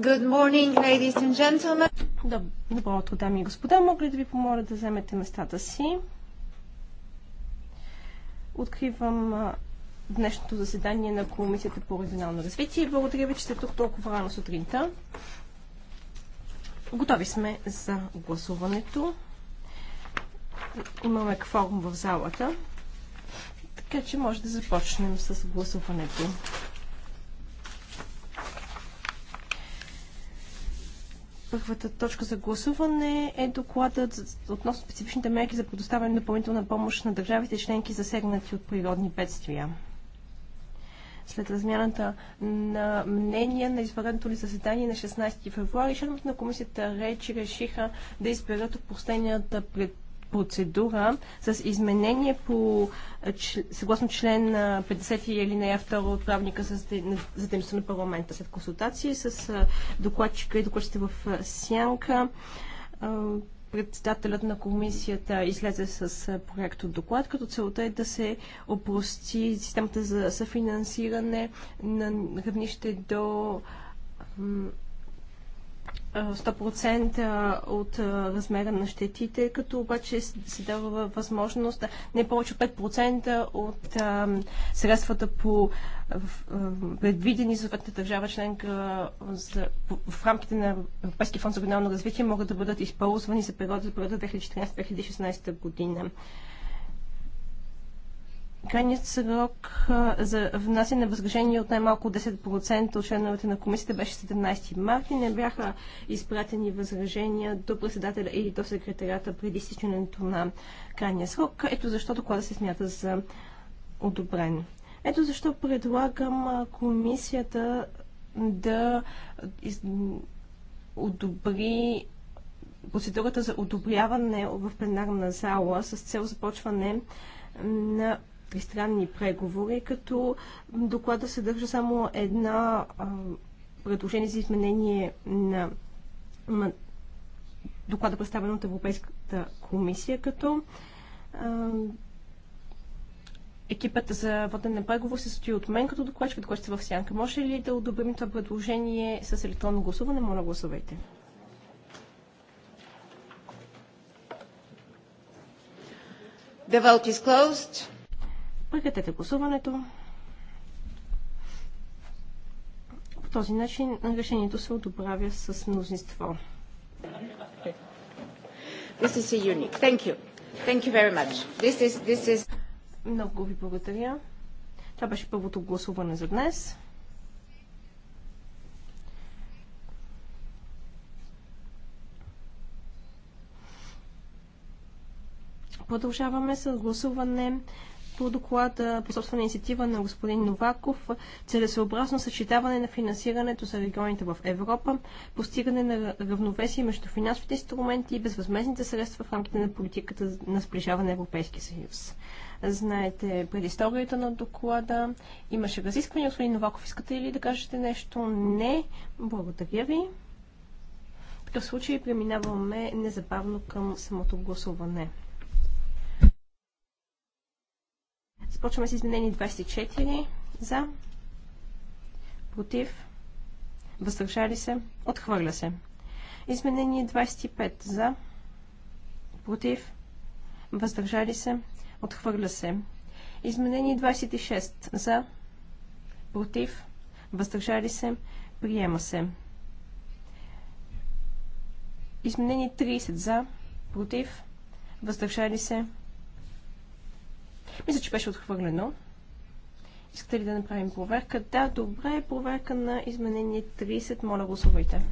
Good morning, ladies and gentlemen. Добро утро, дами и господа. Мога ли да ви помоля да вземете местата си? Откривам днешното заседание на Комисията по регионално развитие. Благодаря ви, че сте тук толкова рано сутринта. Готови сме за гласуването. Имаме кворум в залата, така че може да започнем с гласуването. Първата точка за гласуване е докладът относно специфичните мерки за предоставяне на допълнителна помощ на държавите членки засегнати от природни бедствия. След размяната на мнения на извънредното ли заседание на 16 февруари, членовете на комисията Речи решиха да изберат от последният пред процедура с изменение по, съгласно член 50 или нея 2 от правника за дейността на парламента. След консултации с докладчика и докладчите в Сянка, председателят на комисията излезе с проект от доклад, като целта е да се опрости системата за съфинансиране на равнище до 100% от размера на щетите, като обаче се дава възможност не повече 5% от средствата по предвидени за съответната държава членка в рамките на Европейския фонд за регионално развитие могат да бъдат използвани за периода за периода 2014-2016 година. Крайният срок за внасяне на възражение от най-малко 10% от членовете на комисията беше 17 марта и не бяха изпратени възражения до председателя или до секретарята преди изтичането на крайния срок. Ето защо доклада се смята за одобрен. Ето защо предлагам комисията да из... одобри процедурата за одобряване в пленарна зала с цел започване на тристранни преговори, като доклада съдържа само една а, предложение за изменение на ма, доклада представен от Европейската комисия, като а, екипът за воден на преговор се състои от мен като докладчик, докладчица в сянка. Може ли да одобрим това предложение с електронно гласуване? Моля, гласувайте. The vote is closed. Прекратете гласуването. По този начин решението се одобравя с мнозинство. This is unique. Thank you. Thank you very much. This is, this is... Много ви благодаря. Това беше първото гласуване за днес. Продължаваме с гласуване по доклада по собствена инициатива на господин Новаков целесообразно съчетаване на финансирането за регионите в Европа, постигане на равновесие между финансовите инструменти и безвъзмезните средства в рамките на политиката на сближаване на Европейския съюз. Знаете предисторията на доклада. Имаше разисквания. Господин Новаков, искате ли да кажете нещо? Не. Благодаря ви. В такъв случай преминаваме незабавно към самото гласуване. Започваме с изменение 24 за, против, въздържали се, отхвърля се. Изменение 25 за, против, въздържали се, отхвърля се. Изменение 26 за, против, въздържали се, приема се. Изменение 30 за, против, въздържали се, мисля, че беше отхвърлено. Искате ли да направим проверка? Да, добре. Проверка на изменение 30. Моля, гласувайте.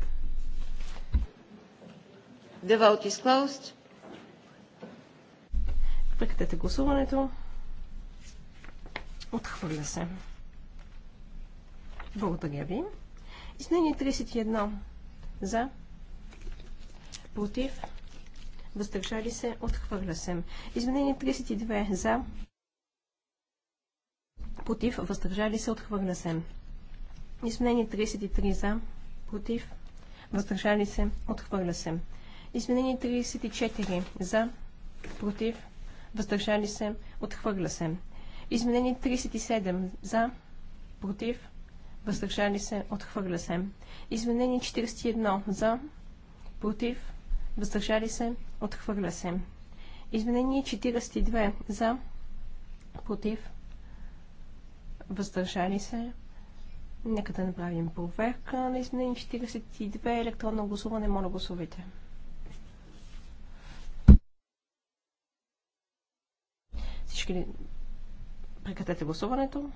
The vote is closed. Прекратете гласуването. Отхвърля се. Благодаря ви. Изменение 31. За. Против. Въздържали се. Отхвърля се. Изменение 32. За против, въздържали се, отхвърля се. Изменение 33 за, против, въздържали се, отхвърля се. Изменение 34 за, против, въздържали се, отхвърля се. Изменение 37 за, против, въздържали се, отхвърля се. Изменение 41 за, против, въздържали се, отхвърля се. Изменение 42 за, против, въздържали се. Нека да направим проверка на изменени 42. Електронно гласуване. Моля гласувайте. Всички ли... Прекратете гласуването.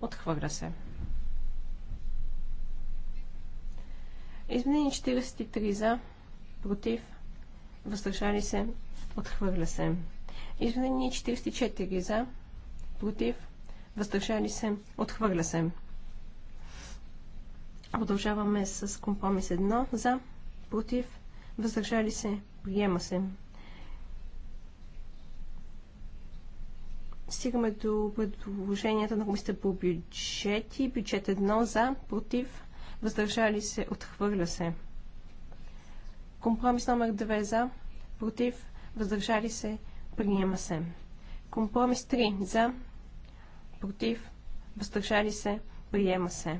Отхвърля се. Изменени 43 за, против, въздържали се, отхвърля се. Изменени 44 за, против, въздържали се, отхвърля се. Продължаваме с компромис 1 за, против, въздържали се, приема се. Стигаме до предложенията на комисията по бюджети. Бюджет 1 за, против, въздържали се, отхвърля се. Компромис номер 2 за, против, въздържали се, приема се. Компромис 3 за, против, въздържали се, приема се.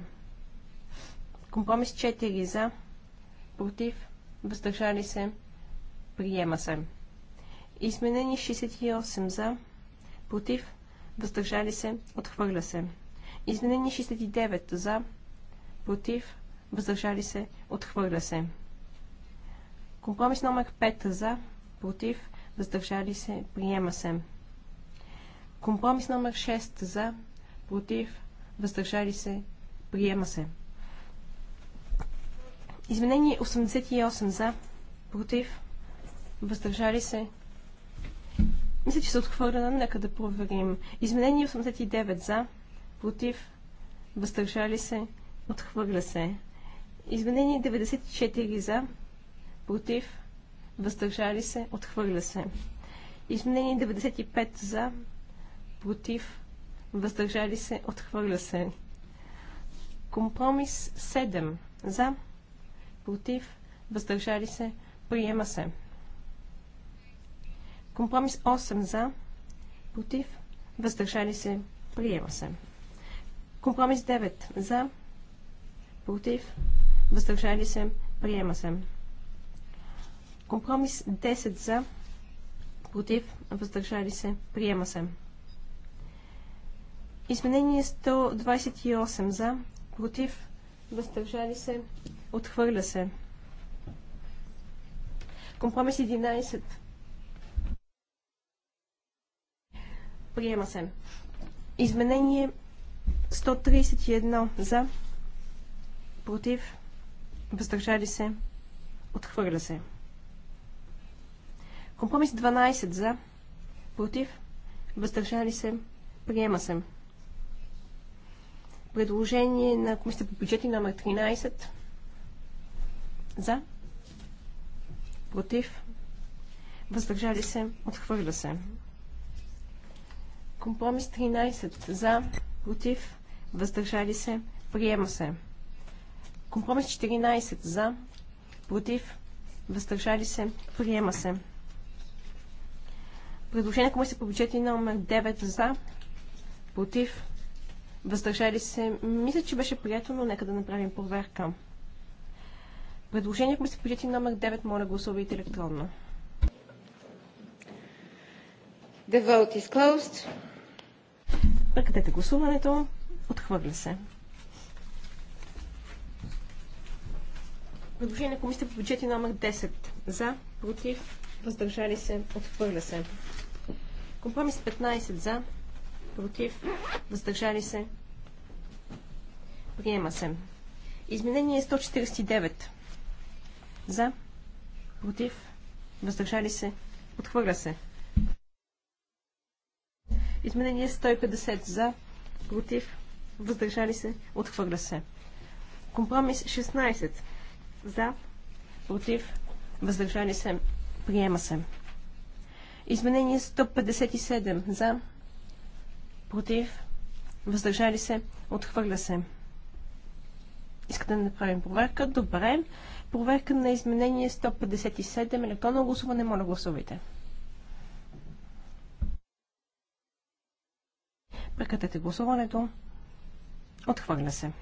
Компромис 4 за, против, въздържали се, приема се. Изменени 68 за, против, въздържали се, отхвърля се. Изменени 69 за, против, въздържали се, отхвърля се. Компромис номер 5 за, против, въздържали се, приема се. Компромис номер 6 за, против, въздържали се, приема се. Изменение 88 за, против, въздържали се. Мисля, че се отхвърля, Нека да проверим. Изменение 89 за, против, въздържали се, отхвърля се. Изменение 94 за, против, въздържали се, отхвърля се. Изменение 95 за, против, въздържали се, отхвърля се. Компромис 7 за, против, въздържали се, приема се. Компромис 8 за, против, въздържали се, приема се. Компромис 9 за, против, въздържали се, приема се. Компромис 10 за, против, въздържали се, приема се. Изменение 128 за, против, въздържали се, отхвърля се. Компромис 11. Приема се. Изменение 131 за, против, въздържали се, отхвърля се. Компромис 12 за, против, въздържали се, приема се. Предложение на Комисията по бюджети номер 13. За. Против. Въздържали се. Отхвърля се. Компромис 13. За. Против. Въздържали се. Приема се. Компромис 14. За. Против. Въздържали се. Приема се. Предложение на комисията по бюджети номер 9 за. Против въздържали се. Мисля, че беше прието, но нека да направим проверка. Предложение се бюджети номер 9, моля гласувайте електронно. The vote is closed. Прекратете гласуването. Отхвърля се. Предложение на комисията по бюджети номер 10. За, против, въздържали се, отхвърля се. Компромис 15 за, против, въздържали се, приема се. Изменение 149 за, против, въздържали се, отхвърля се. Изменение 150 за, против, въздържали се, отхвърля се. Компромис 16 за, против, въздържали се, приема се. Изменение 157 за, против, въздържали се, отхвърля се. Искате да направим проверка? Добре. Проверка на изменение 157. Електронно гласуване. Моля, гласувайте. Прекратете гласуването. Отхвърля се.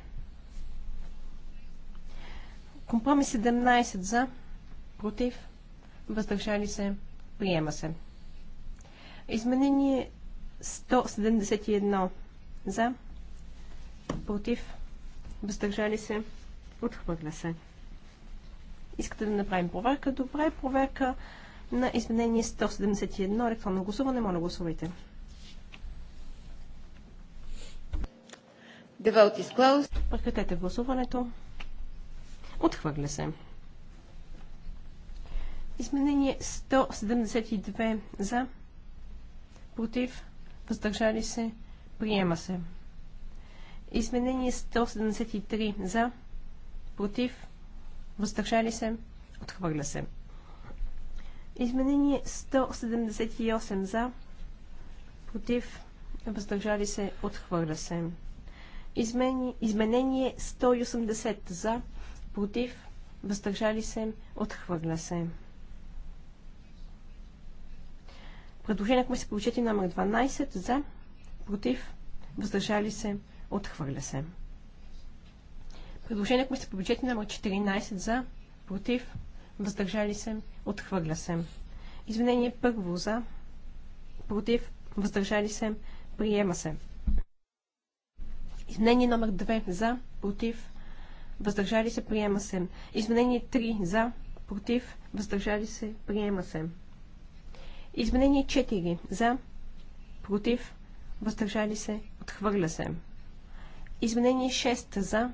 Компромис 17 за, против, въздържали се, приема се. Изменение 171 за, против, въздържали се, отхвърля се. Искате да направим проверка? Добре, проверка на изменение 171 електронно гласуване. Моля, гласувайте. The vote Прекратете гласуването. Отхвърля се. Изменение 172 за, против, въздържали се, приема се. Изменение 173 за, против, въздържали се, отхвърля се. Изменение 178 за, против, въздържали се, отхвърля се. Измени, изменение 180 за, против, въздържали се, отхвърля се. Предложение на комисията по и номер 12 за, против, въздържали се, отхвърля се. Предложение на комисията по и номер 14 за, против, въздържали се, отхвърля се. Изменение първо за, против, въздържали се, приема се. Изменение номер 2 за, против, въздържали се, приема се. Изменение 3 за, против, въздържали се, приема се. Изменение 4. За, против, въздържали се, отхвърля се. Изменение 6. За,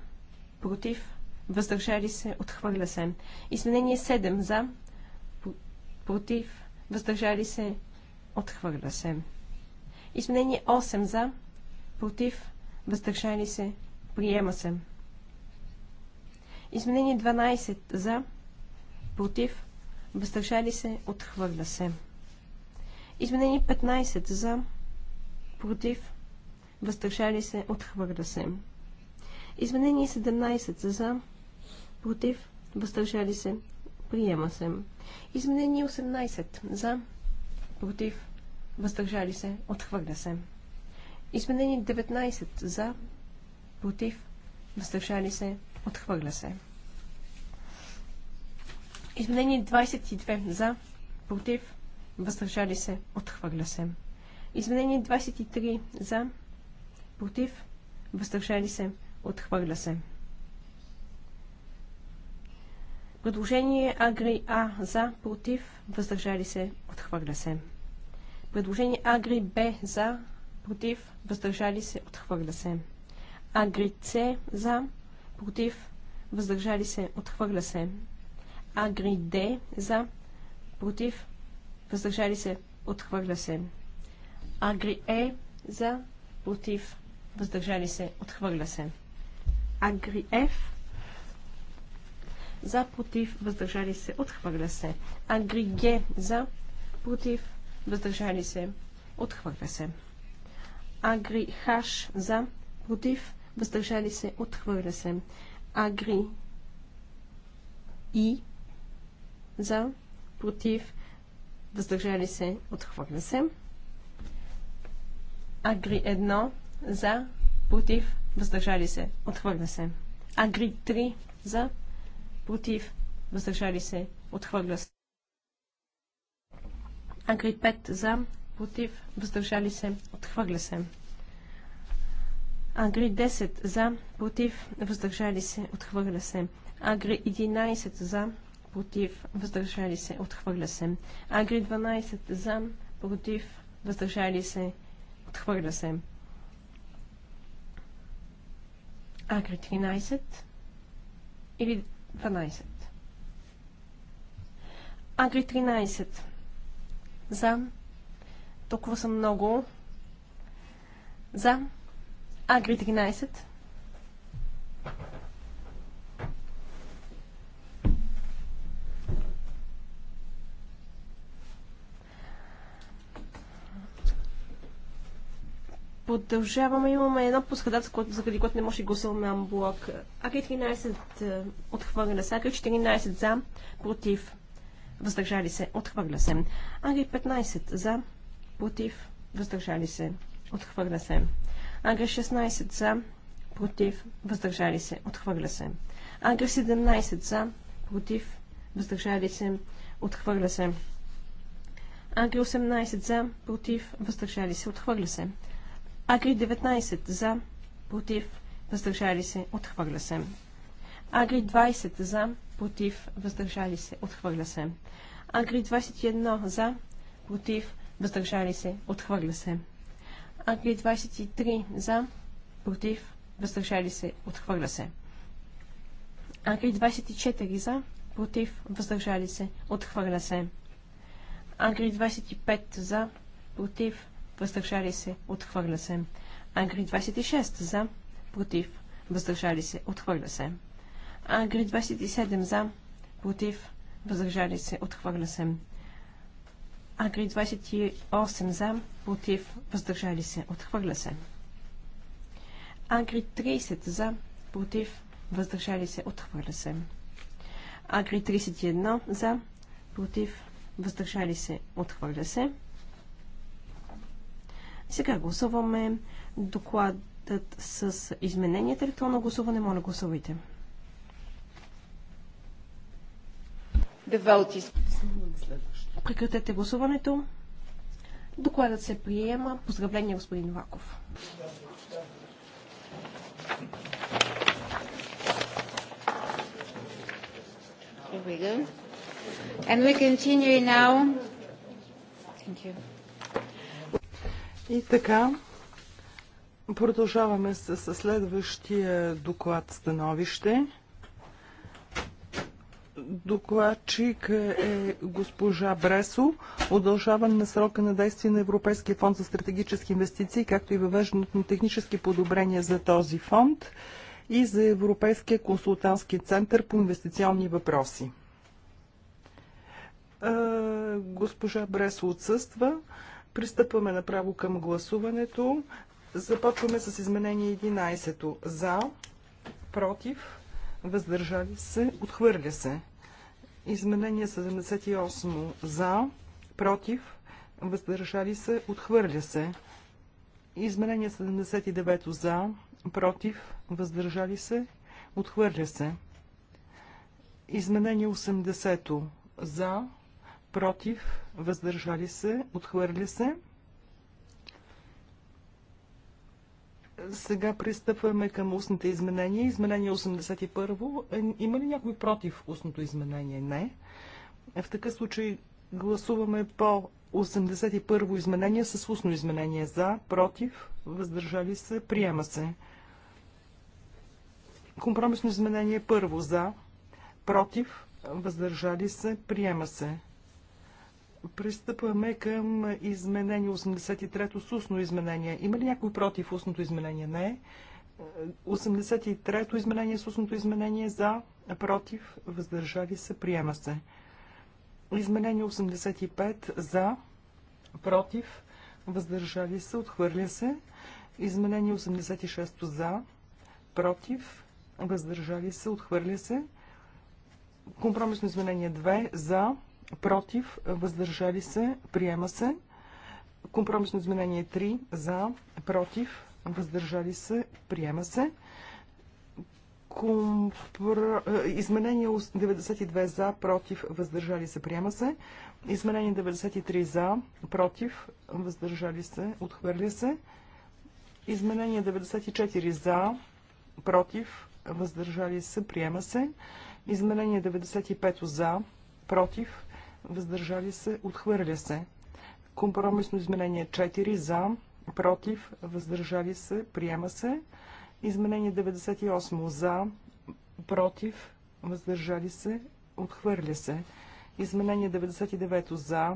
против, въздържали се, отхвърля се. Изменение 7. За, против, въздържали се, отхвърля се. Изменение 8. За, против, въздържали се, приема се. Изменение 12. За, против, въздържали се, отхвърля се. Изменение 15 за, против, въздържали се, отхвърля се. Изменение 17 за, против, въздържали се, приема се. Изменение 18 за, против, въздържали се, отхвърля се. Изменение 19 за, против, въздържали се, отхвърля се. Изменение 22 за, против, въздържали се, отхвърля се. Изменение 23 за, против, въздържали се, отхвърля се. Предложение Агри А за, против, въздържали се, отхвърля се. Предложение Агри Б за, против, въздържали се, отхвърля се. Агри С за, против, въздържали се, отхвърля се. Агри Д за, против, въздържали се, отхвърля се. Агри Е за, против, въздържали се, отхвърля се. Агри Ф за, против, въздържали се, отхвърля се. Агри Г за, против, въздържали се, отхвърля се. Агри Хаш за, против, въздържали се, отхвърля се. Агри И за, против, въздържали се, отхвърля се. Агри 1 за, против, въздържали се, отхвърля се. Агри 3 за, против, въздържали се, отхвърля се. Агри 5 за, против, въздържали се, отхвърля се. Агри 10 за, против, въздържали се, отхвърля се. Агри 11 за, против, въздържали се, отхвърля се. Агри 12 за, против, въздържали се, отхвърля се. Агри 13 или 12. Агри 13 за, толкова съм много, за, Агри 13 Продължаваме. Имаме едно посхадателство, заради което не може да гласуваме амблок. АК-13 е, отхвърля се. АК-14 за, против, въздържали се, отхвърля се. АК-15 за, против, въздържали се, отхвърля се. АК-16 за, против, въздържали се, отхвърля се. АК-17 за, против, въздържали се, отхвърля се. АК-18 за, против, въздържали се, отхвърля се. Агри 19 за, против, въздържали се, отхвърля се. Агри 20 за, против, въздържали се, отхвърля се. Агри 21 за, против, въздържали се, отхвърля се. Агри 23 за, против, въздържали се, отхвърля се. Агри 24 за, против, въздържали се, отхвърля се. Агри 25 за, против, въздържали се, отхвърля се. Агри 26 за, против, въздържали се, отхвърля се. Агри 27 за, против, въздържали се, отхвърля се. Агри 28 за, против, въздържали се, отхвърля се. Агри 30 за, против, въздържали се, отхвърля се. Агри 31 за, против, въздържали се, отхвърля се. Сега гласуваме докладът с измененията. Електронно гласуване, моля гласувайте. Прекратете гласуването. Докладът се приема. Поздравление, господин Ваков. And we continue now. Thank you. И така, продължаваме с следващия доклад становище. Докладчик е госпожа Бресо. Удължаване на срока на действие на Европейския фонд за стратегически инвестиции, както и въвеждането на технически подобрения за този фонд и за Европейския консултантски център по инвестиционни въпроси. Е, госпожа Бресо отсъства. Пристъпваме направо към гласуването. Започваме с изменение 11 За, против, въздържали се, отхвърля се. Изменение 78 за, против, въздържали се, отхвърля се. Изменение 79 за, против, въздържали се, отхвърля се. Изменение 80 за, против, въздържали се, отхвърли се. Сега пристъпваме към устните изменения. Изменение 81. Е, има ли някой против устното изменение? Не. В такъв случай гласуваме по 81 изменение с устно изменение. За, против, въздържали се, приема се. Компромисно изменение първо. За, против, въздържали се, приема се. Пристъпваме към изменение 83-то с устно изменение. Има ли някой против устното изменение? Не. 83-то изменение с устното изменение за, против, въздържали се, приема се. Изменение 85 за, против, въздържали се, отхвърля се. Изменение 86 за, против, въздържали се, отхвърля се. Компромисно изменение 2 за, против, въздържали се, приема се. Компромисно изменение 3 за, против, въздържали се, приема се. Компро... Е, изменение 92 за, против, въздържали се, приема се. Изменение 93 за, против, въздържали се, отхвърля се. Изменение 94 за, против, въздържали се, приема се. Изменение 95 за, против, въздържали се, отхвърля се. Компромисно изменение 4 за, против, въздържали се, приема се. Изменение 98 за, против, въздържали се, отхвърля се. Изменение 99 за,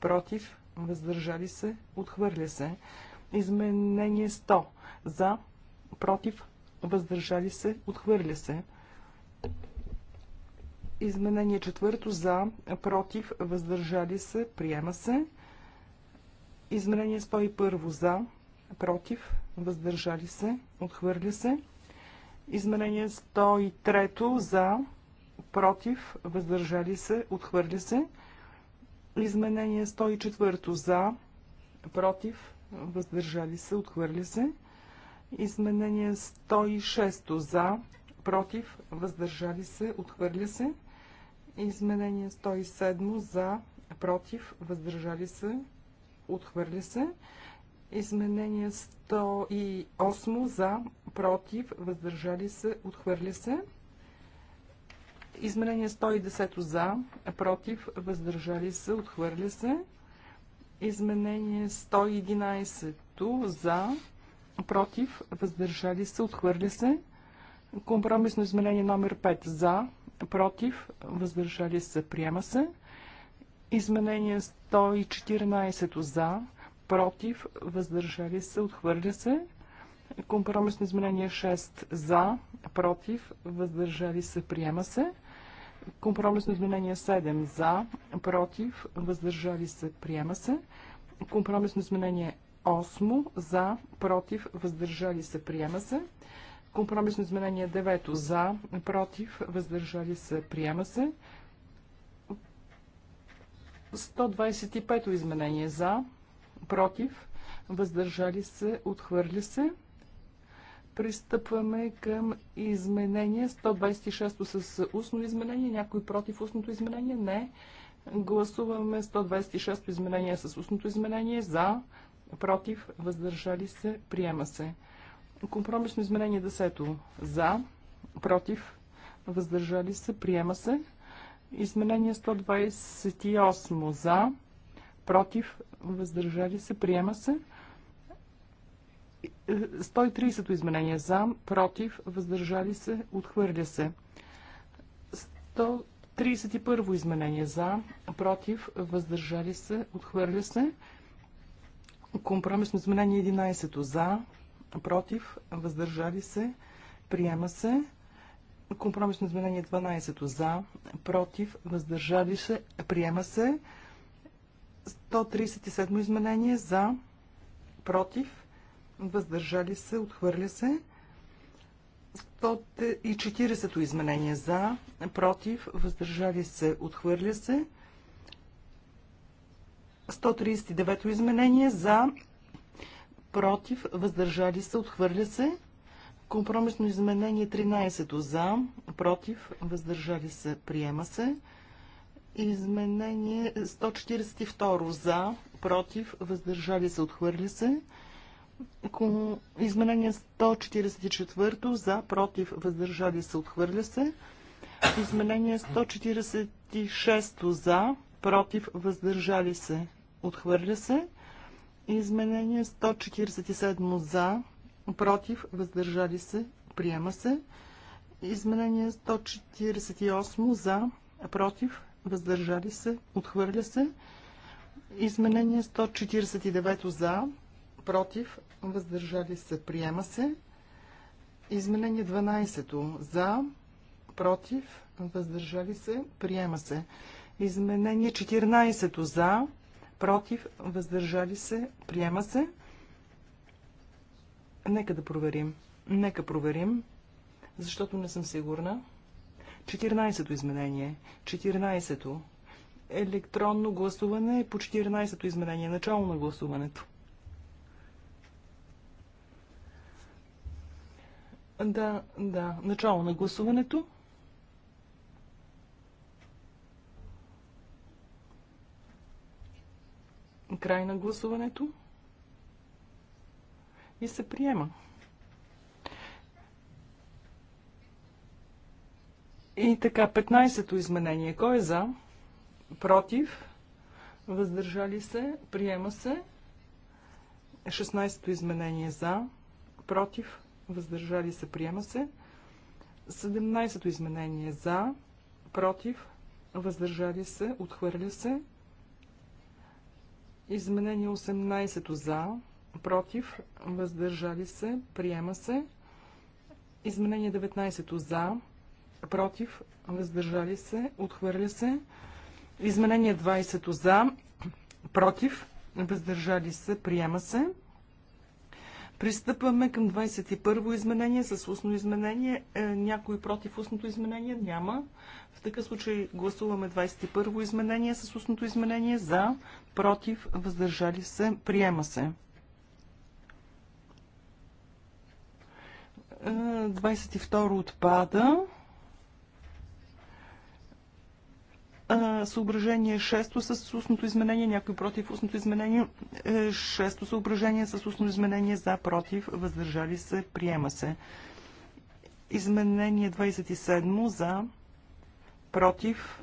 против, въздържали се, отхвърля се. Изменение 100 за, против, въздържали се, отхвърля се. Изменение четвърто за, против, въздържали се, приема се. Изменение 101 за, против, въздържали се, отхвърля се. Изменение 103 за, против, въздържали се, отхвърля се. Изменение 104 за, против, въздържали се, отхвърля се. Изменение 106 за, против, въздържали се, отхвърля се. Изменение 107 за, против, въздържали се, отхвърля се. Изменение 108 за, против, въздържали се, отхвърля се. Изменение 110 за, против, въздържали се, отхвърля се. Изменение 111 за, против, въздържали се, отхвърля се. Компромисно изменение номер 5 за, против, въздържали се, приема се. Изменение 114 за, против, въздържали се, отхвърля се. Компромисно изменение 6 за, против, въздържали се, приема се. Компромисно изменение 7 за, против, въздържали се, приема се. Компромисно изменение 8 за, против, въздържали се, приема се. Компромисно изменение 9 за, против, въздържали се, приема се. 125 изменение за, против, въздържали се, отхвърли се. Пристъпваме към изменение 126 с устно изменение. Някой против устното изменение? Не. Гласуваме 126 изменение с устното изменение за, против, въздържали се, приема се. Компромисно изменение 10. За, против, въздържали се, приема се. Изменение 128. За, против, въздържали се, приема се. 130 изменение за, против, въздържали се, отхвърля се. 131 изменение за, против, въздържали се, отхвърля се. Компромисно изменение 11 за, против, въздържали се, приема се. Компромисно изменение 12 за, против, въздържали се, приема се. 137 изменение за, против, въздържали се, отхвърля се. 140 изменение за, против, въздържали се, отхвърля се. 139 изменение за, против, въздържали се, отхвърля се. Компромисно изменение 13 за, против, въздържали се, приема се. Изменение 142 за, против, въздържали се, отхвърля се. Изменение 144 за, против, въздържали се, отхвърля се. Изменение 146 за, против, въздържали се, отхвърля се. Изменение 147 за, против, въздържали се, приема се. Изменение 148 за, против, въздържали се, отхвърля се. Изменение 149 за, против, въздържали се, приема се. Изменение 12 за, против, въздържали се, приема се. Изменение 14 за, против, въздържали се, приема се. Нека да проверим. Нека проверим, защото не съм сигурна. 14-то изменение. 14-то. Електронно гласуване по 14-то изменение. Начало на гласуването. Да, да. Начало на гласуването. Край на гласуването. И се приема. И така, 15-то изменение. Кой е за? Против? Въздържали се? Приема се. 16-то изменение за? Против? Въздържали се? Приема се. 17-то изменение за? Против? Въздържали се? Отхвърля се. Изменение 18 за, против, въздържали се, приема се. Изменение 19 за, против, въздържали се, отхвърля се. Изменение 20 за, против, въздържали се, приема се. Пристъпваме към 21-во изменение с устно изменение. Е, някой против устното изменение? Няма. В такъв случай гласуваме 21-во изменение с устното изменение. За, против, въздържали се, приема се. 22 е, отпада. съображение 6 с устното изменение, някой против устното изменение, 6 е, съображение с устно изменение за, против, въздържали се, приема се. Изменение 27 за, против,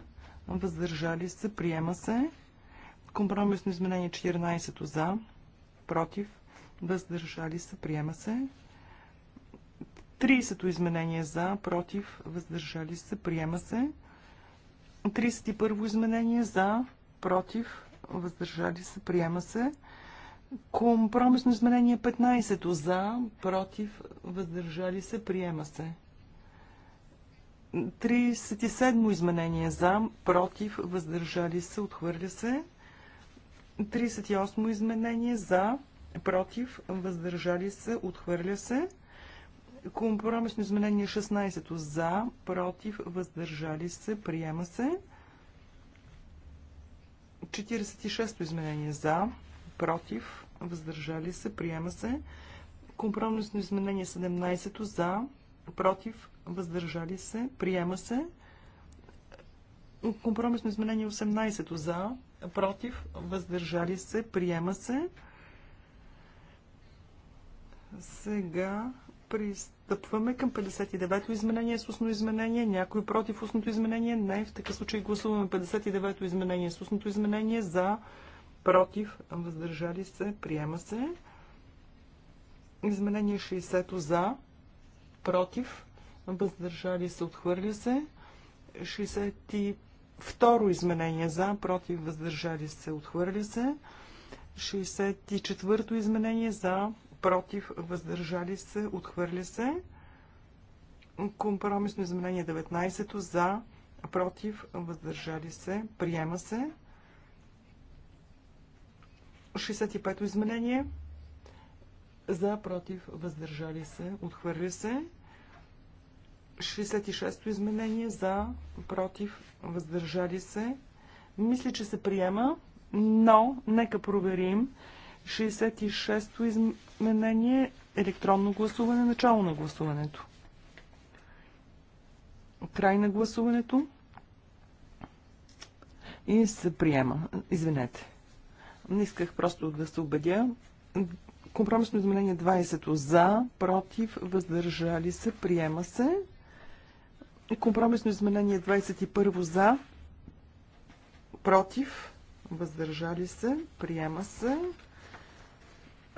въздържали се, приема се. Компромисно изменение 14 за, против, въздържали се, приема се. 30 изменение за, против, въздържали се, приема се. 31 изменение за, против, въздържали се, приема се. Компромисно изменение 15 за, против, въздържали се, приема се. 37 изменение за, против, въздържали се, отхвърля се. 38 изменение за, против, въздържали се, отхвърля се. Компромисно изменение 16 за, против, въздържали се, приема се. 46 изменение за, против, въздържали се, приема се. Компромисно изменение 17 за, против, въздържали се, приема се. Компромисно изменение 18 за, против, въздържали се, приема се. Сега Пристъпваме към 59-то изменение с устно изменение. Някой против устното изменение? Не. В такъв случай гласуваме 59-то изменение с устното изменение. За, против, въздържали се, приема се. Изменение 60-то за, против, въздържали се, отхвърля се. 62 то изменение за, против, въздържали се, отхвърля се. 64-то изменение за, против, въздържали се, отхвърля се. Компромисно изменение 19 за, против, въздържали се, приема се. 65-то изменение за, против, въздържали се, отхвърля се. 66-то изменение за, против, въздържали се. Мисля, че се приема, но нека проверим. 66-то изменение, електронно гласуване, начало на гласуването. Край на гласуването. И се приема. Извинете. Не исках просто да се убедя. Компромисно изменение 20 за, против, въздържали се, приема се. Компромисно изменение 21 за, против, въздържали се, приема се.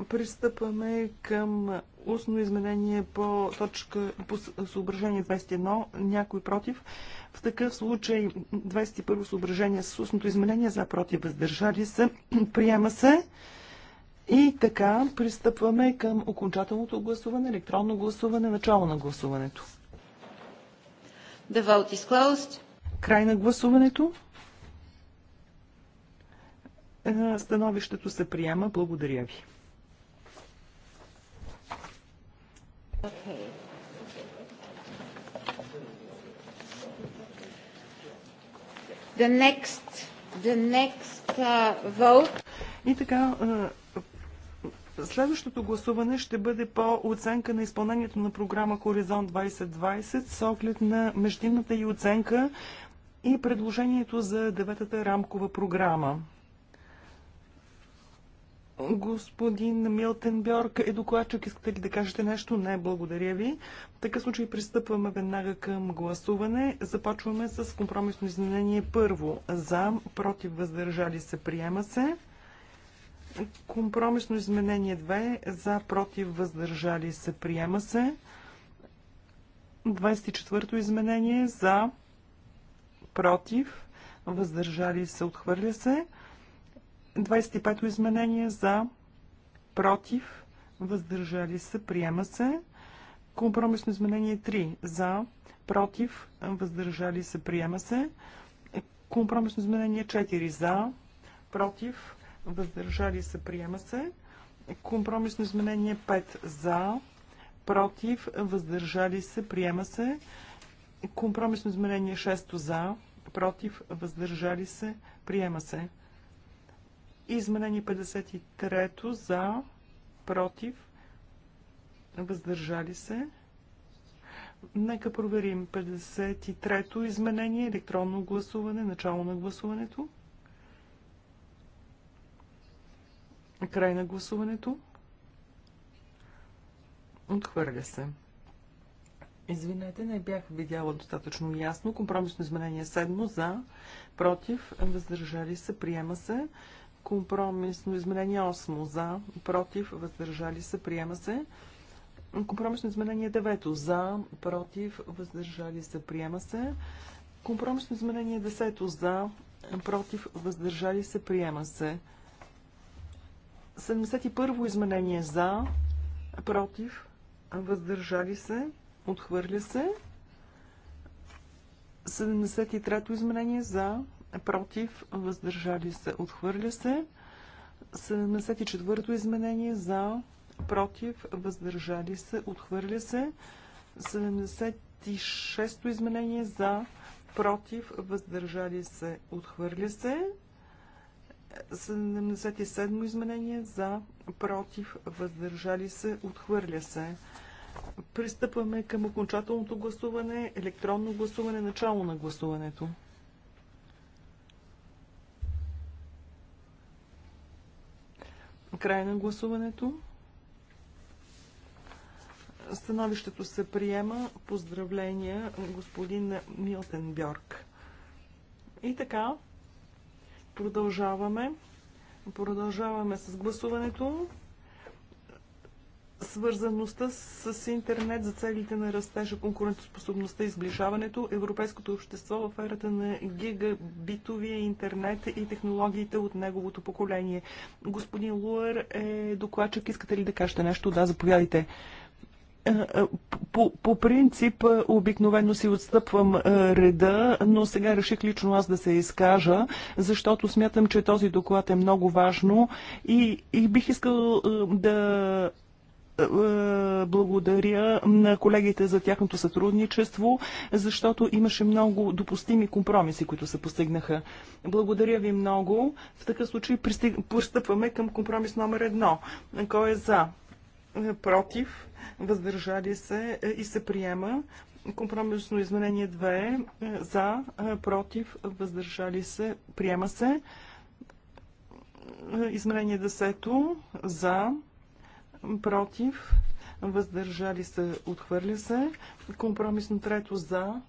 Пристъпваме към устно изменение по точка по съображение 21. Някой против. В такъв случай 21 съображение с устното изменение за против въздържали се. Приема се. И така пристъпваме към окончателното гласуване, електронно гласуване, начало на гласуването. The vote is closed. Край на гласуването. Е, становището се приема. Благодаря ви. The next, the next uh, vote. И така, Следващото гласуване ще бъде по оценка на изпълнението на програма Хоризонт 2020 с оглед на междинната и оценка и предложението за деветата рамкова програма. Господин Милтенбьорг е докладчик. Искате ли да кажете нещо? Не, благодаря ви. В такъв случай пристъпваме веднага към гласуване. Започваме с компромисно изменение първо. За, против, въздържали се, приема се. Компромисно изменение 2. За, против, въздържали се, приема се. 24-то изменение. За, против, въздържали се, отхвърля се. 25-то изменение за, против, въздържали се, приема се. Компромисно изменение 3 за, против, въздържали се, приема се. Компромисно изменение 4 за, против, въздържали се, приема се. Компромисно изменение 5 за, против, въздържали се, приема се. Компромисно изменение 6 за, против, въздържали се, приема се. Изменение 53 за, против, въздържали се. Нека проверим 53-то изменение, електронно гласуване, начало на гласуването. Край на гласуването. Отхвърля се. Извинете, не бях видяла достатъчно ясно. Компромисно изменение 7 за, против, въздържали се, приема се. Компромисно изменение 8 за, против, въздържали се, приема се. Компромисно изменение 9 за, против, въздържали се, приема се. Компромисно изменение 10 за, против, въздържали се, приема се. 71 изменение за, против, въздържали се, отхвърля се. 73 изменение за, против, въздържали се, отхвърля се. 74-то изменение за, против, въздържали се, отхвърля се. 76-то изменение за, против, въздържали се, отхвърля се. 77 изменение за, против, въздържали се, отхвърля се. Пристъпваме към окончателното гласуване, електронно гласуване, начало на гласуването. Край на гласуването. Становището се приема. Поздравления, господин Милтен Бьорк. И така, продължаваме. Продължаваме с гласуването свързаността с интернет за целите на растежа, конкурентоспособността и сближаването, европейското общество в ерата на гигабитовия интернет и технологиите от неговото поколение. Господин Луър е докладчик. Искате ли да кажете нещо? Да, заповядайте. Е, е, по, по принцип е, обикновено си отстъпвам реда, но сега реших лично аз да се изкажа, защото смятам, че този доклад е много важно и, и бих искал да е, благодаря на колегите за тяхното сътрудничество, защото имаше много допустими компромиси, които се постигнаха. Благодаря ви много. В такъв случай пристъпваме към компромис номер едно. Кой е за? Е, против? Въздържали се е, и се приема. Компромисно изменение 2. За, против, въздържали се, приема се. Изменение 10. За, против, въздържали се, отхвърля се. Компромисно трето за,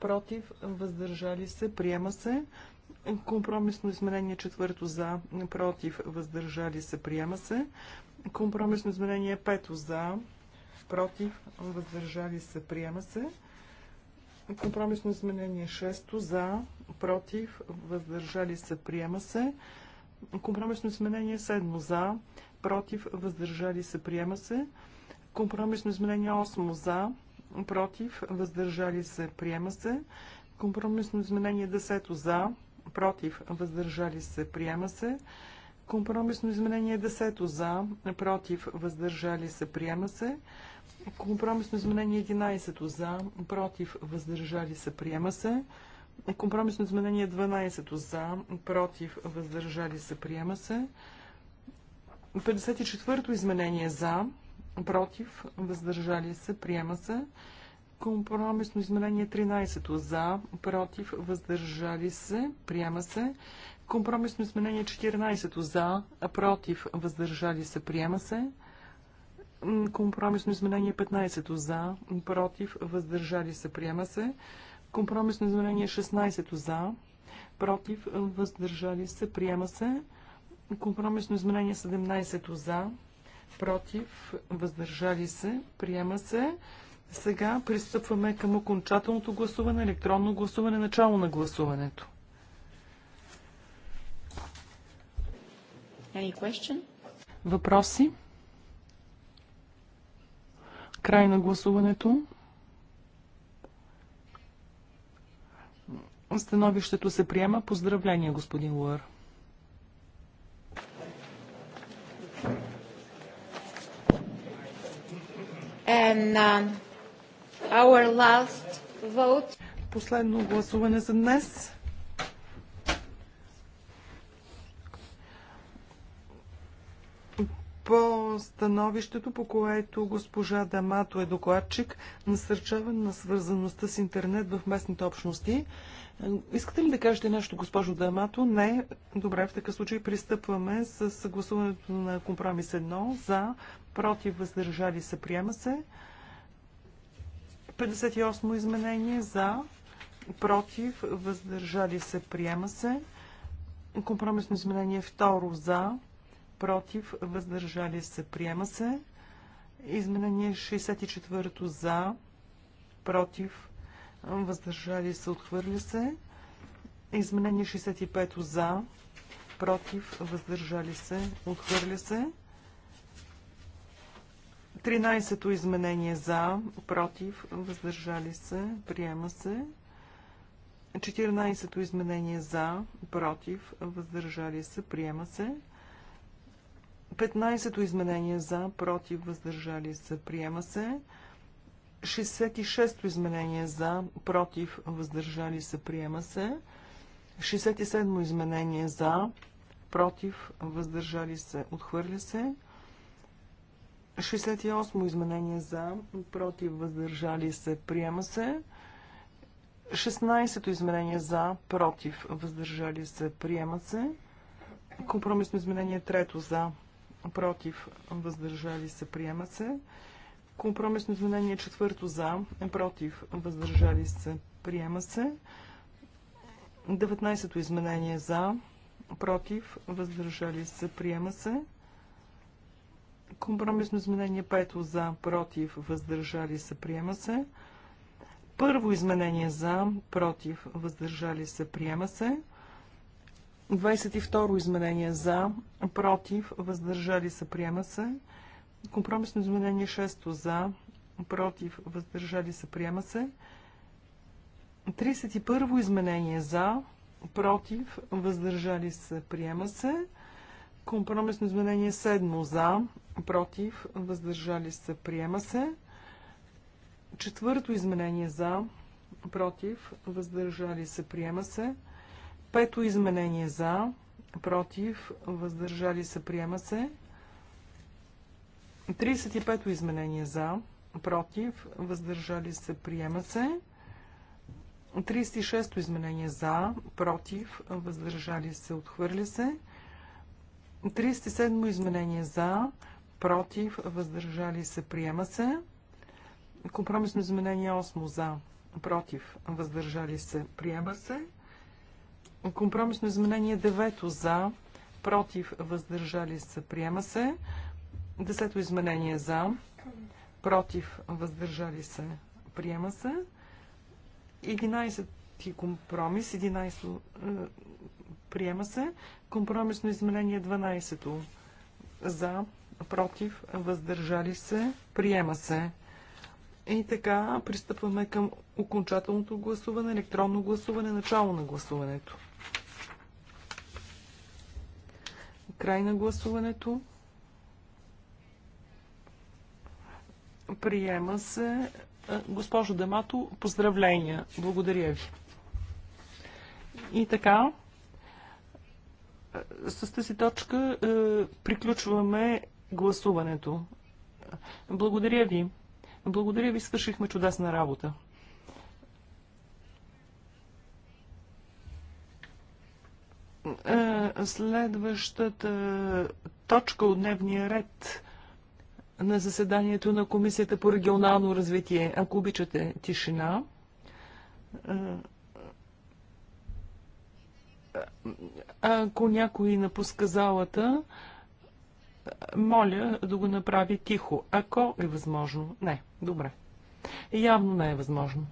против, въздържали се, приема се. Компромисно изменение четвърто за, против, въздържали се, приема се. Компромисно изменение пето за, против, въздържали се, приема се. Компромисно изменение 6 за, против, въздържали се, приема се. Компромисно изменение 7 за, против, въздържали се, приема се. Компромисно изменение 8 за, против, въздържали се, приема се. Компромисно изменение 10 за, против, въздържали се, приема се. Компромисно изменение 10 за, против, въздържали се, приема се. Компромисно изменение 11 за, против, въздържали се, приема се. Компромисно изменение 12 за, против, въздържали се, приема се. 54-то изменение за, против, въздържали се, приема се. Компромисно изменение 13 за, против, въздържали се, приема се. Компромисно изменение 14 за, против, въздържали се, приема се. Компромисно изменение 15 за, против, въздържали се, приема се. Компромисно изменение 16 за, против, въздържали се, приема се. Компромисно изменение 17 за, против, въздържали се, приема се. Сега пристъпваме към окончателното гласуване, електронно гласуване, начало на гласуването. Any question? Въпроси? Край на гласуването. Становището се приема. Поздравление, господин Луър. And, uh, our last vote. Последно гласуване за днес. по становището, по което госпожа Дамато е докладчик, насърчаване на свързаността с интернет в местните общности. Искате ли да кажете нещо, госпожо Дамато? Не. Добре, в такъв случай пристъпваме с гласуването на компромис 1. За, против, въздържали се, приема се. 58 изменение. За, против, въздържали се, приема се. Компромисно изменение 2. За, против, въздържали се, приема се. Изменение 64 за, против, въздържали се, отхвърля се. Изменение 65 за, против, въздържали се, отхвърля се. 13-то изменение за, против, въздържали се, приема се. 14-то изменение за, против, въздържали се, приема се. 15-то изменение за, против, въздържали се, приема се. 66-то изменение за, против, въздържали се, приема се. 67-то изменение за, против, въздържали се, отхвърля се. 68-то изменение за, против, въздържали се, приема се. 16-то изменение за, против, въздържали се, приема се. Компромисно изменение трето за, против, въздържали се, приема се. Компромисно изменение четвърто за, против, въздържали се, приема се. 19-то изменение за, против, въздържали се, приема се. Компромисно изменение 5 за, против, въздържали се, приема се. Първо изменение за, против, въздържали се, приема се. 22 изменение за, против, въздържали се, приема се. Компромисно изменение 6 за, против, въздържали се, приема се. 31 изменение за, против, въздържали се, приема се. Компромисно изменение 7 за, против, въздържали се, приема се. Четвърто изменение за, против, въздържали се, приема се. Пето изменение за, против, въздържали се, приема се. 35-то изменение за, против, въздържали се, приема се. 36-то изменение за, против, въздържали се, отхвърля се. 37-то изменение за, против, въздържали се, приема се. Компромисно изменение 8 за, против, въздържали се, приема се. Компромисно изменение 9 за, против, въздържали се, приема се. Десето изменение за, против, въздържали се, приема се. 11 компромис, 11 е, приема се. Компромисно изменение 12 за, против, въздържали се, приема се. И така, пристъпваме към окончателното гласуване, електронно гласуване, начало на гласуването. Край на гласуването. Приема се. Е, госпожо Демато, поздравления. Благодаря ви. И така, е, с тази точка е, приключваме гласуването. Благодаря ви. Благодаря ви, свършихме чудесна работа. Е, следващата точка от дневния ред на заседанието на Комисията по регионално развитие. Ако обичате тишина. Ако някой напуска залата, моля да го направи тихо. Ако е възможно. Не, добре. Явно не е възможно.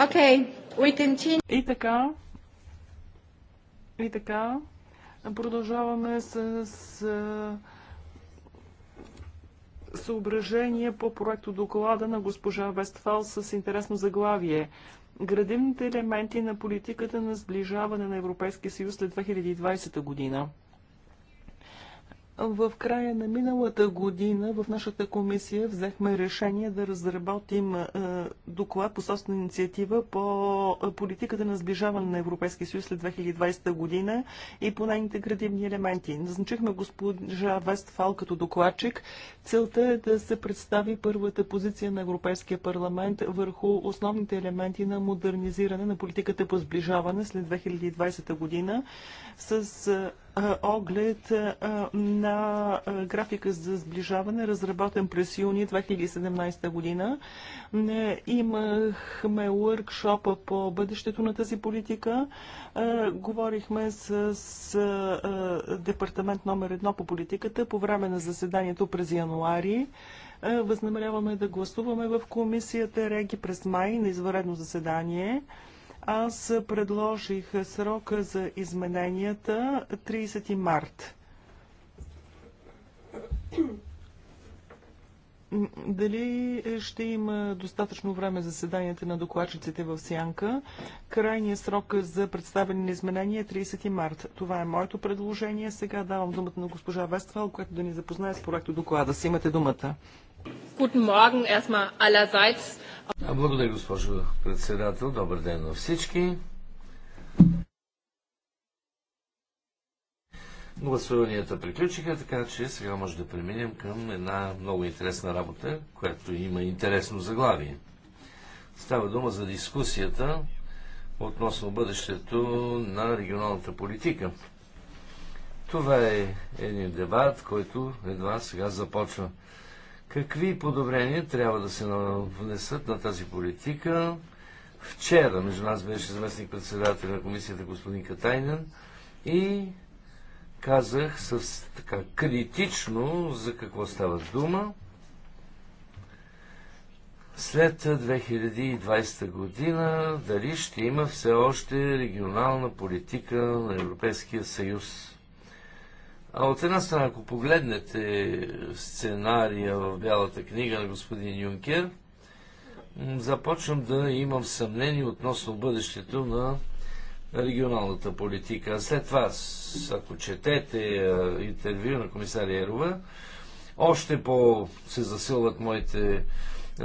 Okay, we continue. И така, и така, продължаваме с, с съображение по проекто доклада на госпожа Вестфал с интересно заглавие. Градивните елементи на политиката на сближаване на Европейския съюз след 2020 година. В края на миналата година в нашата комисия взехме решение да разработим е, доклад по собствена инициатива по е, политиката на сближаване на Европейския съюз след 2020 година и по най-интегративни елементи. Назначихме госпожа Вестфал като докладчик. Целта е да се представи първата позиция на Европейския парламент върху основните елементи на модернизиране на политиката по сближаване след 2020 година с е, оглед на графика за сближаване, разработен през юни 2017 година. Имахме уркшопа по бъдещето на тази политика. Говорихме с, с департамент номер едно по политиката по време на заседанието през януари. Възнамеряваме да гласуваме в комисията Реги през май на извънредно заседание. Аз предложих срока за измененията 30 март. Дали ще има достатъчно време за заседанията на докладчиците в Сянка? Крайният срок за представяне на изменения е 30 март. Това е моето предложение. Сега давам думата на госпожа Вествал, която да ни запознае с проекто доклада. Си имате думата. Благодаря, госпожо председател. Добър ден на всички. Гласуванията приключиха, така че сега може да преминем към една много интересна работа, която има интересно заглавие. Става дума за дискусията относно бъдещето на регионалната политика. Това е един дебат, който едва сега започва. Какви подобрения трябва да се внесат на тази политика? Вчера между нас беше заместник председател на комисията господин Катайнен и казах с така критично за какво става дума. След 2020 година дали ще има все още регионална политика на Европейския съюз? А от една страна, ако погледнете сценария в Бялата книга на господин Юнкер, започвам да имам съмнение относно бъдещето на регионалната политика. След това, ако четете интервю на комисария Ерова, още по се засилват моите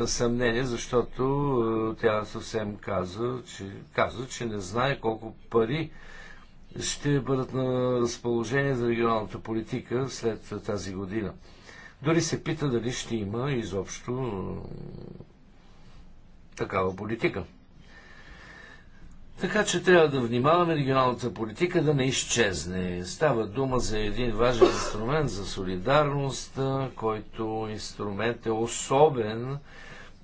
съмнения, защото тя съвсем каза, че, каза, че не знае колко пари ще бъдат на разположение за регионалната политика след тази година. Дори се пита дали ще има изобщо такава политика. Така че трябва да внимаваме регионалната политика да не изчезне. Става дума за един важен инструмент за солидарност, който инструмент е особен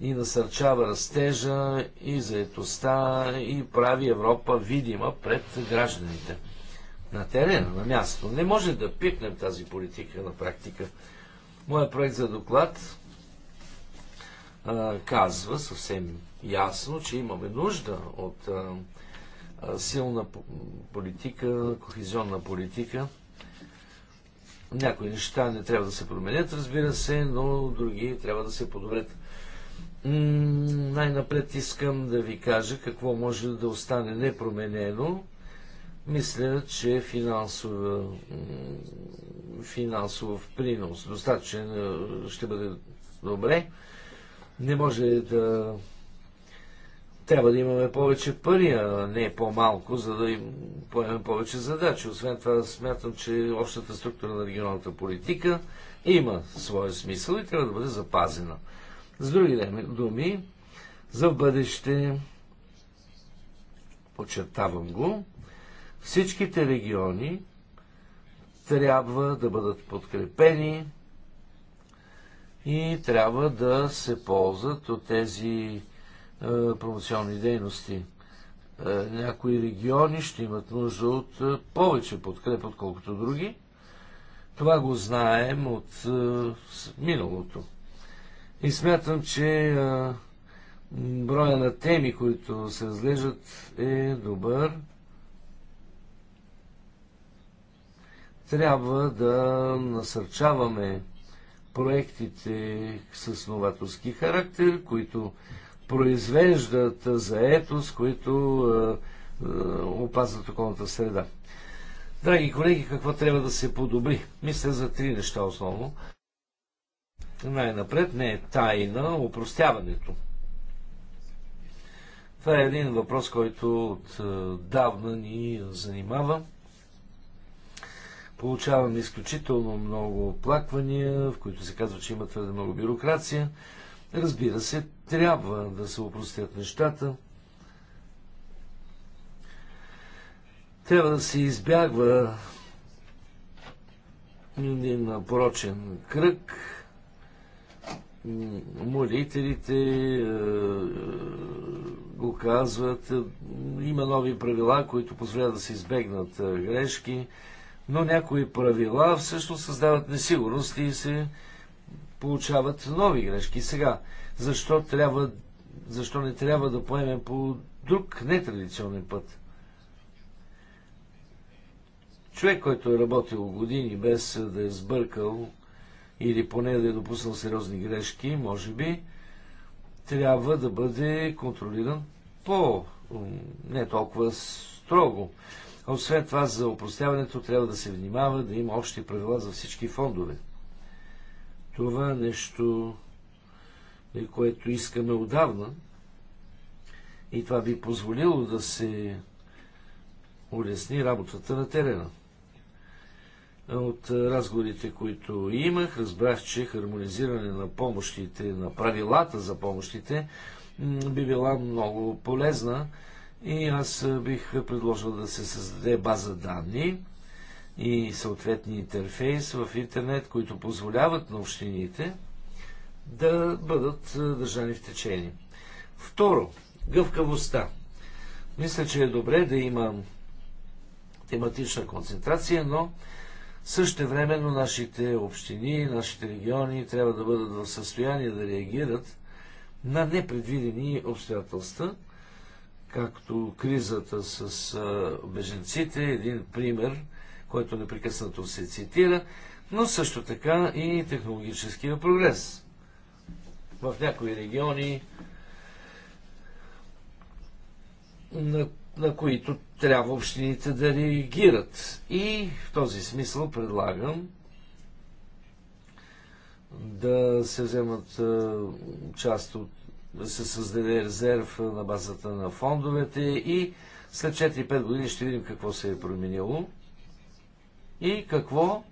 и насърчава растежа и заетостта и прави Европа видима пред гражданите. На терена, на място. Не може да пипнем тази политика на практика. Моя проект за доклад а, казва съвсем ясно, че имаме нужда от а, а, силна политика, кохезионна политика. Някои неща не трябва да се променят, разбира се, но други трябва да се подобрят най-напред искам да ви кажа какво може да остане непроменено. Мисля, че финансово в принос достатъчен ще бъде добре. Не може да трябва да имаме повече пари, а не по-малко, за да им поемем повече задачи. Освен това, смятам, че общата структура на регионалната политика има своя смисъл и трябва да бъде запазена. С други думи, за бъдеще, подчертавам го, всичките региони трябва да бъдат подкрепени и трябва да се ползват от тези е, промоционни дейности. Е, някои региони ще имат нужда от е, повече подкреп, отколкото други. Това го знаем от е, миналото. И смятам, че броя на теми, които се разглеждат, е добър. Трябва да насърчаваме проектите с новаторски характер, които произвеждат заетост, които опазват околната среда. Драги колеги, какво трябва да се подобри? Мисля за три неща основно. Най-напред не е тайна упростяването. Това е един въпрос, който е, давна ни занимава. Получаваме изключително много оплаквания, в които се казва, че има твърде много бюрокрация. Разбира се, трябва да се упростят нещата. Трябва да се избягва един порочен кръг, молителите е, е, го казват. Има нови правила, които позволяват да се избегнат е, грешки, но някои правила всъщност създават несигурност и се получават нови грешки. Сега, защо, трябва, защо не трябва да поемем по друг нетрадиционен път? Човек, който е работил години без да е сбъркал, или поне да е допуснал сериозни грешки, може би, трябва да бъде контролиран по не толкова строго. Освен това, за опростяването трябва да се внимава, да има общи правила за всички фондове. Това нещо, което искаме отдавна, и това би позволило да се улесни работата на терена. От разговорите, които имах, разбрах, че хармонизиране на помощите, на правилата за помощите, би била много полезна и аз бих предложил да се създаде база данни и съответни интерфейс в интернет, които позволяват на общините да бъдат държани в течение. Второ, гъвкавостта. Мисля, че е добре да има тематична концентрация, но също времено нашите общини, нашите региони трябва да бъдат в състояние да реагират на непредвидени обстоятелства, както кризата с беженците, един пример, който непрекъснато се цитира, но също така и технологическия прогрес. В някои региони на на които трябва общините да реагират. И в този смисъл предлагам да се вземат част от да се създаде резерв на базата на фондовете и след 4-5 години ще видим какво се е променило и какво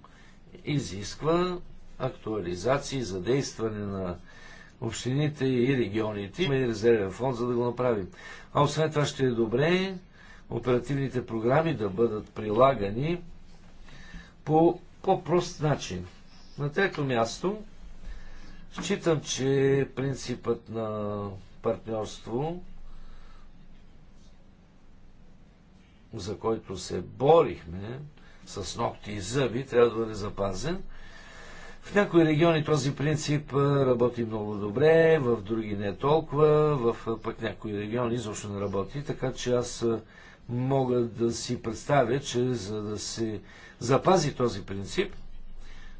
изисква актуализации за действане на общините и регионите. има и резервен фонд, за да го направим. А освен това ще е добре оперативните програми да бъдат прилагани по по-прост начин. На трето място, считам, че принципът на партньорство, за който се борихме с ногти и зъби, трябва да бъде запазен – в някои региони този принцип работи много добре, в други не толкова, в пък някои региони изобщо не работи, така че аз мога да си представя, че за да се запази този принцип,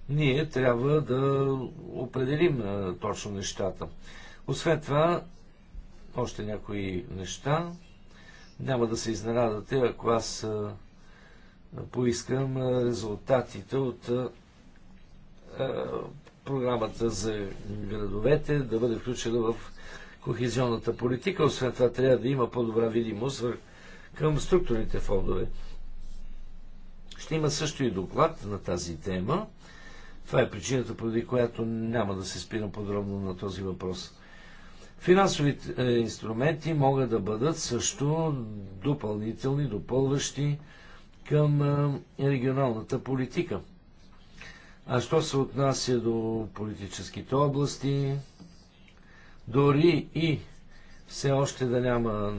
ние трябва да определим точно нещата. Освен това, още някои неща. Няма да се изненадате, ако аз поискам резултатите от е, програмата за градовете да бъде включена в кохезионната политика. Освен това трябва да има по-добра видимост към структурните фондове. Ще има също и доклад на тази тема. Това е причината, поради която няма да се спирам подробно на този въпрос. Финансовите е, инструменти могат да бъдат също допълнителни, допълващи към е, регионалната политика – а що се отнася до политическите области, дори и все още да няма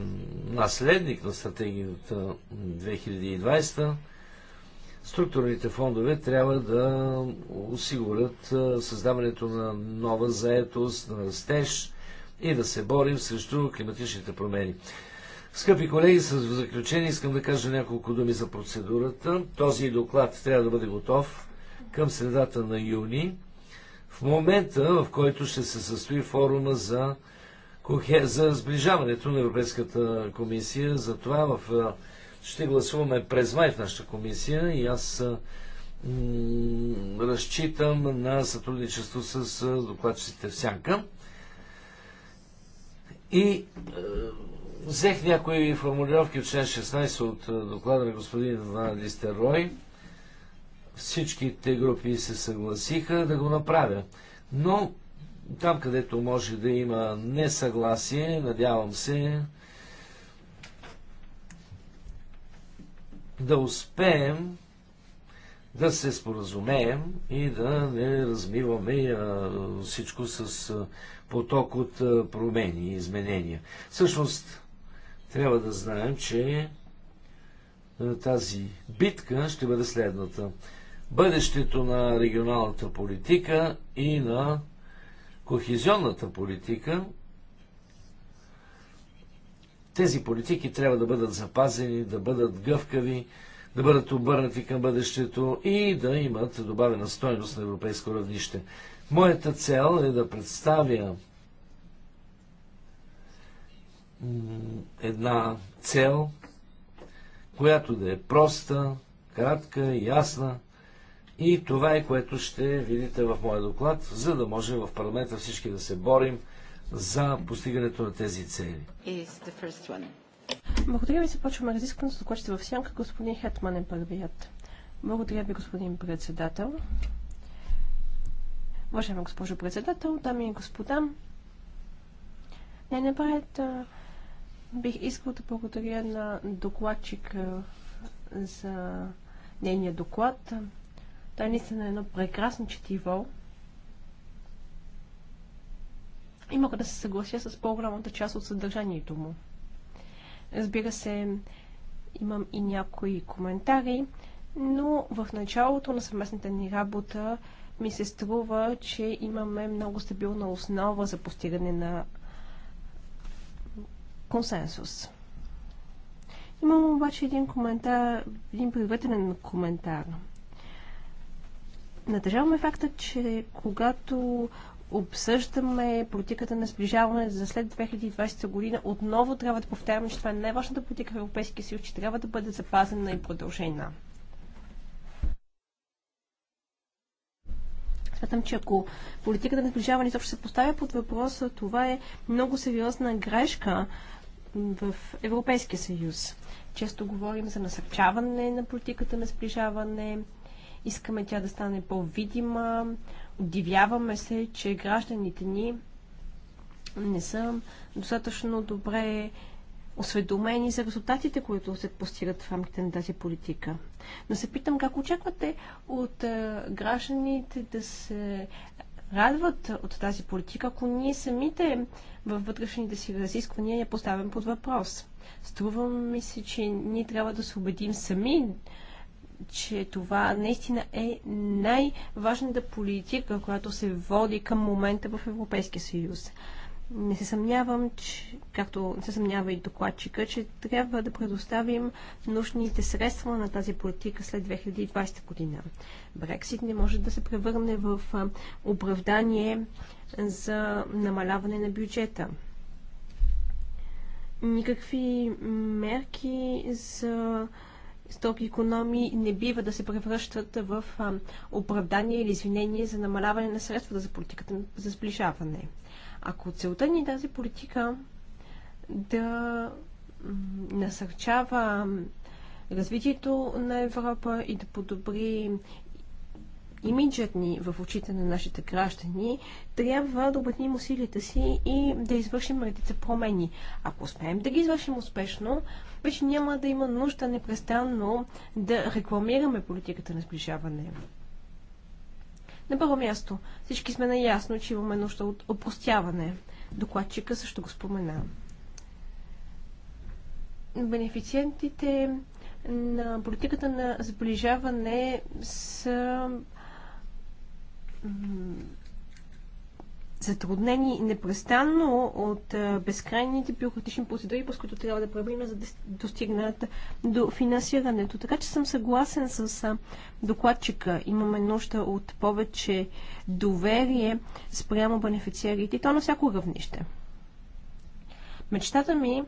наследник на стратегията 2020, структурните фондове трябва да осигурят създаването на нова заетост, на растеж и да се борим срещу климатичните промени. Скъпи колеги, с заключение искам да кажа няколко думи за процедурата. Този доклад трябва да бъде готов към средата на юни, в момента, в който ще се състои форума за, за сближаването на Европейската комисия. Затова в, ще гласуваме през май в нашата комисия и аз разчитам на сътрудничество с докладчиците в Сянка. И е, взех някои формулировки от член 16 от доклада на господин Листер Рой Всичките групи се съгласиха да го направя. Но там, където може да има несъгласие, надявам се да успеем да се споразумеем и да не размиваме всичко с поток от промени и изменения. Всъщност, трябва да знаем, че тази битка ще бъде следната бъдещето на регионалната политика и на кохезионната политика. Тези политики трябва да бъдат запазени, да бъдат гъвкави, да бъдат обърнати към бъдещето и да имат добавена стойност на европейско равнище. Моята цел е да представя една цел, която да е проста, кратка, ясна, и това е което ще видите в моя доклад, за да може в парламента всички да се борим за постигането на тези цели. Благодаря ви, започваме разискването, за което в сянка. Господин Хетман е първият. Благодаря ви, господин председател. Уважаема госпожо председател, дами и господа, не напред бих искал да благодаря на докладчика за нейния доклад. Той наистина е едно прекрасно четиво. И мога да се съглася с по-голямата част от съдържанието му. Разбира се, имам и някои коментари, но в началото на съвместната ни работа ми се струва, че имаме много стабилна основа за постигане на консенсус. Имам обаче един коментар, един привателен коментар – Натъжаваме факта, че когато обсъждаме политиката на сближаване за след 2020 година, отново трябва да повтаряме, че това е най-важната политика в Европейския съюз, че трябва да бъде запазена и продължена. Смятам, че ако политиката на сближаване изобщо се поставя под въпроса, това е много сериозна грешка в Европейския съюз. Често говорим за насърчаване на политиката на сближаване, Искаме тя да стане по-видима. Удивяваме се, че гражданите ни не са достатъчно добре осведомени за резултатите, които се постигат в рамките на тази политика. Но се питам как очаквате от е, гражданите да се радват от тази политика, ако ние самите във вътрешните си разисквания я поставям под въпрос. Струва ми се, че ние трябва да се убедим сами че това наистина е най-важната политика, която се води към момента в Европейския съюз. Не се съмнявам, че, както не се съмнява и докладчика, че трябва да предоставим нужните средства на тази политика след 2020 година. Брексит не може да се превърне в оправдание за намаляване на бюджета никакви мерки за строги економии не бива да се превръщат в оправдание или извинение за намаляване на средствата за политиката за сближаване. Ако целта ни е тази политика да насърчава развитието на Европа и да подобри имиджът ни в очите на нашите граждани, трябва да обединим усилията си и да извършим редица промени. Ако успеем да ги извършим успешно, вече няма да има нужда непрестанно да рекламираме политиката на сближаване. На първо място, всички сме наясно, че имаме нужда от опростяване. Докладчика също го спомена. Бенефициентите на политиката на сближаване са затруднени непрестанно от безкрайните бюрократични процедури, през които трябва да преминем, за да достигнат до финансирането. Така че съм съгласен с докладчика. Имаме нужда от повече доверие спрямо бенефициарите то на всяко равнище. Мечтата ми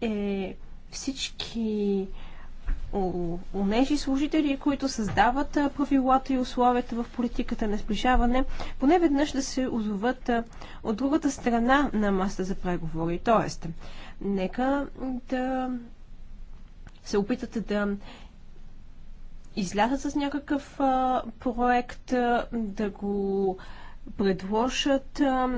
е всички онежи служители, които създават правилата и условията в политиката на сближаване, поне веднъж да се озоват от другата страна на маста за преговори. Тоест, нека да се опитате да излязат с някакъв а, проект, а, да го предложат, а,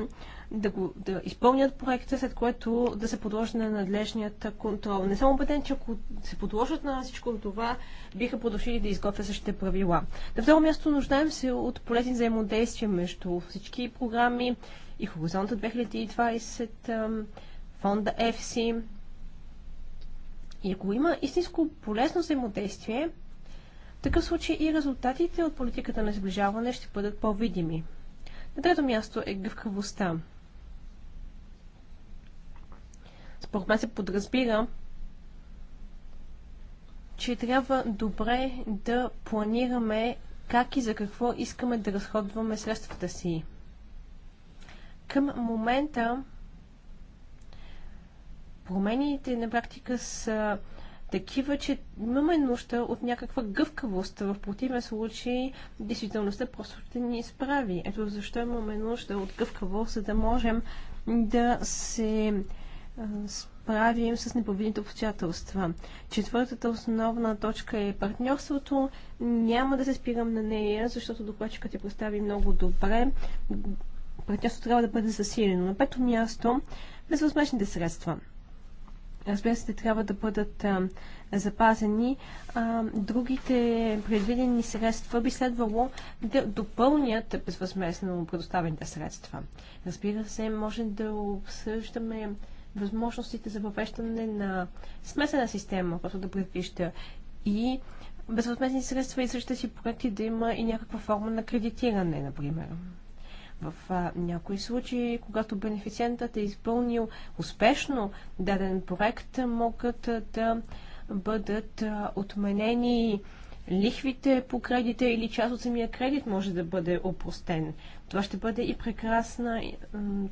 да, го, да изпълнят проекта, след което да се подложат на надлежният контрол. Не съм убеден, че ако се подложат на всичко това, биха продължили да изготвят същите правила. На второ място нуждаем се от полезни взаимодействия между всички програми и Хоризонта 2020, фонда EFSI. И ако има истинско полезно взаимодействие, в такъв случай и резултатите от политиката на сближаване ще бъдат по-видими. На трето място е гъвкавостта. Според мен се подразбира, че трябва добре да планираме как и за какво искаме да разходваме средствата си. Към момента промените на практика са такива, че имаме нужда от някаква гъвкавост. В противен случай действителността просто ще ни изправи. Ето защо имаме нужда от гъвкавост, за да можем да се справим с непредвидените обстоятелства. Четвъртата основна точка е партньорството. Няма да се спирам на нея, защото докладчикът я представи много добре. Партньорството трябва да бъде засилено. На пето място безвъзмешните средства. Разбира се, те трябва да бъдат а, запазени. А, другите предвидени средства би следвало да допълнят безвъзместно предоставените средства. Разбира се, може да обсъждаме възможностите за въвеждане на смесена система, която да предвижда и безвъзмезни средства и същите си проекти да има и някаква форма на кредитиране, например. В а, някои случаи, когато бенефициентът е изпълнил успешно даден проект, могат да бъдат отменени лихвите по кредита или част от самия кредит може да бъде опростен. Това ще бъде и прекрасна,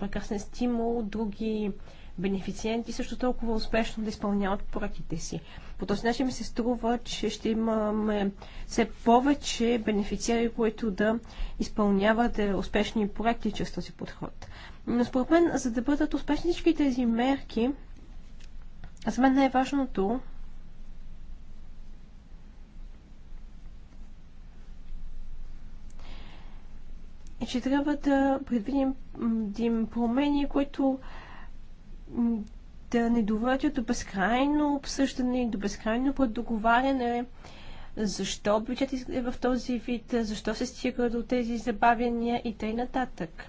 прекрасен стимул други бенефициенти също толкова успешно да изпълняват проектите си. По този начин ми се струва, че ще имаме все повече бенефициари, които да изпълняват е, успешни проекти чрез този подход. Но според мен, за да бъдат успешни всички тези мерки, за мен най-важното е, че трябва да предвидим промени, които да не довъртят до безкрайно обсъждане, до безкрайно предоговаряне, защо бюджет е в този вид, защо се стига до тези забавяния и т.н. нататък.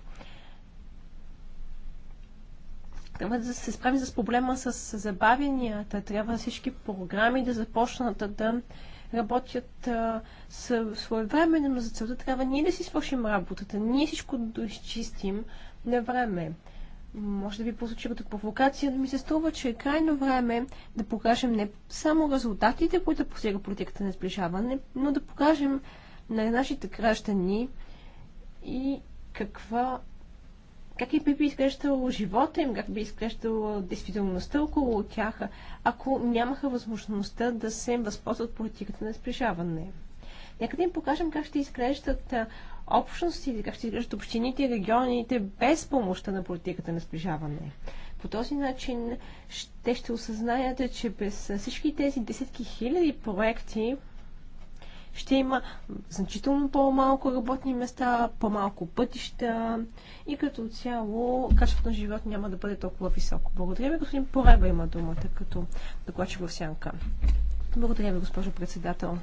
Трябва да се справим с проблема с забавянията. Трябва всички програми да започнат да работят своевременно, но за целта трябва ние да си свършим работата. Ние всичко да изчистим на време може да ви прозвучи като провокация, но ми се струва, че е крайно време да покажем не само резултатите, които постига политиката на сближаване, но да покажем на нашите граждани и каква как и би, би изглеждало живота им, как би изглеждало действителността около тях, ако нямаха възможността да се възползват политиката на сближаване. Нека да им покажем как ще изглеждат общности, как ще изглеждат общините и регионите без помощта на политиката на сближаване. По този начин те ще осъзнаят, че без всички тези десетки хиляди проекти ще има значително по-малко работни места, по-малко пътища и като цяло качеството на живот няма да бъде толкова високо. Благодаря ви, господин Пореба има думата като докладчик в сянка. Благодаря ви, госпожо председател.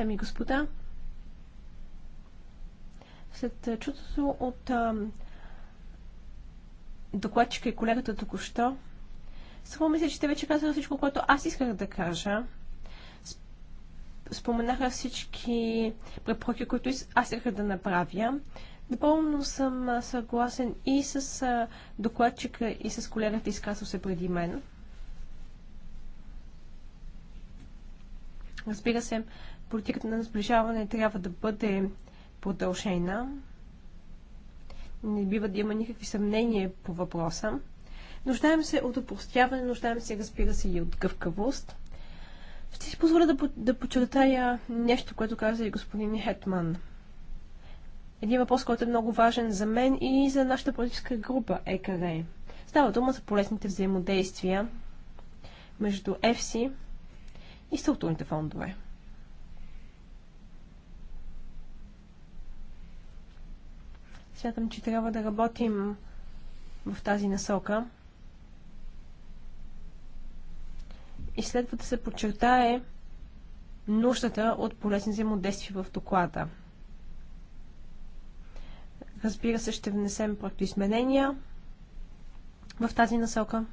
дами и господа, след чутото от а, докладчика и колегата току-що, само мисля, че те вече казаха всичко, което аз исках да кажа. Споменаха всички препоръки, които аз исках да направя. Напълно съм съгласен и с докладчика, и с колегата, изказал се преди мен. Разбира се, политиката на сближаване трябва да бъде продължена. Не бива да има никакви съмнения по въпроса. Нуждаем се от опростяване, нуждаем се, разбира се, и от гъвкавост. Ще си позволя да, да подчертая нещо, което каза и господин Хетман. Един въпрос, който е много важен за мен и за нашата политическа група ЕКР. Става дума за полезните взаимодействия между ЕФСИ и структурните фондове. Смятам, че трябва да работим в тази насока. И следва да се подчертае нуждата от полезни взаимодействия в доклада. Разбира се, ще внесем изменения в тази насока.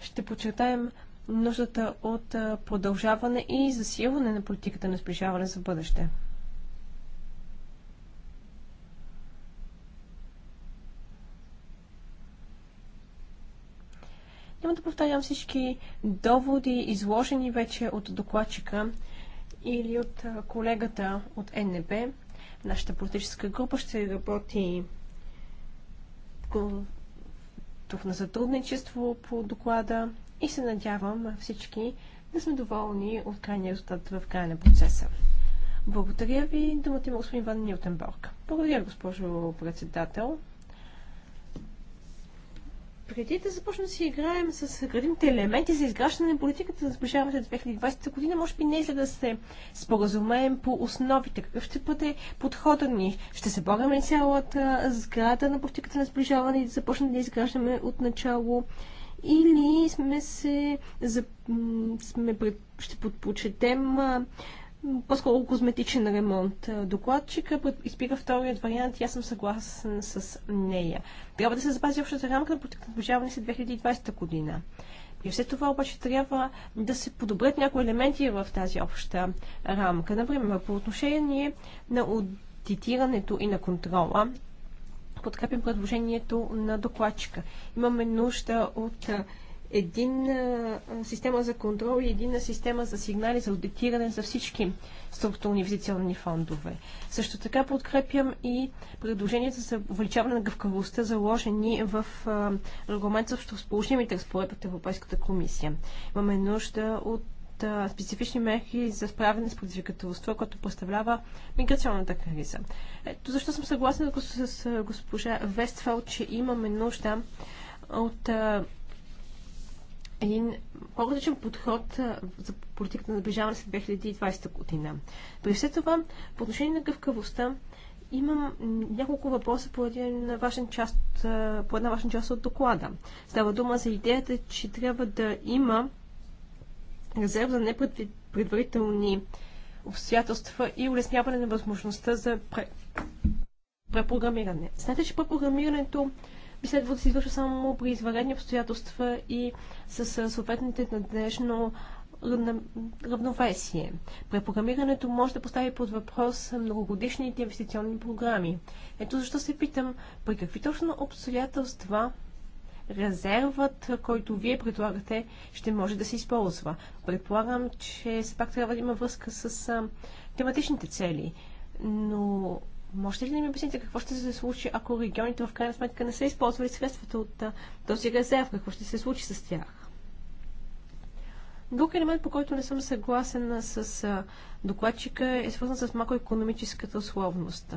Ще подчертаем нуждата от продължаване и засилване на политиката на сближаване за бъдеще. Няма да повтарям всички доводи, изложени вече от докладчика или от колегата от НБ. Нашата политическа група ще работи дух на сътрудничество по доклада и се надявам всички да сме доволни от крайния резултат в края на процеса. Благодаря ви. Думата има господин Ван Нилтенборг. Благодаря госпожо председател. Преди да започнем да си играем с градимите елементи за изграждане на политиката за сближаване след 2020 година, може би не след е да се споразумеем по основите. Какъв ще бъде подходът ни? Ще се борим цялата сграда на политиката на сближаване и да започнем да изграждаме от начало или сме се за, сме пред, ще подпочетем по-скоро козметичен ремонт. Докладчика изпира вторият вариант и аз съм съгласен с нея. Трябва да се запази общата рамка на продължаване след 2020 година. И все това обаче трябва да се подобрят някои елементи в тази обща рамка. Например, по отношение на аудитирането и на контрола, подкрепим предложението на докладчика. Имаме нужда от един система за контрол и единна система за сигнали за аудитиране за всички структурни инвестиционни фондове. Също така подкрепям и предложенията за увеличаване на гъвкавостта, заложени в регламент за разположимите разпоредби от Европейската комисия. Имаме нужда от специфични мерки за справяне с предизвикателство, което представлява миграционната криза. Ето защо съм съгласна с госпожа Вестфал, че имаме нужда от един по-различен подход за политиката на наближаване след 2020 година. При все това, по отношение на гъвкавостта, имам няколко въпроса по, един важен част, по една важна част от доклада. Става дума за идеята, че трябва да има резерв за непредварителни обстоятелства и улесняване на възможността за препрограмиране. Знаете, че препрограмирането би следвало да се извършва само при извънредни обстоятелства и с съответните надлежно равновесие. Препрограмирането може да постави под въпрос многогодишните инвестиционни програми. Ето защо се питам, при какви точно обстоятелства резервът, който вие предлагате, ще може да се използва. Предполагам, че все пак трябва да има връзка с а, тематичните цели, но можете ли да ми обясните какво ще се случи, ако регионите в крайна сметка не са използвали средствата от а, този резерв? Какво ще се случи с тях? Друг елемент, по който не съм съгласен с докладчика, е свързан с макроекономическата условност.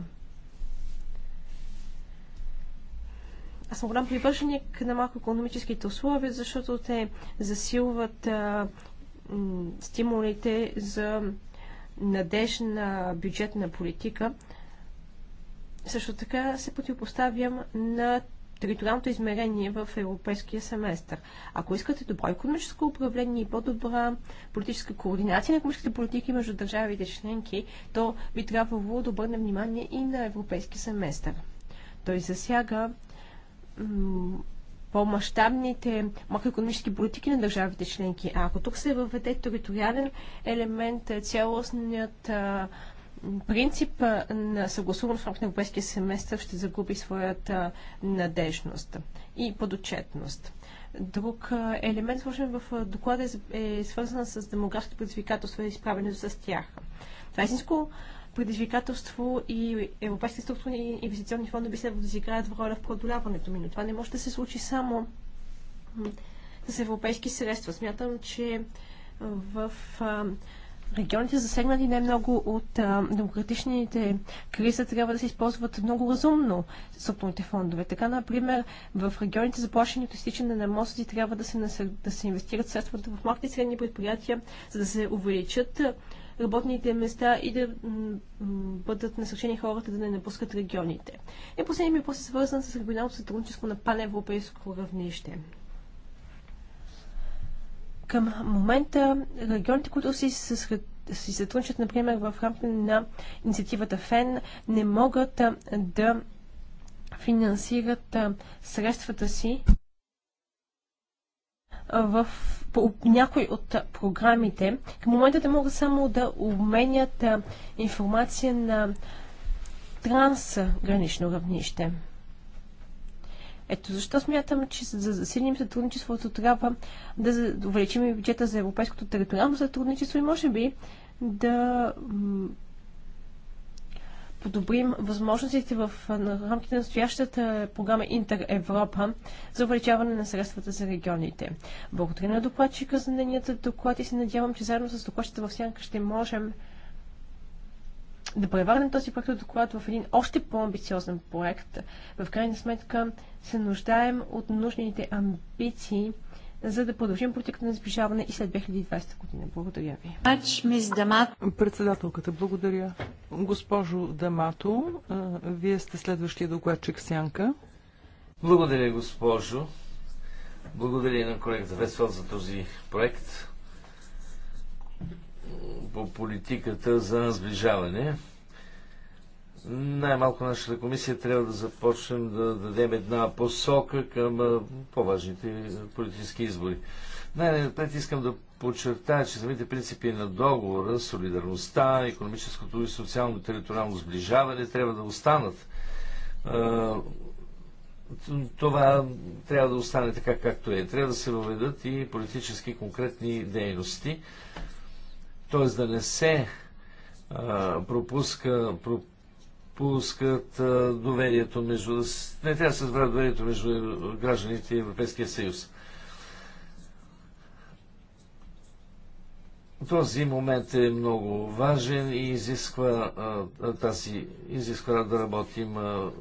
Аз съм голям привърженик на макроекономическите условия, защото те засилват а, стимулите за надежна бюджетна политика. Също така се противопоставям на териториалното измерение в европейския семестър. Ако искате добро економическо управление и по-добра политическа координация на економическите политики между държавите членки, то би трябвало да обърне внимание и на европейския семестър. Той засяга по-масштабните макроекономически политики на държавите членки. А ако тук се въведе териториален елемент, е, цялостният принцип на съгласуваност в рамките на европейския семестър ще загуби своята надежност и подотчетност. Друг елемент, сложен в доклада, е, е свързан с демографските предизвикателства и справянето с тях. Това е истинско предизвикателство и европейски структурни инвестиционни фондове следвало да изиграят в роля в продоляването ми. Но това не може да се случи само с европейски средства. Смятам, че в регионите засегнати най-много от демократичните криза трябва да се използват много разумно структурните фондове. Така, например, в регионите заплашени от изтичане на мозъци трябва да се, да се инвестират средствата в малките средни предприятия, за да се увеличат работните места и да бъдат насъщени хората да не напускат регионите. И последният ми въпрос е свързан с регионалното сътрудничество на паневропейско равнище. Към момента регионите, които си съсред си сътрудничат, например, в рамките на инициативата ФЕН, не могат да финансират средствата си в по някои от програмите. Към момента те могат само да обменят информация на трансгранично равнище. Ето защо смятам, че за да засилим сътрудничеството трябва да увеличим и бюджета за европейското териториално сътрудничество и може би да подобрим възможностите в рамките на настоящата програма Интер Европа за увеличаване на средствата за регионите. Благодаря на докладчика за нейният доклад и се надявам, че заедно с докладчите в Сянка ще можем да превърнем този проект доклад в един още по-амбициозен проект. В крайна сметка се нуждаем от нужните амбиции за да продължим политиката на сближаване и след 2020 година. Благодаря ви. Председателката, благодаря. Госпожо Дамато, вие сте следващия докладчик Сянка. Благодаря, госпожо. Благодаря на колегата Весел за този проект по политиката за сближаване най-малко нашата комисия трябва да започнем да дадем една посока към по-важните политически избори. Най-напред искам да подчертая, че самите принципи на договора, солидарността, економическото и социално-териториално сближаване трябва да останат. Това трябва да остане така както е. Трябва да се въведат и политически конкретни дейности, т.е. да не се пропуска, пропуска допускат доверието между... Не трябва да се създава доверието между гражданите и Европейския съюз. Този момент е много важен и изисква, а, тази, изисква да работим. А,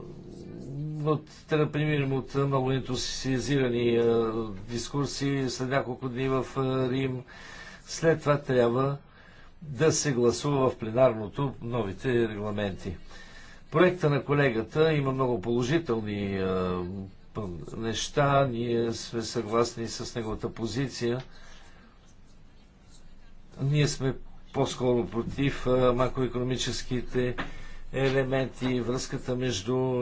от, да примерим от много ентусиазирани а, дискурси след няколко дни в а, Рим. След това трябва да се гласува в пленарното новите регламенти проекта на колегата има много положителни неща. Ние сме съгласни с неговата позиция. Ние сме по-скоро против макроекономическите елементи, връзката между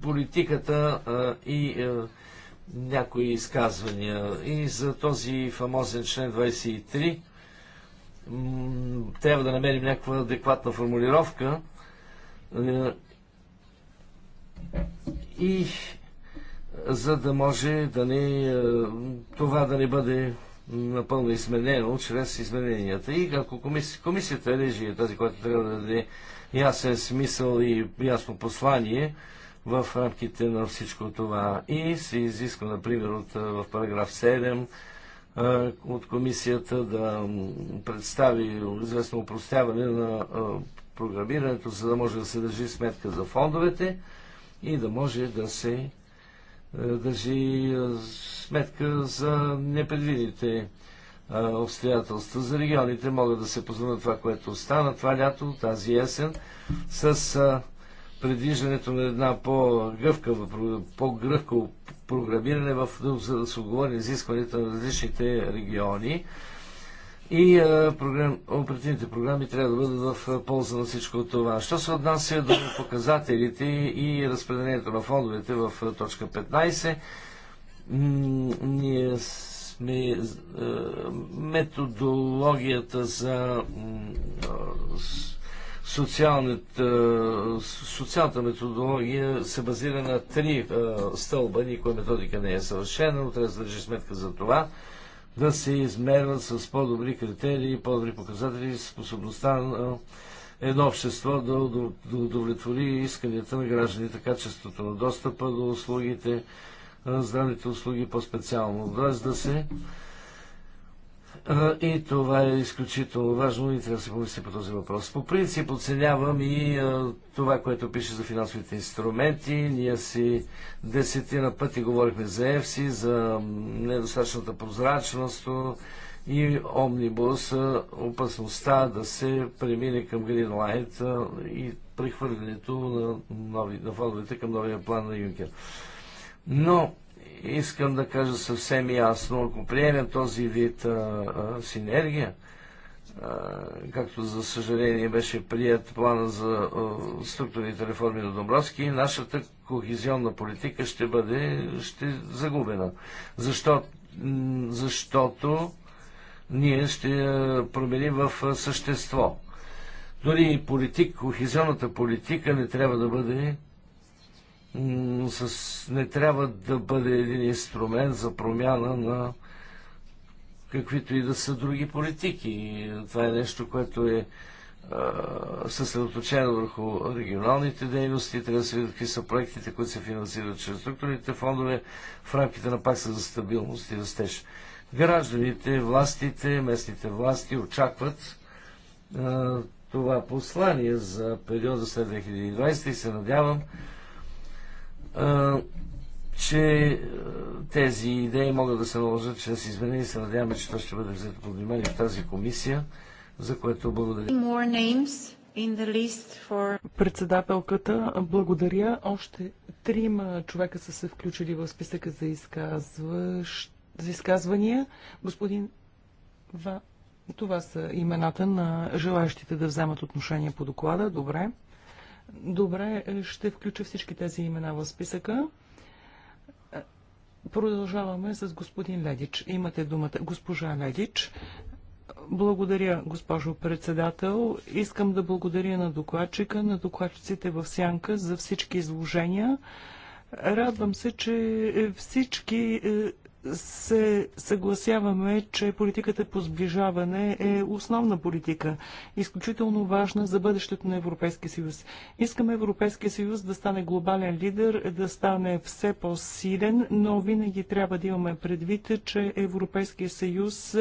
политиката и някои изказвания. И за този фамозен член 23 трябва да намерим някаква адекватна формулировка. Е, и за да може да не, това да не бъде напълно изменено чрез измененията. И ако комисията режи е тази, която трябва да даде ясен смисъл и ясно послание в рамките на всичко това. И се изисква, например, от, е, в параграф 7 от комисията да представи известно упростяване на програмирането, за да може да се държи сметка за фондовете и да може да се държи сметка за непредвидите обстоятелства. За регионите могат да се позволя това, което стана това лято, тази есен, с предвиждането на една по-гъвкава, по-гъвкава програмиране, в, за да се отговори на изискванията на различните региони. И а, е, програм, оперативните програми трябва да бъдат в е, полза на всичко това. Що се отнася до показателите и разпределението на фондовете в е, точка 15, ние сме методологията за Социалната, е, социалната методология се базира на три е, стълба. Никоя методика не е съвършена, но трябва да държи сметка за това да се измерват с по-добри критерии, по-добри показатели способността на едно общество да удовлетвори исканията на гражданите, качеството на достъпа до услугите, е, здравните услуги по-специално. Тоест да се и това е изключително важно и трябва да се помисли по този въпрос. По принцип оценявам и това, което пише за финансовите инструменти. Ние си десетина пъти говорихме за ЕФСИ, за недостатъчната прозрачност и омнибус, опасността да се премине към Greenlight и прехвърлянето на, нови, на фондовете към новия план на Юнкер. Но Искам да кажа съвсем ясно, ако приемем този вид а, а, синергия, а, както за съжаление беше прият плана за а, структурните реформи на Домбровски, нашата кохезионна политика ще бъде ще загубена. Защо, защото ние ще променим в същество. Дори политик, кохезионната политика не трябва да бъде с, не трябва да бъде един инструмент за промяна на каквито и да са други политики. Това е нещо, което е съсредоточено върху регионалните дейности, трябва да се видят какви са проектите, които се финансират чрез структурните фондове в рамките на пакса за стабилност и растеж. Гражданите, властите, местните власти очакват а, това послание за периода след 2020 и се надявам, че тези идеи могат да се наложат чрез изменение и се надяваме, че това ще бъде взето под внимание в тази комисия, за което благодаря. For... Председателката, благодаря. Още трима човека са се включили в списъка за, за изказвания. Господин Ва... Това са имената на желаящите да вземат отношение по доклада. Добре. Добре, е, ще включа всички тези имена в списъка. Е, продължаваме с господин Ледич. Имате думата. Госпожа Ледич. Благодаря, госпожо председател. Искам да благодаря на докладчика, на докладчиците в Сянка за всички изложения. Радвам се, че всички е, се съгласяваме, че политиката по сближаване е основна политика, изключително важна за бъдещето на Европейския съюз. Искаме Европейския съюз да стане глобален лидер, да стане все по-силен, но винаги трябва да имаме предвид, че Европейския съюз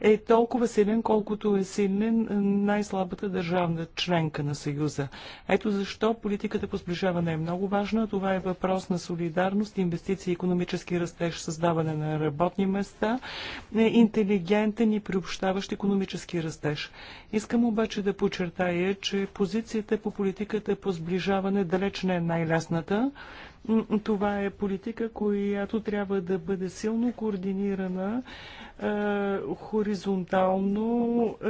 е толкова силен, колкото е силен най-слабата държавна членка на съюза. Ето защо политиката по сближаване е много важна. Това е въпрос на солидарност, инвестиции, економически растеж, създаване на работни места, е, интелигентен и приобщаващ економически растеж. Искам обаче да подчертая, че позицията по политиката по сближаване далеч не е най-лесната. Това е политика, която трябва да бъде силно координирана е, хоризонтално е,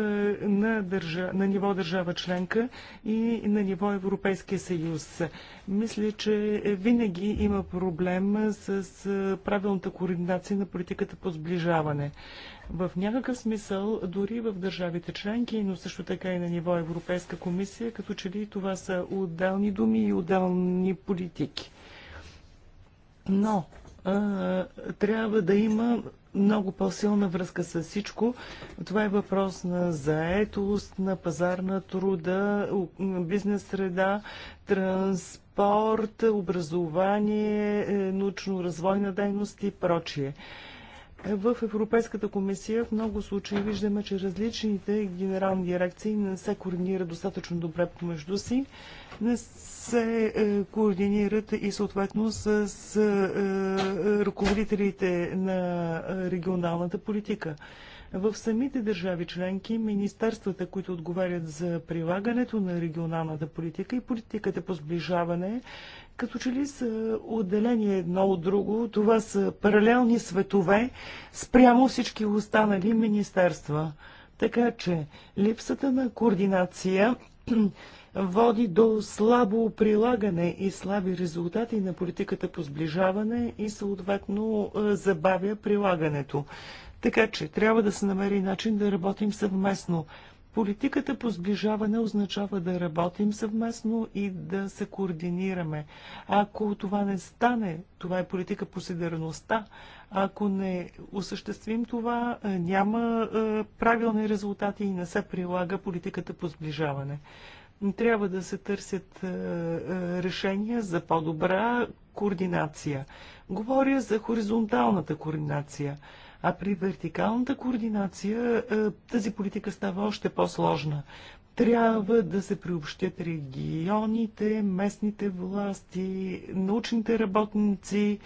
на, държа, на ниво държава членка и на ниво Европейския съюз. Мисля, че винаги има проблем с е, правилната координация на политиката по сближаване. В някакъв смисъл, дори в държавите членки, но също така и на ниво Европейска комисия, като че ли това са отделни думи и отделни политики но а, трябва да има много по-силна връзка с всичко. Това е въпрос на заетост, на пазарна труда, бизнес среда, транспорт, образование, е, научно-развойна дейност и прочие. В Европейската комисия в много случаи виждаме, че различните генерални дирекции не се координират достатъчно добре помежду си, не се е, координират и съответно с е, ръководителите на е, регионалната политика. В самите държави членки министерствата, които отговарят за прилагането на регионалната политика и политиката по сближаване, като че ли са отделени едно от друго. Това са паралелни светове спрямо всички останали министерства. Така че липсата на координация води до слабо прилагане и слаби резултати на политиката по сближаване и съответно е, забавя прилагането. Така че трябва да се намери начин да работим съвместно. Политиката по сближаване означава да работим съвместно и да се координираме. Ако това не стане, това е политика по седерността, ако не осъществим това, е, няма е, правилни резултати и не се прилага политиката по сближаване. Трябва да се търсят е, решения за по-добра координация. Говоря за хоризонталната координация – а при вертикалната координация е, тази политика става още по-сложна. Трябва да се приобщят регионите, местните власти, научните работници,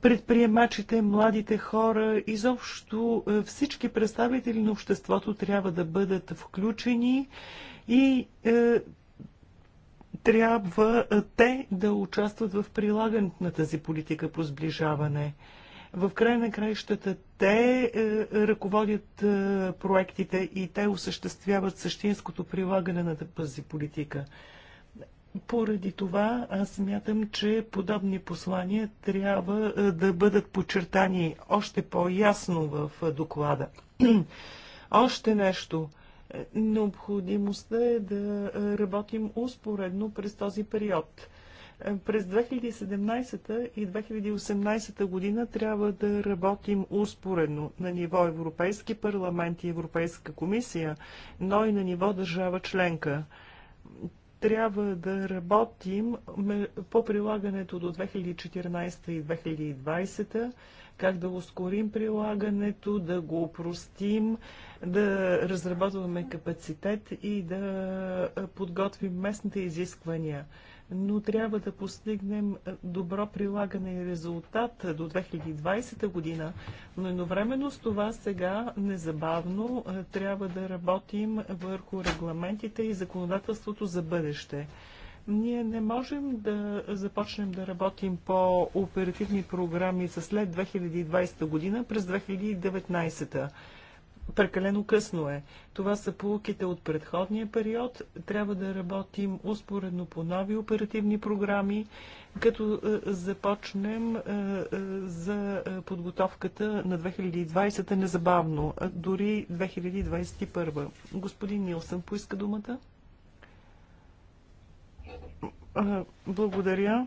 предприемачите, младите хора, изобщо е, всички представители на обществото трябва да бъдат включени и е, трябва е, те да участват в прилагането на тази политика по сближаване. В край на краищата те е, ръководят е, проектите и те осъществяват същинското прилагане на тази политика. Поради това аз мятам, че подобни послания трябва е, да бъдат подчертани още по-ясно в доклада. още нещо. Необходимостта е да работим успоредно през този период. През 2017 и 2018 година трябва да работим успоредно на ниво Европейски парламент и Европейска комисия, но и на ниво държава членка трябва да работим по прилагането до 2014 и 2020, как да ускорим прилагането, да го упростим, да разработваме капацитет и да подготвим местните изисквания но трябва да постигнем добро прилагане и резултат до 2020 година. Но едновременно с това сега незабавно е, трябва да работим върху регламентите и законодателството за бъдеще ние не можем да започнем да работим по оперативни програми за след 2020 година през 2019. Прекалено късно е. Това са полуките от предходния период. Трябва да работим успоредно по нови оперативни програми, като е, започнем е, е, за подготовката на 2020 та незабавно, дори 2021. Господин Нилсън поиска думата. Благодаря.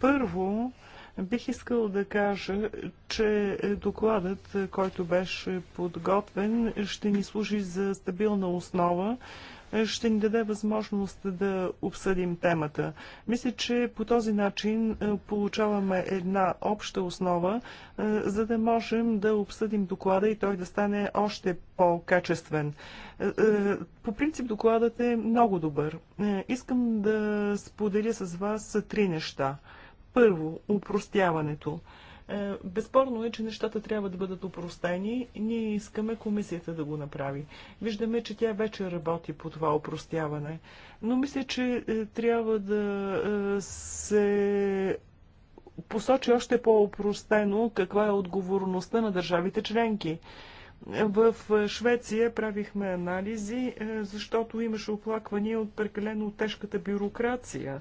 Първо, Бих искал да кажа, че докладът, който беше подготвен, ще ни служи за стабилна основа, ще ни даде възможност да обсъдим темата. Мисля, че по този начин е, получаваме една обща основа, е, за да можем да обсъдим доклада и той да стане още по-качествен. Е, по принцип докладът е много добър. Искам да споделя с вас три неща. Първо, упростяването. Е, безспорно е, че нещата трябва да бъдат упростени. Ние искаме комисията да го направи. Виждаме, че тя вече работи по това упростяване. Но мисля, че е, трябва да е, се посочи още по-упростено каква е отговорността на държавите членки. В Швеция правихме анализи, защото имаше оплаквания от прекалено тежката бюрокрация.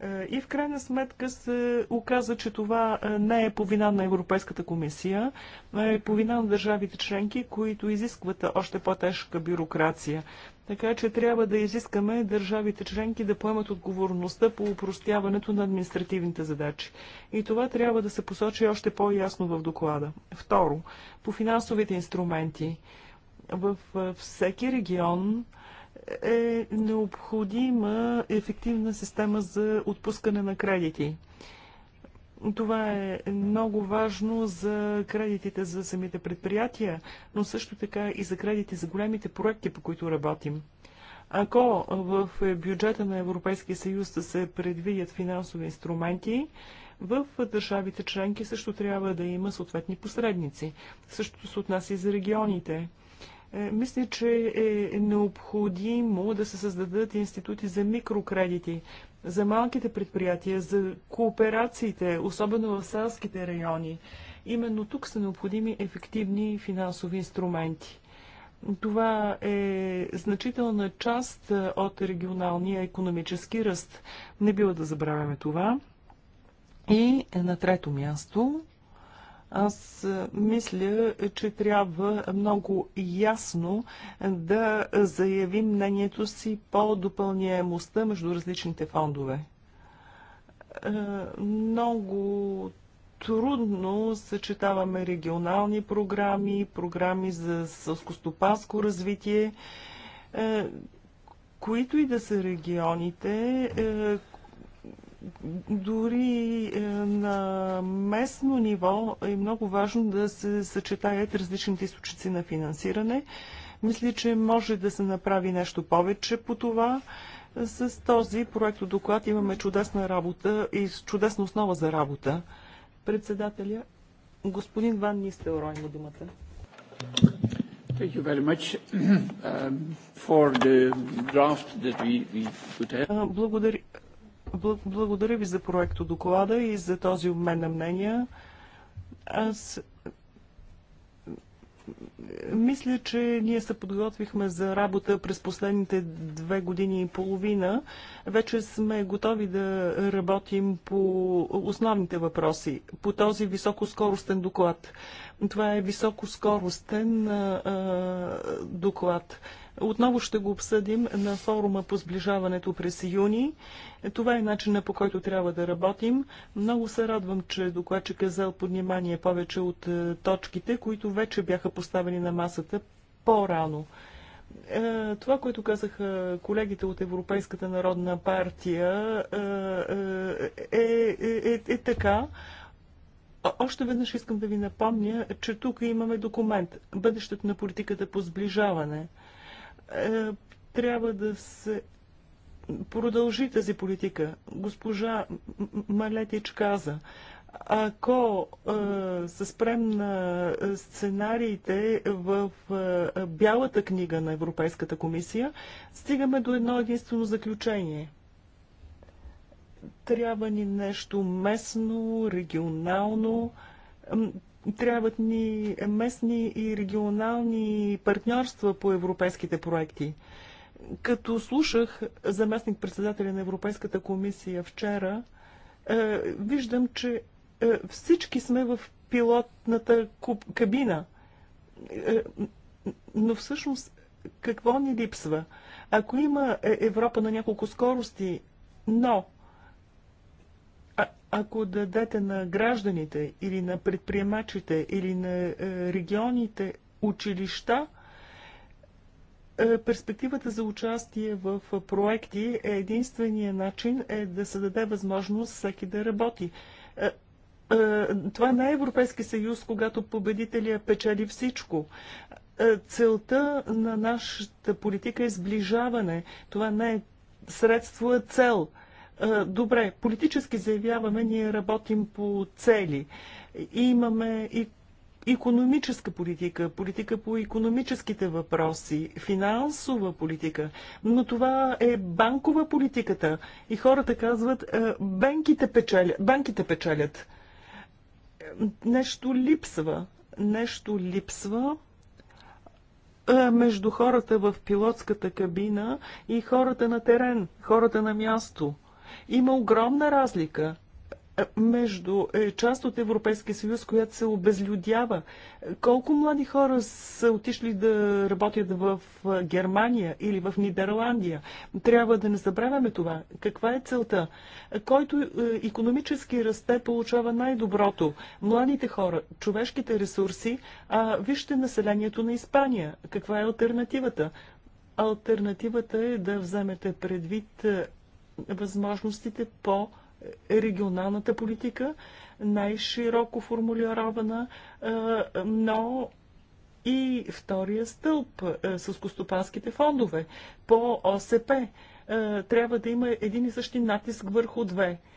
Е, и в крайна сметка се оказа, че това е, не е по вина на Европейската комисия, а е по вина на държавите членки, които изискват още по-тежка бюрокрация. Така че трябва да изискаме държавите членки да поемат отговорността по упростяването на административните задачи. И това трябва да се посочи още по-ясно в доклада. Второ, по финансовите инструменти. В е, всеки регион е необходима ефективна система за отпускане на кредити. Това е много важно за кредитите за самите предприятия, но също така и за кредити за големите проекти, по които работим. Ако в бюджета на Европейския съюз се предвидят финансови инструменти, в държавите членки също трябва да има съответни посредници. Същото се отнася и за регионите. Е, мисля, че е необходимо да се създадат институти за микрокредити, за малките предприятия, за кооперациите, особено в селските райони. Именно тук са необходими ефективни финансови инструменти. Това е значителна част е, от регионалния економически ръст. Не бива да забравяме това. И е, на трето място аз мисля, че трябва много ясно да заявим мнението си по допълняемостта между различните фондове. Много трудно съчетаваме регионални програми, програми за сълскостопанско развитие, които и да са регионите, дори е, на местно ниво е много важно да се съчетаят различните източници на финансиране. Мисля, че може да се направи нещо повече по това. С този проект доклад имаме чудесна работа и чудесна основа за работа. Председателя, господин Ван Нистелрой има думата. Thank you very much um, for the draft that we, we Благодаря. Благодаря ви за проекто доклада и за този обмен на мнения. Аз мисля, че ние се подготвихме за работа през последните две години и половина. Вече сме готови да работим по основните въпроси, по този високоскоростен доклад. Това е високоскоростен а, доклад. Отново ще го обсъдим на форума по сближаването през юни. Това е начина по който трябва да работим. Много се радвам, че докладчик е взел под внимание повече от точките, които вече бяха поставени на масата по-рано. Това, което казаха колегите от Европейската народна партия, е, е, е, е така. Още веднъж искам да ви напомня, че тук имаме документ Бъдещето на политиката по сближаване – е, трябва да се продължи тази политика. Госпожа Малетич каза, ако е, се спрем на сценариите в е, Бялата книга на Европейската комисия, стигаме до едно единствено заключение. Трябва ни нещо местно, регионално. Трябват ни местни и регионални партньорства по европейските проекти. Като слушах заместник председателя на Европейската комисия вчера, е, виждам, че е, всички сме в пилотната кабина. Е, но всъщност какво ни липсва? Ако има Европа на няколко скорости, но ако дадете на гражданите или на предприемачите или на е, регионите училища, е, перспективата за участие в проекти е единствения начин е да се даде възможност всеки да работи. Е, това не е Европейски съюз, когато победителя печели всичко. Целта на нашата политика е сближаване. Това не е средство, а е цел – е, добре, политически заявяваме, ние работим по цели. Имаме и економическа политика, политика по економическите въпроси, финансова политика, но това е банкова политиката. И хората казват, е, банките печелят. Банките печелят. Е, нещо липсва. Нещо липсва между хората в пилотската кабина и хората на терен, хората на място – има огромна разлика е, между е, част от Европейския съюз, която се обезлюдява. Колко млади хора са отишли да работят в е, Германия или в Нидерландия? Трябва да не забравяме това. Каква е целта? Който економически расте получава най-доброто? Младите хора, човешките ресурси, а вижте населението на Испания. Каква е альтернативата? Альтернативата е да вземете предвид възможностите по регионалната политика, най-широко формулирована, но и втория стълб с костопанските фондове по ОСП. Трябва да има един и същи натиск върху две –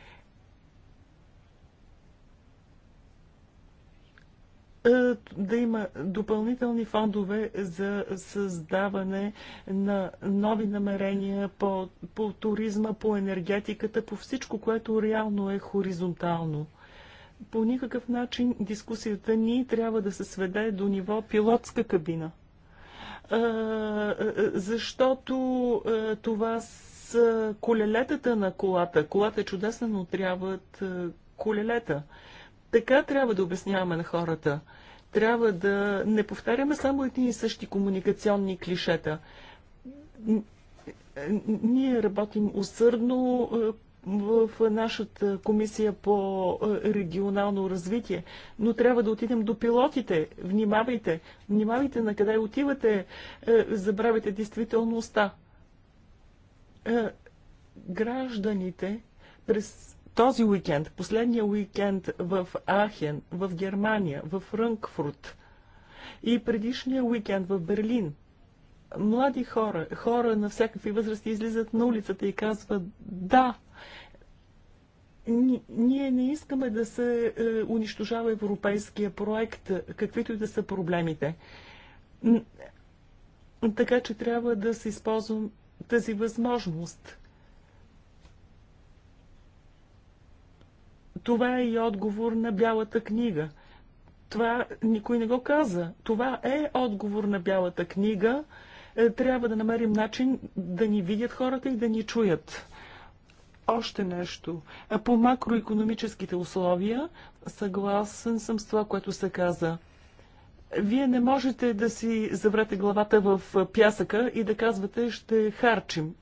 Е, да има допълнителни фондове за създаване на нови намерения по, по туризма, по енергетиката, по всичко, което реално е хоризонтално. По никакъв начин дискусията ни трябва да се сведе до ниво пилотска кабина. Е, е, защото това с колелетата на колата. Колата е чудесна, но трябват колелета. Така трябва да обясняваме на хората. Трябва да не повтаряме само едни и същи комуникационни клишета. Е, ние работим усърдно е, в нашата комисия по е, регионално развитие, но трябва да отидем до пилотите. Внимавайте, внимавайте на къде отивате, забравяйте действителността. Гражданите през този уикенд, последния уикенд в Ахен, в Германия, в Франкфурт и предишния уикенд в Берлин, млади хора, хора на всякакви възрасти излизат на улицата и казват да, ние не искаме да се е, унищожава европейския проект, каквито и да са проблемите. Така че трябва да се използвам тази възможност. Това е и отговор на Бялата книга. Това никой не го каза. Това е отговор на Бялата книга. Е, трябва да намерим начин да ни видят хората и да ни чуят. Още нещо. Е, по макроекономическите условия, съгласен съм с това, което се каза. Вие не можете да си заврете главата в пясъка и да казвате ще харчим.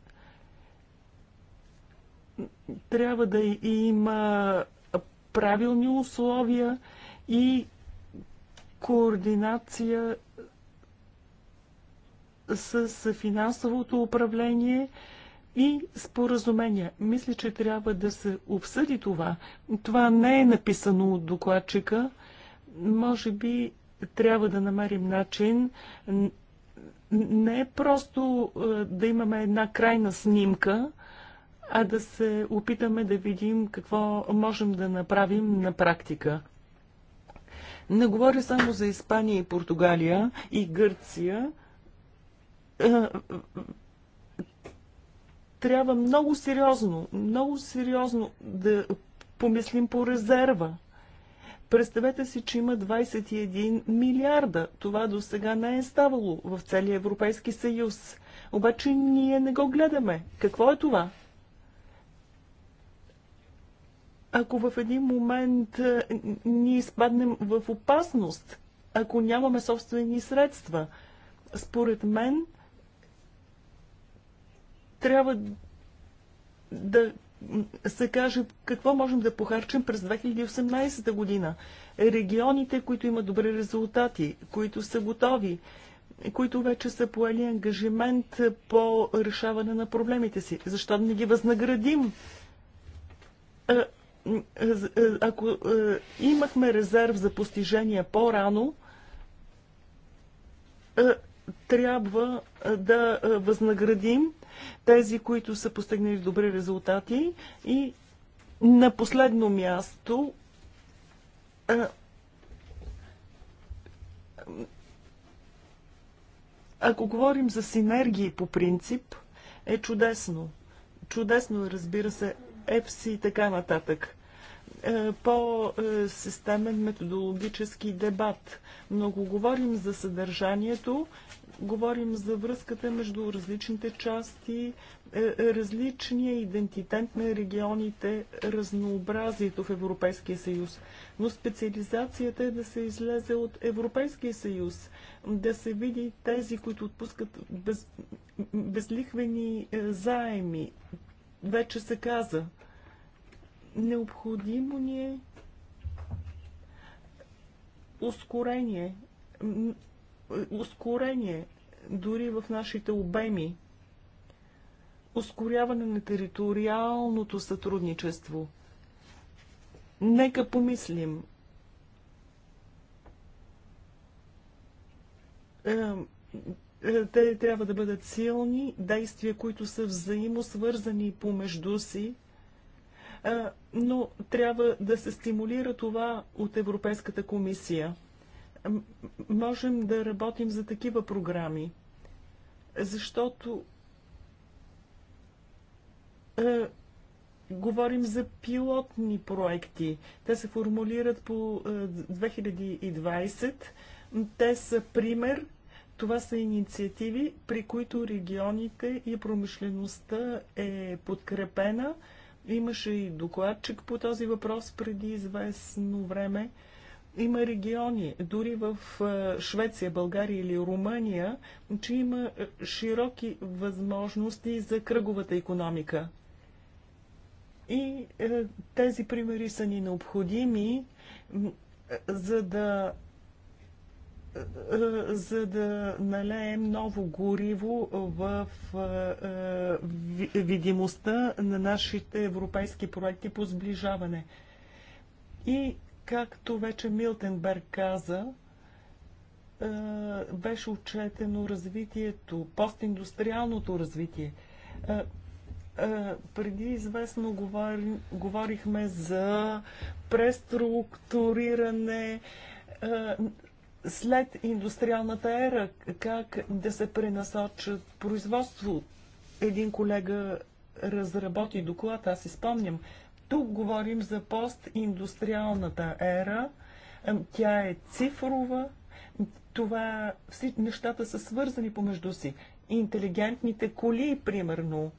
Трябва да има правилни условия и координация с финансовото управление и споразумения. Мисля, че трябва да се обсъди това. Това не е написано от докладчика. Може би трябва да намерим начин не е просто е, да имаме една крайна снимка, а да се опитаме да видим какво можем да направим на практика. Не говоря само за Испания и Португалия и Гърция. Е, трябва много сериозно, много сериозно да помислим по резерва. Представете си, че има 21 милиарда. Това до сега не е ставало в целия Европейски съюз. Обаче ние не го гледаме. Какво е това? ако в един момент е, ние изпаднем в опасност, ако нямаме собствени средства. Според мен, трябва да се каже какво можем да похарчим през 2018 година. Регионите, които имат добри резултати, които са готови, които вече са поели ангажимент по решаване на проблемите си. Защо да не ги възнаградим? Е, ако е, имахме резерв за постижения по-рано, е, трябва е, да възнаградим тези, които са постигнали добри резултати и на последно място ако говорим за синергии по принцип, е чудесно. Чудесно, разбира се, FC и така нататък. Е, по-системен методологически дебат. Много говорим за съдържанието, говорим за връзката между различните части, е, различния идентитет на регионите, разнообразието в Европейския съюз. Но специализацията е да се излезе от Европейския съюз, да се види тези, които отпускат без, безлихвени е, заеми. Вече се каза – Необходимо ни е ускорение. Ускорение дори в нашите обеми. Ускоряване на териториалното сътрудничество. Нека помислим. Е, е, те трябва да бъдат силни, действия, които са взаимосвързани помежду си, но трябва да се стимулира това от Европейската комисия. Можем да работим за такива програми, защото говорим за пилотни проекти. Те се формулират по 2020. Те са пример това са инициативи, при които регионите и промишлеността е подкрепена. Имаше и докладчик по този въпрос преди известно време. Има региони, дори в е, Швеция, България или Румъния, че има е, широки възможности за кръговата економика. И е, тези примери са ни необходими, за да за да налеем ново гориво в видимостта на нашите европейски проекти по сближаване. И както вече Милтенберг каза, беше отчетено развитието, постиндустриалното развитие. Преди известно говорихме за преструктуриране, след индустриалната ера, как да се пренасочат производство. Един колега разработи доклад, аз си спомням. Тук говорим за постиндустриалната ера. Тя е цифрова. Това, всички нещата са свързани помежду си. Интелигентните коли, примерно.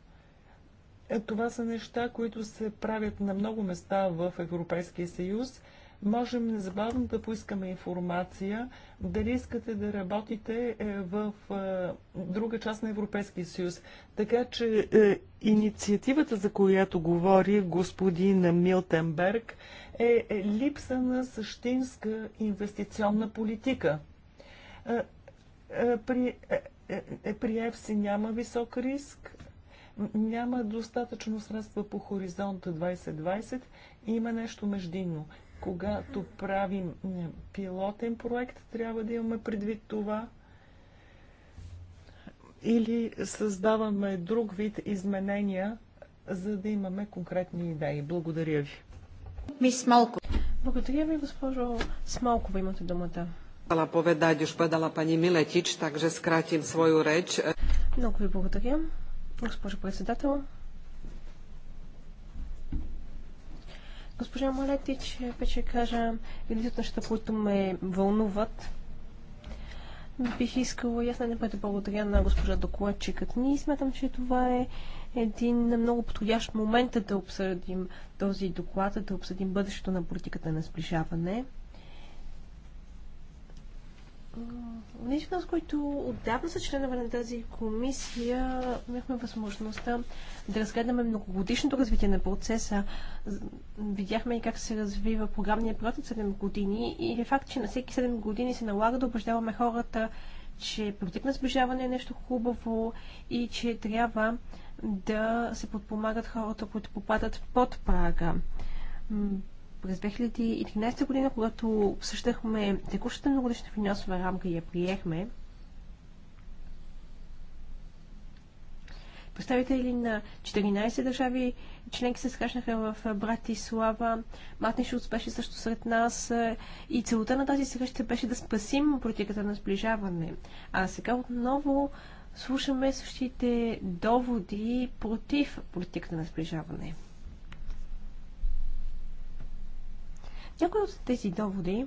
Е, това са неща, които се правят на много места в Европейския съюз – можем незабавно да поискаме информация дали искате да работите е, в е, друга част на Европейския съюз. Така че е, инициативата, за която говори господин Милтенберг, е липса на същинска инвестиционна политика. При, при ЕФСИ няма висок риск, няма достатъчно средства по хоризонта 2020 и има нещо междинно. Когато правим пилотен проект, трябва да имаме предвид това. Или създаваме друг вид изменения, за да имаме конкретни идеи. Благодаря ви. Мис Малко. Благодаря ви, госпожо Смолкова. Имате думата. Chcela povedať, už povedala pani Miletič, takže skrátim svoju reč. Много ви благодаря, госпожо председател. Госпожа Малетич, вече кажа, едни от нещата, които ме вълнуват, бих искала ясно да бъде благодаря на госпожа докладчикът ни. Смятам, че това е един много подходящ момент да обсъдим този доклад, да обсъдим бъдещето на политиката на сближаване. Нещо, с които отдавна са членове на тази комисия, имахме възможността да разгледаме многогодишното развитие на процеса. Видяхме и как се развива програмния период от 7 години и е факт, че на всеки 7 години се налага да убеждаваме хората, че политик на сближаване е нещо хубаво и че трябва да се подпомагат хората, които попадат под прага. През 2013 година, когато обсъждахме текущата многодишна финансова рамка и я приехме, представители на 14 държави членки се срещнаха в Братислава. Мартин Шулц беше също сред нас и целта на тази среща беше да спасим политиката на сближаване. А сега отново слушаме същите доводи против политиката на сближаване. Някои от тези доводи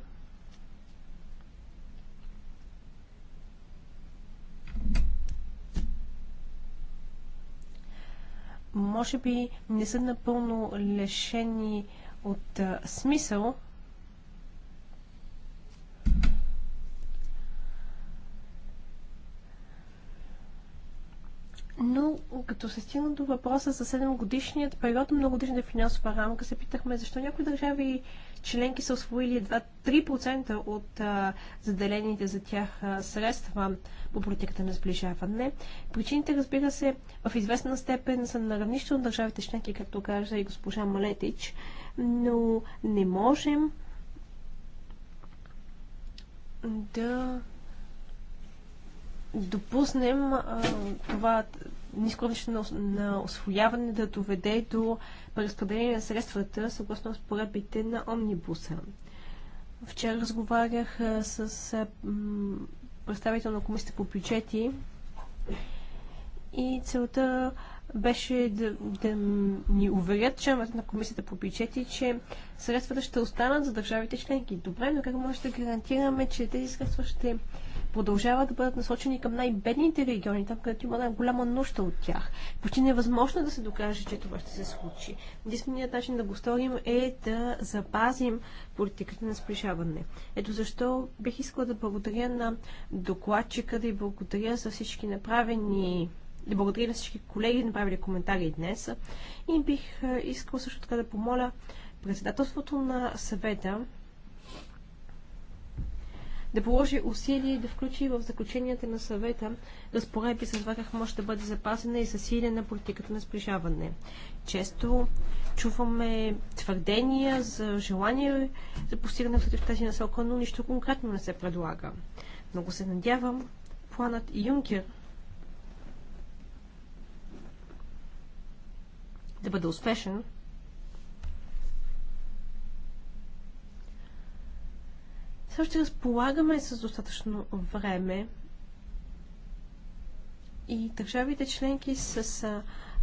може би не са напълно лишени от а, смисъл, но като се стигна до въпроса за 7 годишният период на многодишната финансова рамка, се питахме защо някои държави членки са освоили едва 3% от а, заделените за тях а, средства по политиката на сближаване. Причините, разбира се, в известна степен са на равнище на държавите членки, както каза и госпожа Малетич, но не можем да допуснем а, това ниско на, на освояване да доведе до преразпределение на средствата съгласно споредбите на омнибуса. Вчера разговарях а, с а, м, представител на комисията по бюджети и целта беше да, да ни уверят членовете на комисията по бюджети, че средствата ще останат за държавите членки. Добре, но как може да гарантираме, че тези средства ще продължават да бъдат насочени към най-бедните региони, там където има най-голяма нужда от тях. Почти невъзможно е да се докаже, че това ще се случи. Единственият начин да го сторим е да запазим политиката на сближаване. Ето защо бих искала да благодаря на докладчика, да и благодаря за всички направени да благодаря на всички колеги, направили коментари днес. И бих е, искал също така да помоля председателството на съвета да положи усилия и да включи в заключенията на съвета разпоредби с това как може да бъде запазена и засилена политиката на сближаване. Често чуваме твърдения за желание за постигане в тази насока, но нищо конкретно не се предлага. Много се надявам планът Юнкер да бъде успешен. Също ще разполагаме с достатъчно време и държавите членки с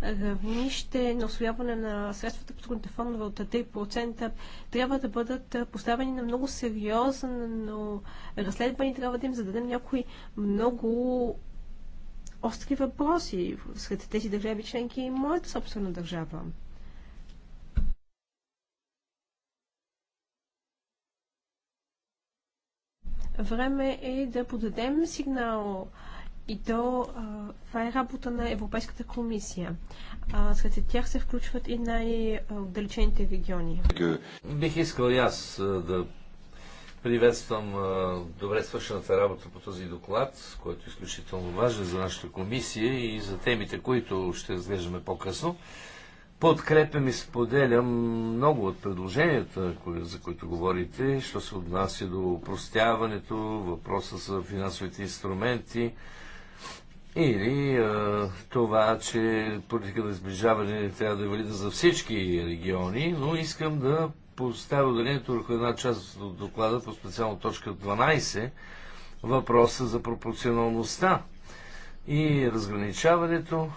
равнище на освояване на средствата по трудните фондове от 3% трябва да бъдат поставени на много сериозно разследване. Трябва да им зададем някои много остри въпроси сред тези държави членки и моята собствена държава. Време е да подадем сигнал и то това е работа на Европейската комисия. А, сред тях се включват и най-отдалечените региони. Бих искал и аз да Приветствам добре свършената работа по този доклад, който е изключително важен за нашата комисия и за темите, които ще разглеждаме по-късно. Подкрепям и споделям много от предложенията, за които говорите, що се отнася до упростяването, въпроса за финансовите инструменти или а, това, че политиката на сближаване трябва да е валида за всички региони, но искам да поставя ударението върху една част от доклада по специално точка 12, въпроса за пропорционалността и разграничаването.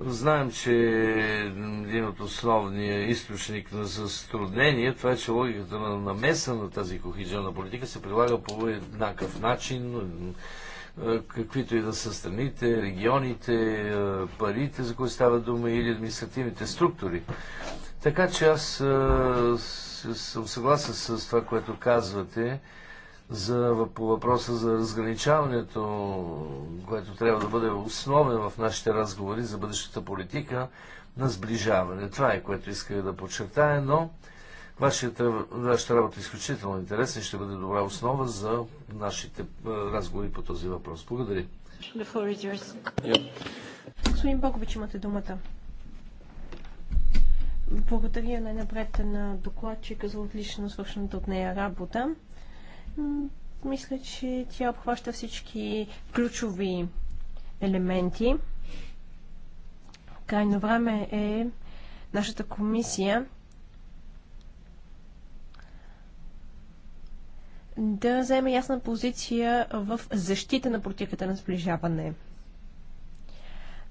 Знаем, че един от основния източник на затруднение, това е, че логиката на намеса на тази кохиджана политика се прилага по еднакъв начин, е, каквито и да са страните, регионите, е, парите, за които става дума или административните структури. Така че аз съм съгласен с това, което казвате за, по въпроса за разграничаването, което трябва да бъде основен в нашите разговори за бъдещата политика на сближаване. Това е, което исках да подчертая, но вашата, вашата работа е изключително интересна и ще бъде добра основа за нашите разговори по този въпрос. Благодаря. Господин Богович, имате думата. Благодаря най-напред на докладчика за отлично свършената от нея работа. Мисля, че тя обхваща всички ключови елементи. Крайно време е нашата комисия да вземе ясна позиция в защита на политиката на сближаване.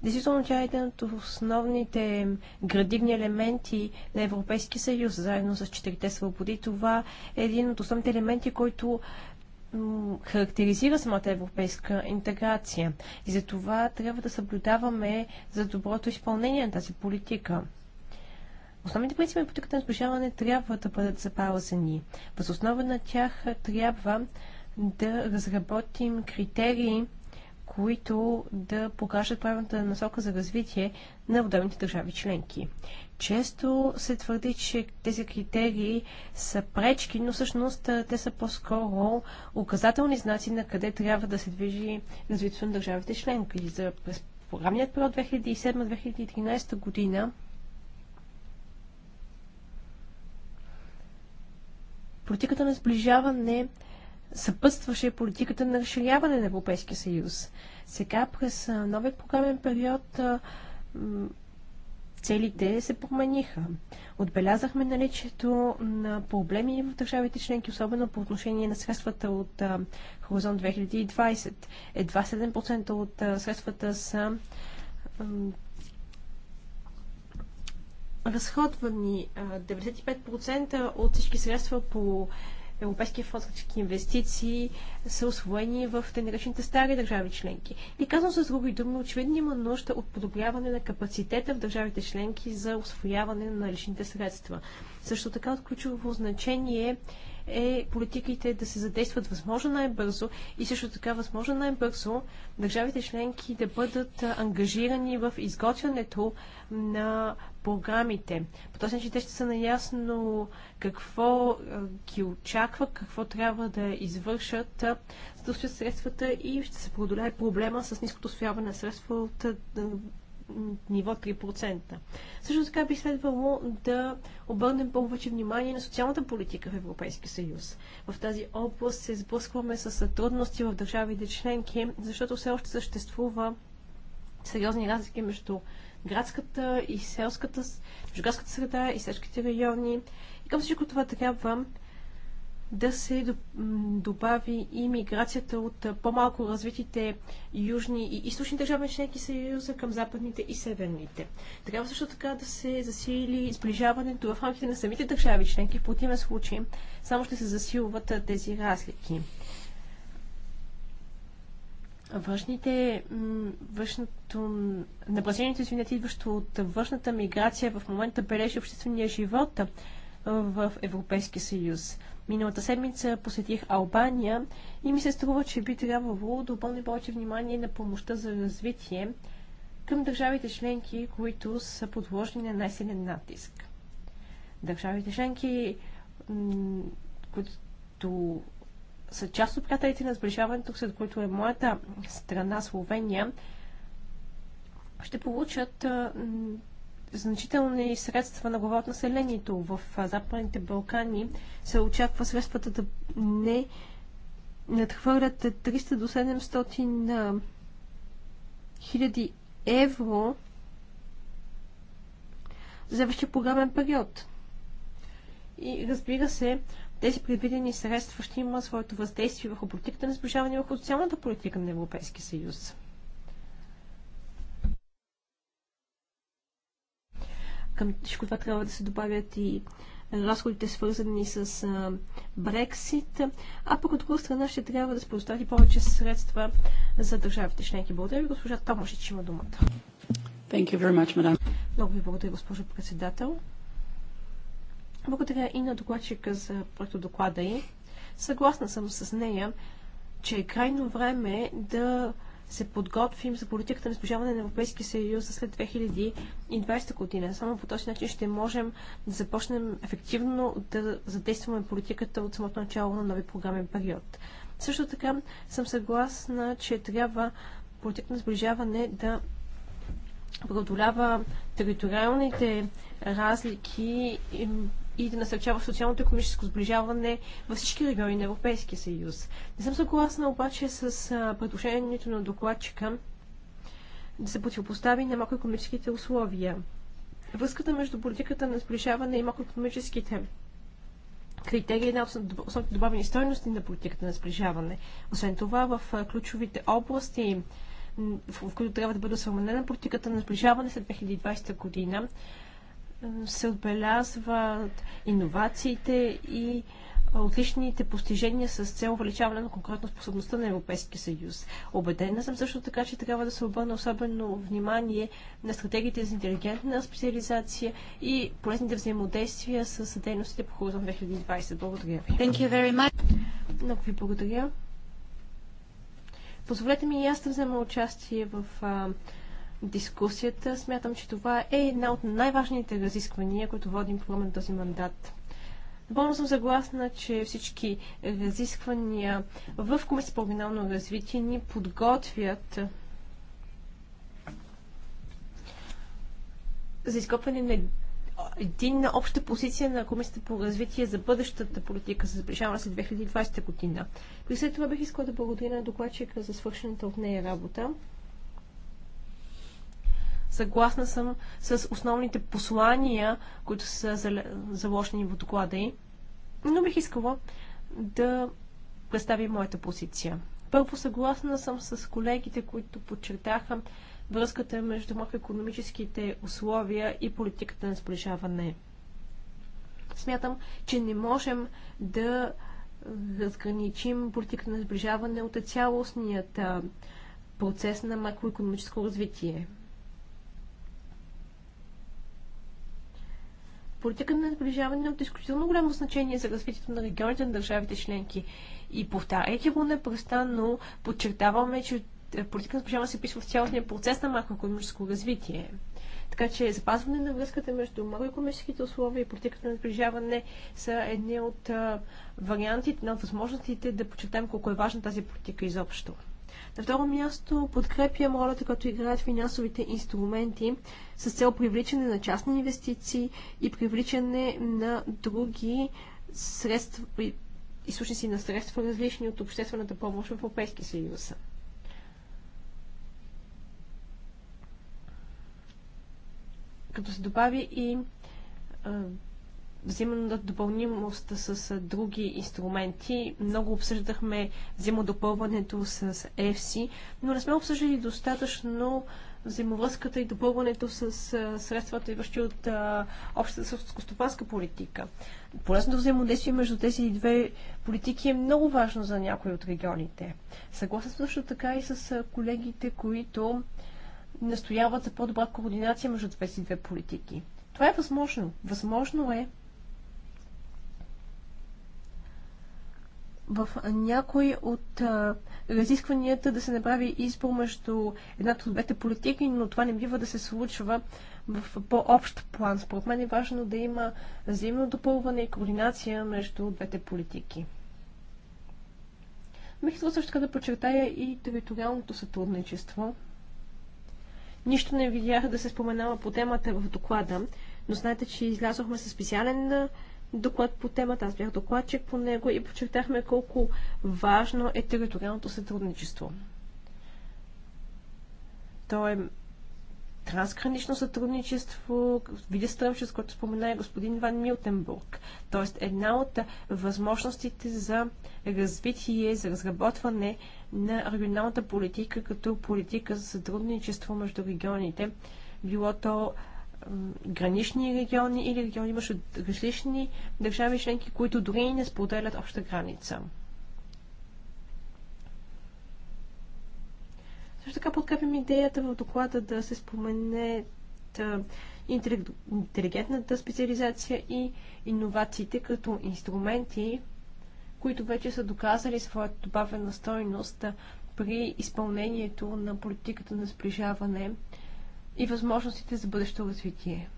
Действително тя е един от основните градивни елементи на Европейския съюз, заедно с четирите свободи. Това е един от основните елементи, който характеризира самата европейска интеграция. И за това трябва да съблюдаваме за доброто изпълнение на тази политика. Основните принципи на политиката на сближаване трябва да бъдат запазени. Въз основа на тях трябва да разработим критерии, които да покажат правилната насока за развитие на отделните държави членки. Често се твърди, че тези критерии са пречки, но всъщност те са по-скоро указателни знаци на къде трябва да се движи развитието на държавите членки. За през програмният период 2007-2013 година политиката на сближаване съпътстваше политиката на разширяване на Европейския съюз. Сега през новия програмен период целите се промениха. Отбелязахме наличието на проблеми в държавите членки, особено по отношение на средствата от а, Хоризонт 2020. Едва 7% от средствата са разходвани. 95% от всички средства по Европейския фонд за инвестиции са освоени в те наречените стари държави членки. И казвам с други думи, очевидно има нужда от подобряване на капацитета в държавите членки за освояване на личните средства. Също така от ключово значение е е политиките да се задействат възможно най-бързо и също така възможно най-бързо държавите членки да бъдат ангажирани в изготвянето на програмите. По този начин те ще са наясно какво ги очаква, какво трябва да извършат, за да средствата и ще се преодолее проблема с ниското освояване на средства от ниво 3%. Също така би следвало да обърнем повече внимание на социалната политика в Европейския съюз. В тази област се сблъскваме с трудности в държавите членки, защото все още съществува сериозни разлики между градската и селската, между градската среда и селските райони. И към всичко това трябва да се добави и миграцията от по-малко развитите южни и източни държави членки Съюза към западните и северните. Трябва също така да се засили сближаването в рамките на самите държави членки. В противен случай само ще се засилват тези разлики. Външните, външното, напрежението, извинете, идващо от външната миграция в момента бележи обществения живот в Европейския съюз. Миналата седмица посетих Албания и ми се струва, че би трябвало да обърне повече внимание на помощта за развитие към държавите членки, които са подложени на най-силен натиск. Държавите членки, които са част от приятелите на сближаването, след които е моята страна Словения, ще получат значителни средства на глава от населението. В Западните Балкани се очаква средствата да не надхвърлят 300 до 700 хиляди евро за вещия програмен период. И разбира се, тези предвидени средства ще има своето въздействие върху политиката на сближаване върху социалната политика на Европейския съюз. Към всичко това трябва да се добавят и разходите, свързани с Брексит, а пък от друга страна ще трябва да се предостави повече средства за държавите членки. Благодаря ви, госпожа Томашич има думата. Thank you very much, madam. Много ви благодаря, госпожо председател. Благодаря и на докладчика за доклада и. Съгласна съм с нея, че е крайно време да се подготвим за политиката на сближаване на Европейския съюз след 2020 година. Само по този начин ще можем да започнем ефективно да задействаме политиката от самото начало на нови програмен период. Също така съм съгласна, че трябва политиката на сближаване да преодолява териториалните разлики и да насърчава социалното економическо сближаване във всички региони на Европейския съюз. Не съм съгласна обаче с предложението на докладчика да се противопостави на макроекономическите условия. Връзката между политиката на сближаване и макроекономическите критерии е една от основните добавени стойности на политиката на сближаване. Освен това, в ключовите области, в които трябва да бъде съвременена политиката на сближаване след 2020 година, се отбелязват иновациите и отличните постижения с цел увеличаване на конкретно способността на Европейския съюз. Обедена съм също така, че трябва да се обърне особено внимание на стратегиите за интелигентна специализация и полезните взаимодействия с дейностите по Хоризонт 2020. Благодаря ви. Thank you very much. Много ви благодаря. Позволете ми и аз да взема участие в дискусията. Смятам, че това е една от най-важните разисквания, които водим по време на този мандат. Напълно съм съгласна, че всички разисквания в Комисията по регионално развитие ни подготвят за изкопване на единна обща позиция на Комисията по развитие за бъдещата политика за запрещаване след 2020 година. При след това бих искала да благодаря на докладчика за свършената от нея работа. Съгласна съм с основните послания, които са заложени в доклада й, но бих искала да представя моята позиция. Първо съгласна съм с колегите, които подчертаха връзката между макроекономическите условия и политиката на сближаване. Смятам, че не можем да разграничим политиката на сближаване от цялостният процес на макроекономическо развитие. политика на наближаване е от изключително голямо значение за развитието на регионите на държавите членки. И повтаряйки го непрестанно, подчертаваме, че политика на наближаване се писва в цялостния процес на макроекономическо развитие. Така че запазване на връзката между макроекономическите условия и политиката на сближаване са едни от а, вариантите, на възможностите да почетем колко е важна тази политика изобщо. На второ място подкрепям ролята, като играят финансовите инструменти с цел привличане на частни инвестиции и привличане на други средства, източници на средства, различни от обществената помощ в Европейския съюз. Като се добави и взаимната допълнимост с други инструменти. Много обсъждахме взаимодопълването с FC, но не сме обсъждали достатъчно взаимовръзката и допълването с средствата, идващи от общата селскостопанска политика. Полезното взаимодействие между тези две политики е много важно за някои от регионите. Съгласен също така и с колегите, които настояват за по-добра координация между тези две политики. Това е възможно. Възможно е в някои от разискванията да се направи избор между едната от двете политики, но това не бива да се случва в по-общ план. Според мен е важно да има взаимно допълване и координация между двете политики. Бих искал също така да подчертая и териториалното сътрудничество. Нищо не видях да се споменава по темата в доклада, но знаете, че излязохме със специален доклад по темата. Аз бях докладчик по него и подчертахме колко важно е териториалното сътрудничество. То е трансгранично сътрудничество, видя с което спомена и господин Ван Милтенбург. Тоест една от възможностите за развитие, за разработване на регионалната политика като политика за сътрудничество между регионите, било то гранични региони или региони имаш от различни държави членки, които дори не споделят обща граница. Също така подкрепим идеята в доклада да се спомене интелигентната специализация и иновациите като инструменти, които вече са доказали своята добавена стойност при изпълнението на политиката на сближаване и възможностите за бъдещо развитие.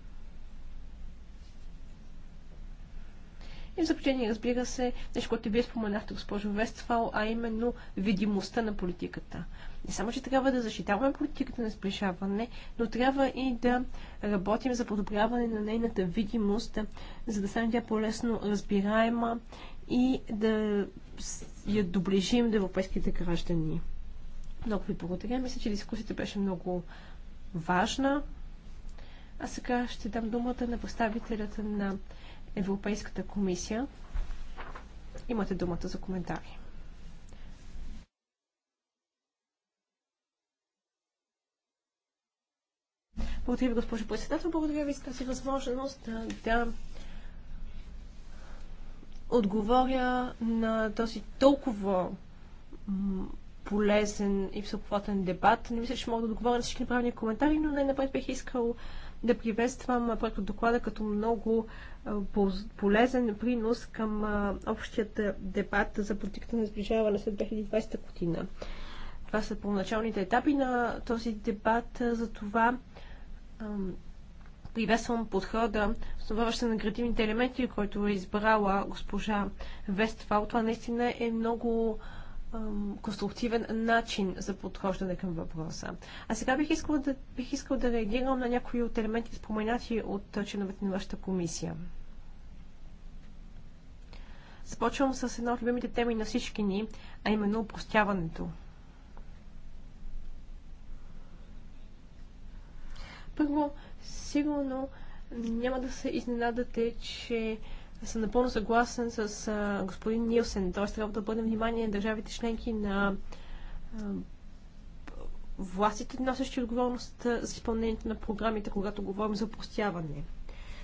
И в заключение, разбира се, нещо, което вие споменахте, госпожо Вестфал, а именно видимостта на политиката. Не само, че трябва да защитаваме политиката на сближаване, но трябва и да работим за подобряване на нейната видимост, за да стане тя по-лесно разбираема и да я доближим до европейските граждани. Много ви благодаря. Мисля, че дискусията беше много важна. А сега ще дам думата на представителята на Европейската комисия. Имате думата за коментари. Благодаря ви, госпожо председател. Благодаря ви за тази възможност да, да отговоря на този толкова полезен и всеобхватен дебат. Не мисля, че мога да отговоря на всички направени коментари, но най-напред бих искал да приветствам проекто доклада като много полезен принос към общият дебат за политиката на сближаване след 2020 година. Това са първоначалните етапи на този дебат. За това приветствам подхода, основаващ се на градивните елементи, който е избрала госпожа Вестфал. Това наистина е много конструктивен начин за подхождане към въпроса. А сега бих искал да, бих искал да реагирам на някои от елементите, споменати от членовете на вашата комисия. Започвам с една от любимите теми на всички ни, а именно упростяването. Първо, сигурно няма да се изненадате, че съм напълно съгласен с а, господин Нилсен. Т.е. трябва да бъдем внимание на държавите членки на а, властите, носещи отговорност за изпълнението на програмите, когато говорим за опростяване.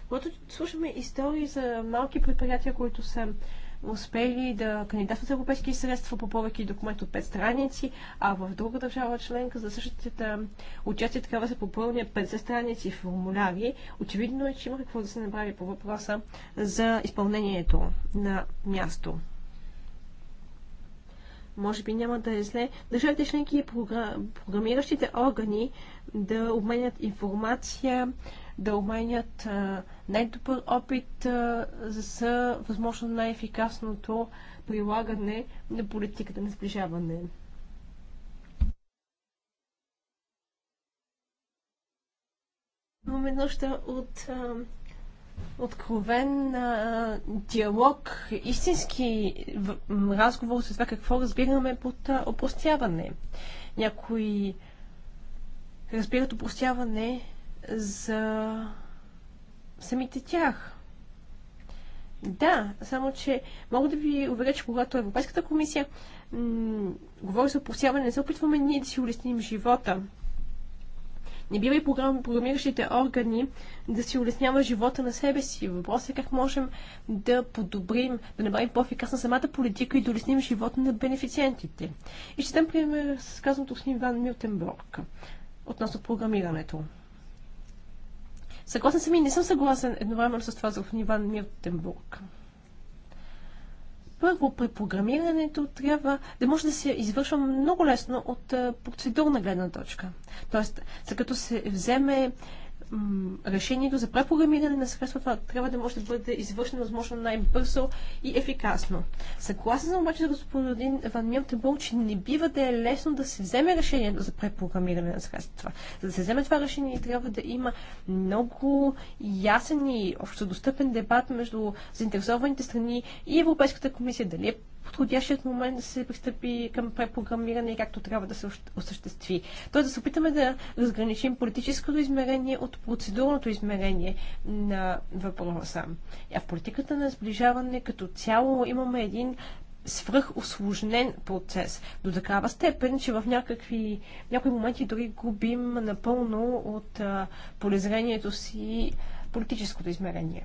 Когато слушаме истории за малки предприятия, които са успели да кандидатстват за европейски средства по повече документ от 5 страници, а в друга държава членка за същата участие трябва да се попълня 50 страници формуляри. Очевидно е, че има какво да се направи по въпроса за изпълнението на място може би няма да е зле, държавите членки и програмиращите органи да обменят информация да уменят най-добър опит за възможно най-ефикасното прилагане на политиката на сближаване. Имаме нужда от откровен диалог, истински разговор с това какво разбираме под опростяване. Някои разбират опростяване за самите тях. Да, само че мога да ви уверя, че когато Европейската комисия говори за опростяване, не се опитваме ние да си улесним живота. Не бива и програм, програмиращите органи да си улеснява живота на себе си. Въпросът е как можем да подобрим, да направим по-ефикасна самата политика и да улесним живота на бенефициентите. И ще дам пример с казаното с Иван Милтенбург относно програмирането. Съгласен съм и не съм съгласен едновременно с това за Иван Миртенбург. Първо, при програмирането трябва да може да се извършва много лесно от процедурна гледна точка. Тоест, след като се вземе решението за препрограмиране на средствата трябва да може да бъде извършено възможно най-бързо и ефикасно. Съгласен съм обаче с господин Ван Милтебол, че не бива да е лесно да се вземе решението за препрограмиране на средства. За да се вземе това решение трябва да има много ясен и общодостъпен дебат между заинтересованите страни и Европейската комисия, дали е подходящият момент да се пристъпи към препрограмиране и както трябва да се осъществи. Тоест да се опитаме да разграничим политическото измерение от процедурното измерение на въпроса. А в политиката на сближаване като цяло имаме един свръхосложнен процес. До такава степен, че в някакви, някои моменти дори губим напълно от а, полезрението си политическото измерение.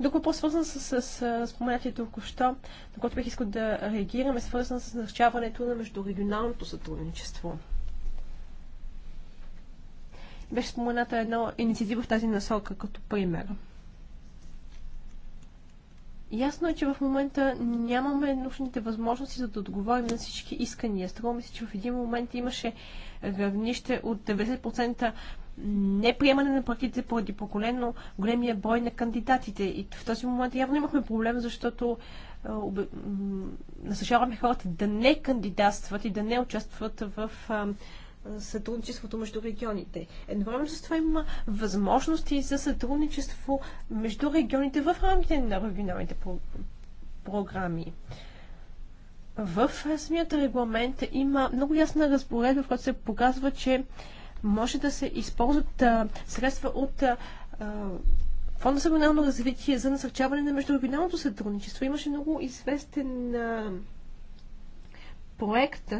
Друг въпрос, свързан с, с, с споменатите току-що, на който бих искал да реагирам, е свързан с насърчаването на междурегионалното сътрудничество. Беше спомената една инициатива в тази насока, като пример. Ясно е, че в момента нямаме нужните възможности за да отговорим на всички искания. Струва ми се, че в един момент имаше равнище от 90% неприемане на партиите поради поколено големия брой на кандидатите. И в този момент явно имахме проблем, защото насъщаваме хората да не кандидатстват и да не участват в сътрудничеството между регионите. Едновременно с това има възможности за сътрудничество между регионите в рамките на регионалните програми. В самият регламент има много ясна разпоредба, в която се показва, че може да се използват а, средства от а, Фонда за регионално развитие за насърчаване на междурегионалното сътрудничество. Имаше много известен а, проект,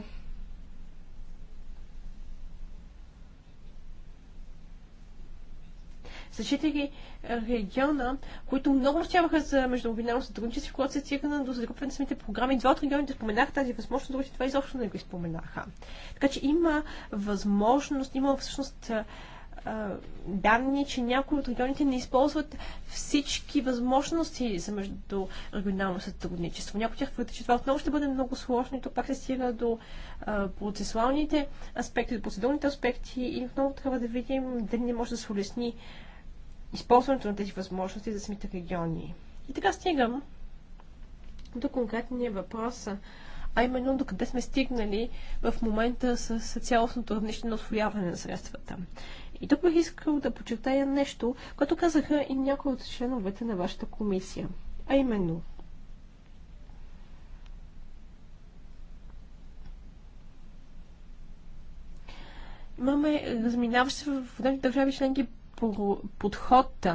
са жители е, региона, които много ощяваха за междуобинално сътрудничество, когато се стигна до закупване на самите програми. Два от регионите споменаха тази възможност, другите това изобщо не го споменаха. Така че има възможност, има всъщност е, е, данни, че някои от регионите не използват всички възможности за междурегионално сътрудничество. Някои от тях твърдят, че това отново ще бъде много сложно и тук пак се стига до процесуалните аспекти, до процедурните аспекти и отново трябва да видим дали не може да се улесни използването на тези възможности за самите региони. И така стигам до конкретния въпрос, а именно до къде сме стигнали в момента с, цялостното равнище на освояване на средствата. И тук бих искал да подчертая нещо, което казаха и някои от членовете на вашата комисия. А именно, имаме разминаващи в отделните държави членки подход.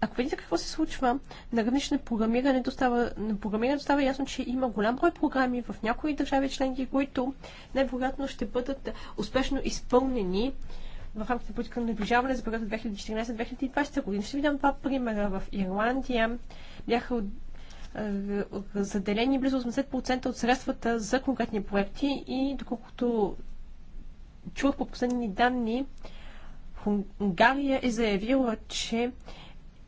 Ако видите какво се случва на равнище на програмирането, става, на програмирането става ясно, че има голям брой програми в някои държави членки, които най-вероятно ще бъдат успешно изпълнени в рамките на политика на наближаване за периода 2014-2020 година. Ще ви дам два примера. В Ирландия бяха е, заделени близо 80% от средствата за конкретни проекти и доколкото чух по последни данни, Унгария е заявила, че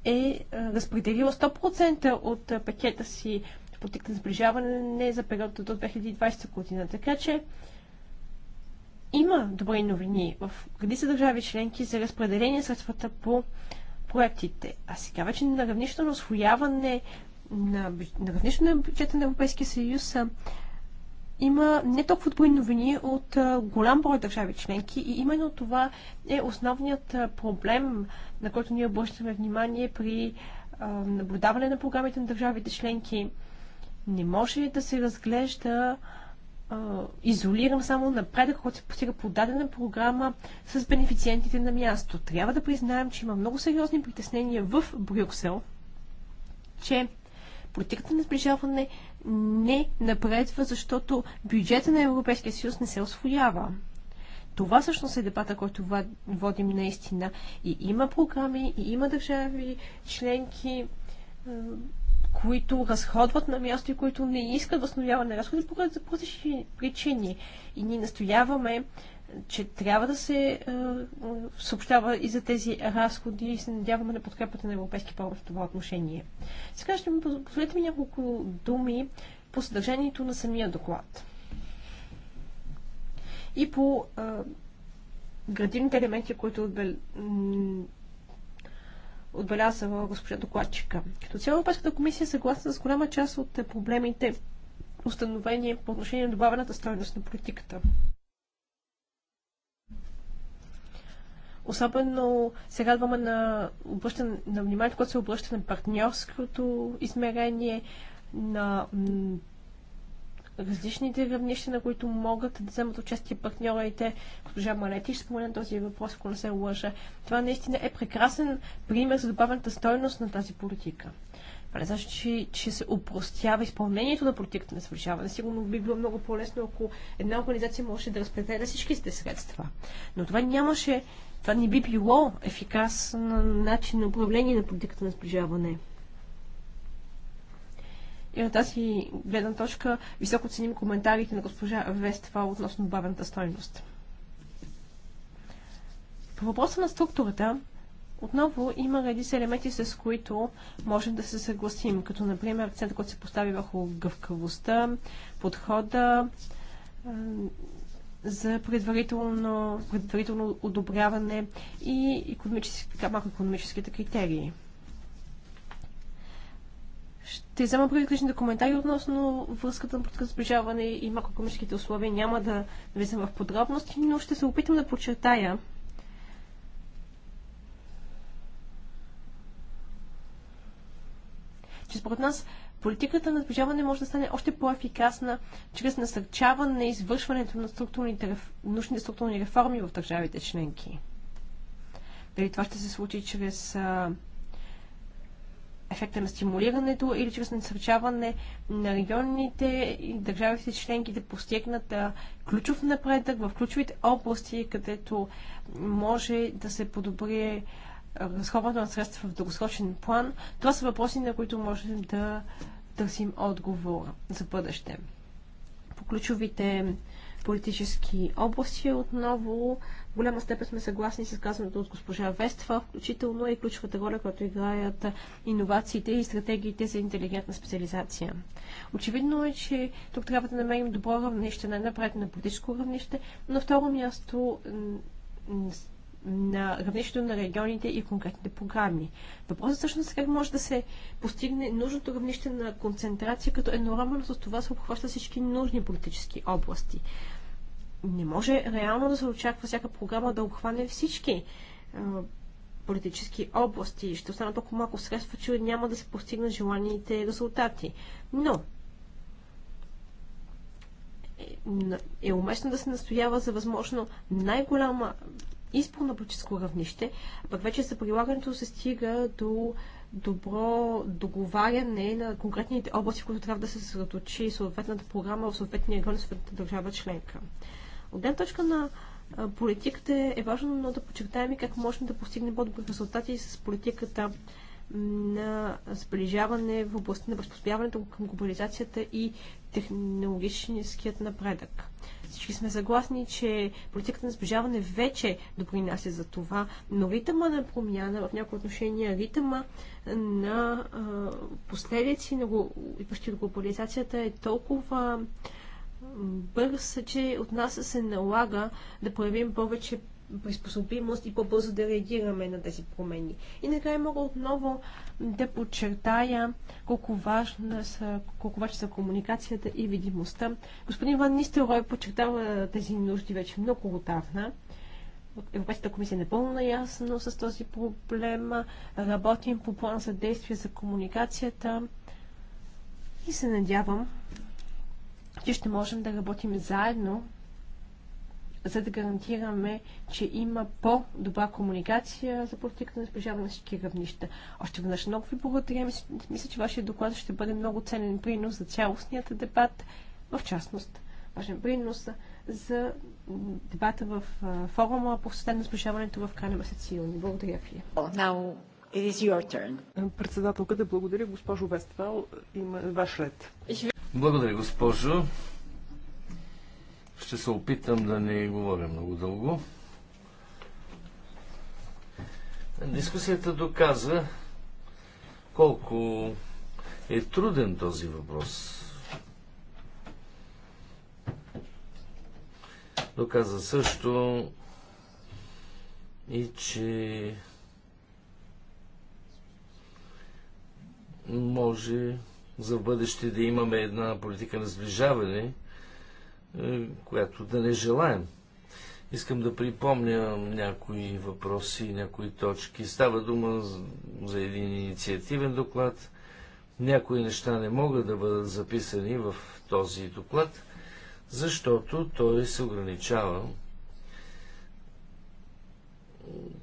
е, е разпределила 100% от е, пакета си по на сближаване за периода до 2020 година. Така че има добри новини в са държави членки за разпределение средствата по проектите. А сега вече на равнищо на освояване на, на равнищо на бюджета на Европейския съюз има не толкова добри новини от голям брой държави членки и именно това е основният проблем, на който ние обръщаме внимание при наблюдаване на програмите на държавите членки. Не може да се разглежда изолиран само напредък, който се постига по дадена програма с бенефициентите на място. Трябва да признаем, че има много сериозни притеснения в Брюксел, че политиката на сближаване не напредва, защото бюджета на Европейския съюз не се освоява. Това всъщност е дебата, който водим наистина. И има програми, и има държави, членки, е, които разходват на място и които не искат възстановяване на разходи по различни причини. И ние настояваме че трябва да се е, съобщава и за тези разходи и се надяваме на подкрепата на Европейски парламент в това отношение. Сега ще ми позволите ми няколко думи по съдържанието на самия доклад. И по а, е, градивните елементи, които отбел... отбеляза госпожа докладчика. Като цяло Европейската комисия е съгласна с голяма част от проблемите, установени по отношение на добавената стоеност на политиката. Особено се радваме на, обръщане, на вниманието, което се обръща на партньорското измерение, на различните равнища, на които могат да вземат участие партньорите. Госпожа Малети ще спомена този въпрос, ако не се лъжа. Това наистина е прекрасен пример за добавената стойност на тази политика. Това не значи, че, че се упростява изпълнението на политиката на свършаване. Сигурно би било много по-лесно, ако една организация можеше да разпределя всичките средства. Но това нямаше това не би било ефикасен начин на управление на политиката на сближаване. И на тази гледна точка високо ценим коментарите на госпожа Вества относно добавената стойност. По въпроса на структурата, отново има редица елементи, с които можем да се съгласим, като например акцент, който се постави върху гъвкавостта, подхода, за предварително, предварително одобряване и економически, макроекономическите критерии. Ще взема предишните коментари относно връзката на политика сближаване и макроекономическите условия. Няма да влизам в подробности, но ще се опитам да подчертая, че според нас Политиката на сближаване може да стане още по-ефикасна чрез насърчаване на извършването на структурните, нужните структурни реформи в държавите членки. Дали това ще се случи чрез ефекта на стимулирането или чрез насърчаване на регионите и държавите членки да постигнат ключов напредък в ключовите области, където може да се подобри разходването на средства в дългосрочен план, това са въпроси, на които можем да търсим отговор за бъдеще. По ключовите политически области отново в голяма степен сме съгласни с казаното от госпожа Вества, включително и ключовата роля, която играят иновациите и стратегиите за интелигентна специализация. Очевидно е, че тук трябва да намерим добро равнище, най-напред на политическо равнище, но на второ място на равнището на регионите и конкретните програми. Въпросът всъщност е как може да се постигне нужното равнище на концентрация, като едновременно с това се обхваща всички нужни политически области. Не може реално да се очаква всяка програма да обхване всички е, политически области. Ще остана толкова малко средства, че няма да се постигнат желаните резултати. Но е, е уместно да се настоява за възможно най-голяма изборно политическо равнище, пък вече за прилагането се стига до добро договаряне на конкретните области, в които трябва да се съсредоточи съответната програма в съответния регион, в съответната държава членка. От една точка на политиката е важно да подчертаем и как можем да постигнем по-добри резултати с политиката на сближаване в областта на възпоспяването към глобализацията и технологическият напредък. Всички сме съгласни, че политиката на сближаване вече допринася за това, но ритъма на промяна в някои отношения, ритъма на а, последици на идващи от глобализацията е толкова бърз, че от нас се налага да проявим повече приспособимост и по-бързо да реагираме на тези промени. И накрая мога отново да подчертая колко, важна са, колко важна са комуникацията и видимостта. Господин Ван Нистерой подчертава тези нужди вече много отдавна. Европейската комисия е напълно наясно с този проблем. Работим по план за действие за комуникацията и се надявам, че ще можем да работим заедно за да гарантираме, че има по-добра комуникация за политиката на сближаване на всички равнища. Още веднъж много ви благодаря. Мисля, че вашия доклад ще бъде много ценен принос за цялостният дебат, в частност важен принос за дебата в форума по на сближаването в края на месец юни. Благодаря ви. it is your turn. Председателката, благодаря госпожо Вествал. Има ваш ред. Благодаря госпожо. Ще се опитам да не говоря много дълго. Дискусията доказа колко е труден този въпрос. Доказа също и че може за бъдеще да имаме една политика на сближаване, е, която да не желаем. Искам да припомня някои въпроси, някои точки. Става дума за един инициативен доклад. Някои неща не могат да бъдат записани в този доклад, защото той се ограничава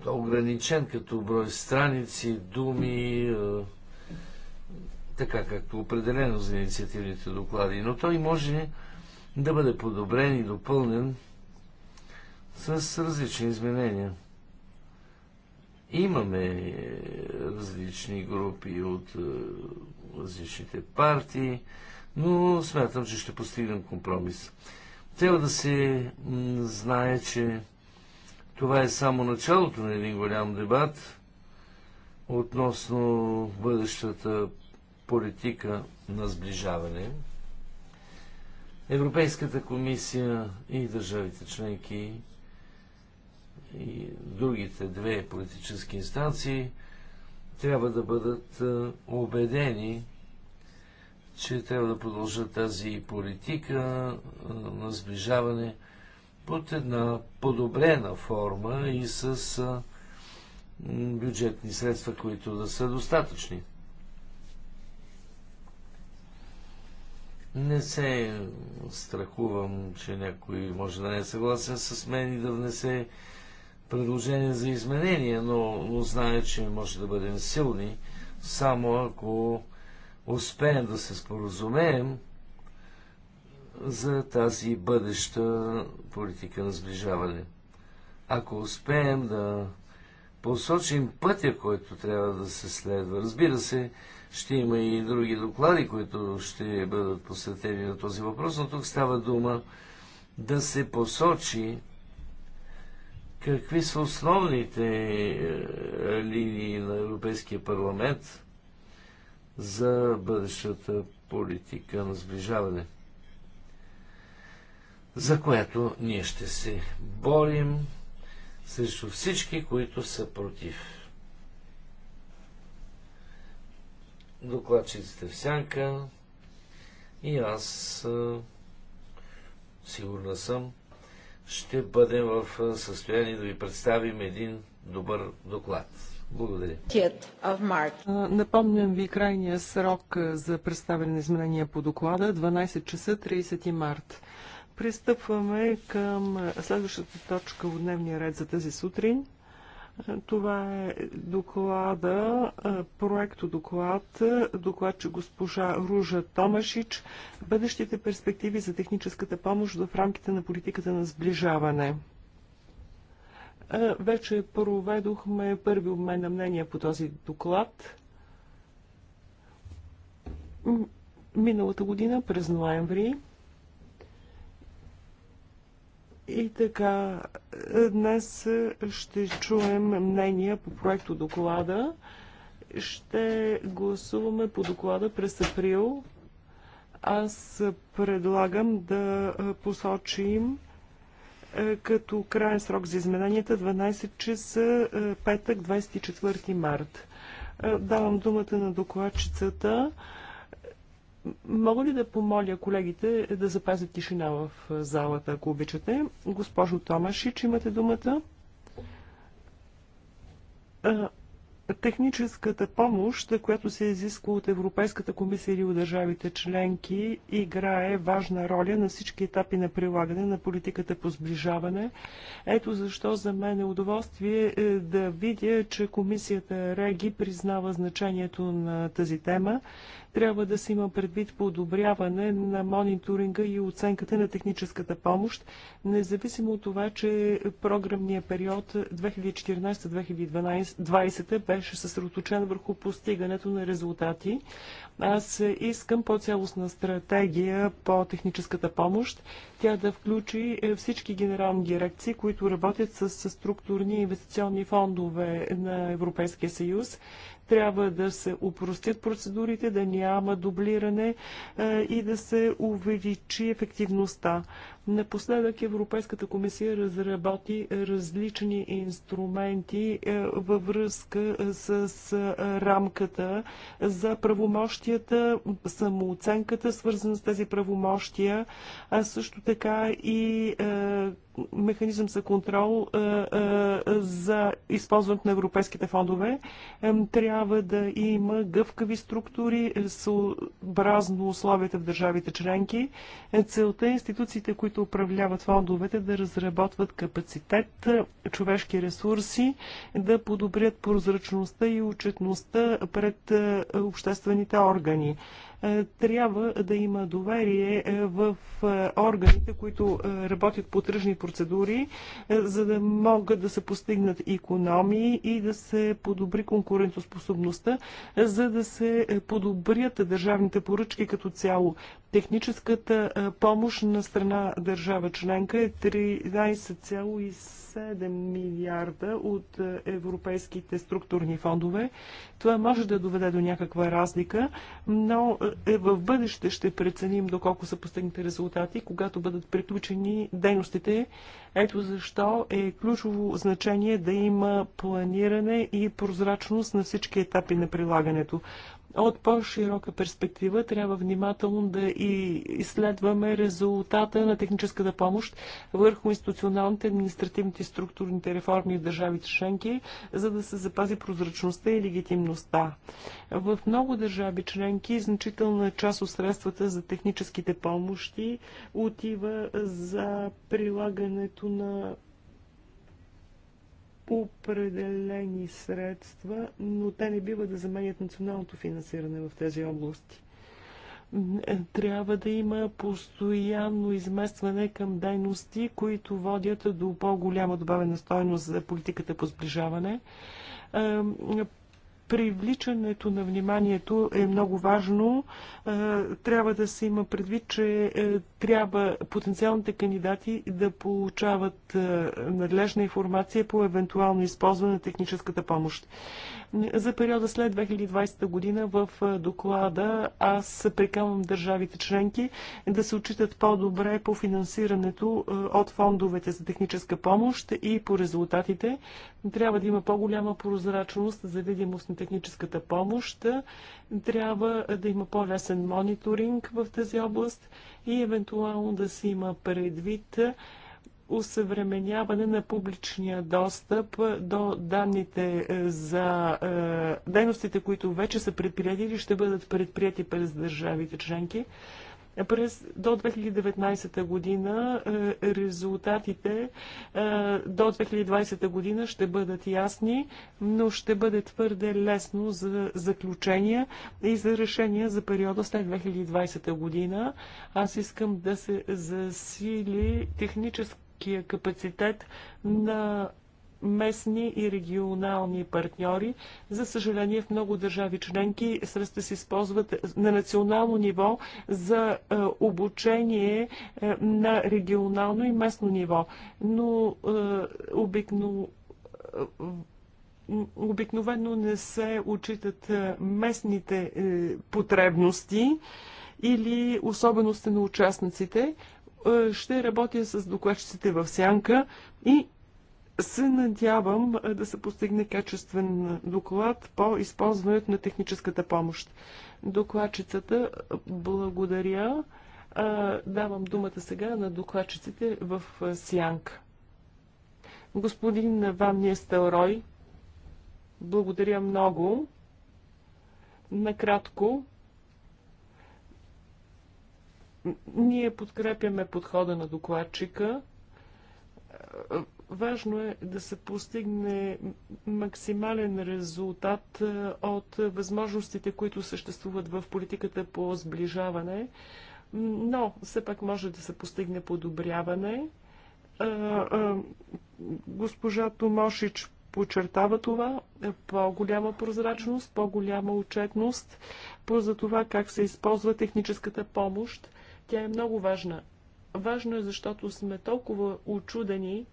ограничен като брой страници, думи, е, така както определено за инициативните доклади. Но той може да бъде подобрен и допълнен с различни изменения. Имаме е, различни групи от е, различните партии, но смятам, че ще постигнем компромис. Трябва да се знае, че това е само началото на един голям дебат относно бъдещата политика на сближаване. Европейската комисия и държавите членки и другите две политически инстанции трябва да бъдат е, убедени, че трябва да продължат тази политика е, на сближаване под една подобрена форма и с е, бюджетни средства, които да са достатъчни. Не се страхувам, че някой може да не е съгласен с мен и да внесе предложение за изменение, но, но знае, че може да бъдем силни, само ако успеем да се споразумеем за тази бъдеща политика на сближаване. Ако успеем да посочим пътя, който трябва да се следва. Разбира се, ще има и други доклади, които ще бъдат посветени на този въпрос, но тук става дума да се посочи какви са основните е, линии на Европейския парламент за бъдещата политика на сближаване, за която ние ще се борим срещу всички, които са против. докладчиците в сянка и аз сигурна съм, ще бъдем в състояние да ви представим един добър доклад. Благодаря. Напомням ви крайния срок за представяне на изменения по доклада 12 часа 30 март. Пристъпваме към следващата точка от дневния ред за тази сутрин. Това е доклада, е, проекто доклад, е, доклад, че госпожа Ружа Томашич, бъдещите перспективи за техническата помощ в рамките на политиката на сближаване. Е, вече проведохме първи обмен на мнения по този доклад. Миналата година, през ноември, и така, е, днес е, ще чуем мнения по проекто доклада. Ще гласуваме по доклада през април. Аз предлагам да е, посочим като крайен срок за измененията 12 часа петък 24 март. Давам думата на докладчицата. Мога ли да помоля колегите да запазят тишина в залата, ако обичате? Госпожо Томашич, имате думата. Техническата помощ, която се изисква от Европейската комисия или от държавите членки, играе важна роля на всички етапи на прилагане на политиката по сближаване. Ето защо за мен е удоволствие е, да видя, че комисията Реги признава значението на тази тема. Трябва да се има предвид подобряване на мониторинга и оценката на техническата помощ, независимо от това, че програмният период 2014-2020 беше съсредоточен върху постигането на резултати. Аз искам по-цялостна стратегия по техническата помощ. Тя да включи е, всички генерални дирекции, които работят с структурни инвестиционни фондове на Европейския съюз, трябва да се упростят процедурите, да няма дублиране е, и да се увеличи ефективността. Напоследък Европейската комисия разработи различни инструменти е, във връзка е, с е, рамката за правомощията, самооценката, свързана с тези правомощия, а също така и механизъм за контрол за използването на европейските фондове. Трябва да има гъвкави структури съобразно условията в държавите членки. Целта е институциите, които които управляват фондовете, да разработват капацитет, човешки ресурси, да подобрят прозрачността и отчетността пред обществените органи. Е, трябва да има доверие е, в е, органите, които работят по тръжни процедури, за да могат да се постигнат економии и да се подобри конкурентоспособността, за да се подобрят държавните поръчки като цяло. Техническата помощ на страна държава членка е 13,7 7 милиарда от е, европейските структурни фондове. Това може да доведе до някаква разлика, но е, е, в бъдеще ще преценим доколко са постигнати резултати, когато бъдат приключени дейностите. Ето защо е ключово значение да има планиране и прозрачност на всички етапи на прилагането от по-широка перспектива трябва внимателно да и изследваме резултата на техническата помощ върху институционалните, административните и структурните реформи в държавите членки, за да се запази прозрачността и легитимността. В много държави членки значителна част от средствата за техническите помощи отива за прилагането на определени средства, но те не бива да заменят националното финансиране в тези области. Трябва да има постоянно изместване към дейности, които водят до по-голяма добавена стойност за политиката по сближаване. Привличането на вниманието е много важно. Трябва да се има предвид, че е, трябва потенциалните кандидати да получават е, надлежна информация по евентуално използване на техническата помощ. За периода след 2020 година в е, доклада аз прикамвам държавите членки да се отчитат по-добре по финансирането е, от фондовете за техническа помощ и по резултатите. Трябва да има по-голяма прозрачност за видимост на техническата помощ. Трябва да има по-лесен мониторинг в тази област и евентуално да се има предвид усъвременяване на публичния достъп до данните е, за е, дейностите, които вече са предприяти или ще бъдат предприяти през държавите членки, през до 2019 година е, резултатите е, до 2020 година ще бъдат ясни, но ще бъде твърде лесно за заключения и за решения за периода след 2020 година. Аз искам да се засили техническия капацитет на местни и регионални партньори. За съжаление, в много държави членки средства се използват на национално ниво за е, обучение е, на регионално и местно ниво. Но е, обикновено обикновено не се отчитат местните потребности или особености на участниците. Ще работя с докладчиците в сянка и се надявам да се постигне качествен доклад по използването на техническата помощ. Докладчицата благодаря. Давам думата сега на докладчиците в Сянка. Господин Ван Нестелрой, благодаря много. Накратко, ние подкрепяме подхода на докладчика Важно е да се постигне максимален резултат е, от възможностите, които съществуват в политиката по сближаване, но все пак може да се постигне подобряване. Е, е, госпожа Томошич подчертава това, по-голяма прозрачност, по-голяма отчетност по за това как се използва техническата помощ. Тя е много важна. Важно е, защото сме толкова очудени,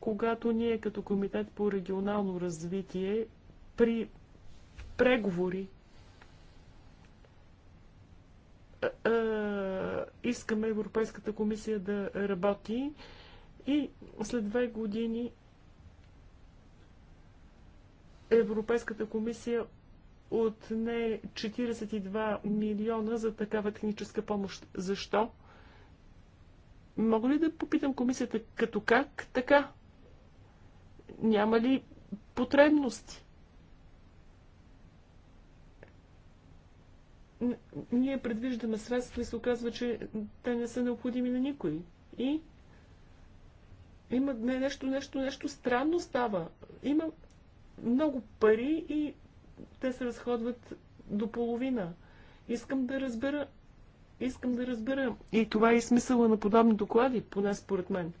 когато ние като Комитет по регионално развитие при преговори искаме Европейската комисия да работи и след две години Европейската комисия отне 42 милиона за такава техническа помощ. Защо? Мога ли да попитам комисията като как? Така. Няма ли потребности? Ние предвиждаме средства и се оказва, че те не са необходими на никой. И има не, нещо, нещо, нещо странно става. Има много пари и те се разходват до половина. Искам да разбера Искам да разбера. И това е и смисъла на подобни доклади, поне според мен.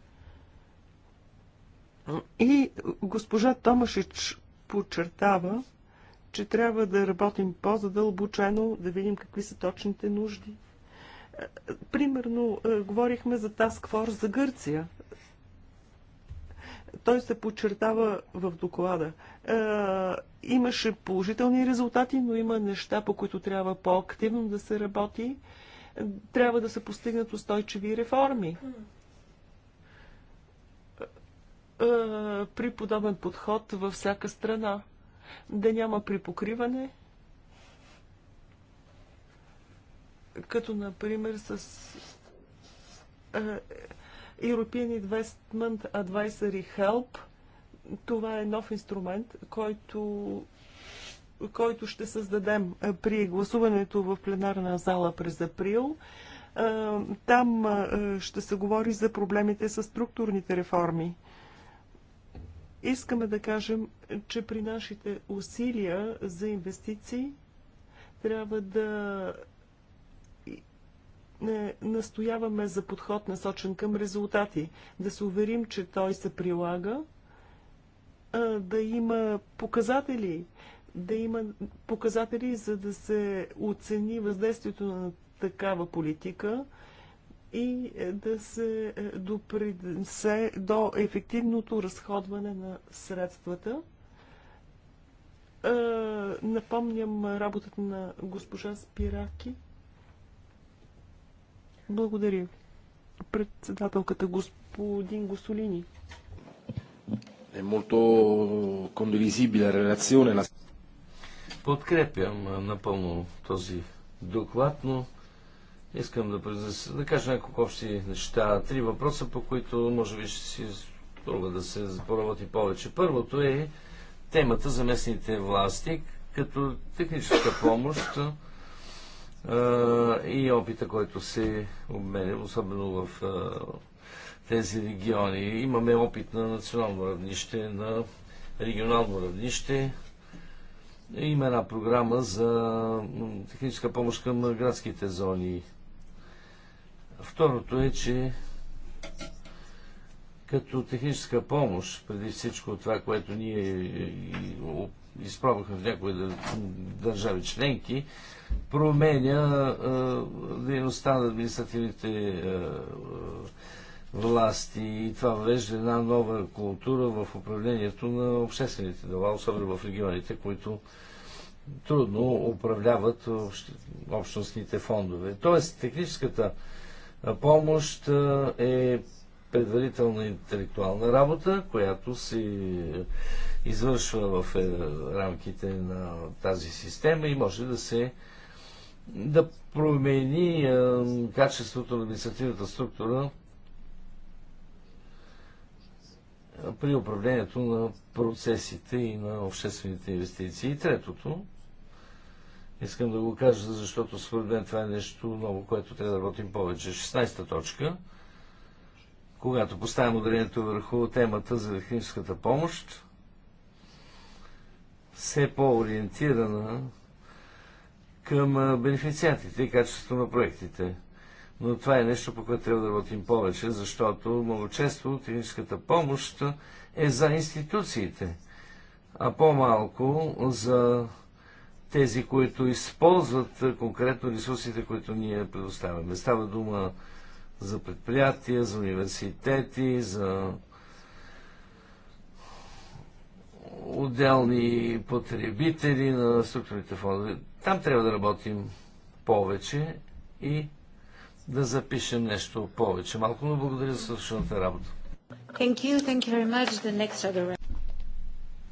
И госпожа Томашич подчертава, че трябва да работим по-задълбочено, да видим какви са точните нужди. Примерно, е, говорихме за Task Force за Гърция. Той се подчертава в доклада. Е, имаше положителни резултати, но има неща, по които трябва по-активно да се работи трябва да се постигнат устойчиви реформи. Е, е, при подобен подход във всяка страна. Да няма припокриване, като например с е, European Investment Advisory Help. Това е нов инструмент, който който ще създадем е, при гласуването в пленарна зала през април. Е, там е, ще се говори за проблемите с структурните реформи. Искаме да кажем, че при нашите усилия за инвестиции трябва да не настояваме за подход насочен към резултати, да се уверим, че той се прилага, да има показатели, да има показатели, за да се оцени въздействието на такава политика и е, да се е, допринесе до ефективното разходване на средствата. Е, напомням работата на госпожа Спираки. Благодаря. Председателката господин Госолини. Е много кондивизибилна релация relazione. Подкрепям напълно този доклад, но искам да, произнес, да кажа няколко общи неща. Три въпроса, по които може би ще си струва да се поработи повече. Първото е темата за местните власти като техническа помощ и опита, който се обменя, особено в тези региони. Имаме опит на национално равнище, на регионално равнище, има една програма за техническа помощ към градските зони. Второто е, че като техническа помощ, преди всичко това, което ние изпробвахме в някои държави членки, променя дейността на административните власти и това въвежда една нова култура в управлението на обществените дела, особено в регионите, които трудно управляват общностните фондове. Тоест, техническата помощ е предварителна интелектуална работа, която се извършва в е, рамките на тази система и може да се да промени качеството на административната структура при управлението на процесите и на обществените инвестиции. И третото, искам да го кажа, защото според мен това е нещо ново, което трябва да работим повече. 16-та точка, когато поставим ударението върху темата за техническата помощ, все по-ориентирана към бенефициатите и качеството на проектите. Но това е нещо, по което трябва да работим повече, защото много често техническата помощ е за институциите, а по-малко за тези, които използват конкретно ресурсите, които ние предоставяме. Става дума за предприятия, за университети, за отделни потребители на структурните фондове. Там трябва да работим повече и да запишем нещо повече. Малко, но благодаря за свършената работа. Thank you. Thank you very much. The next other...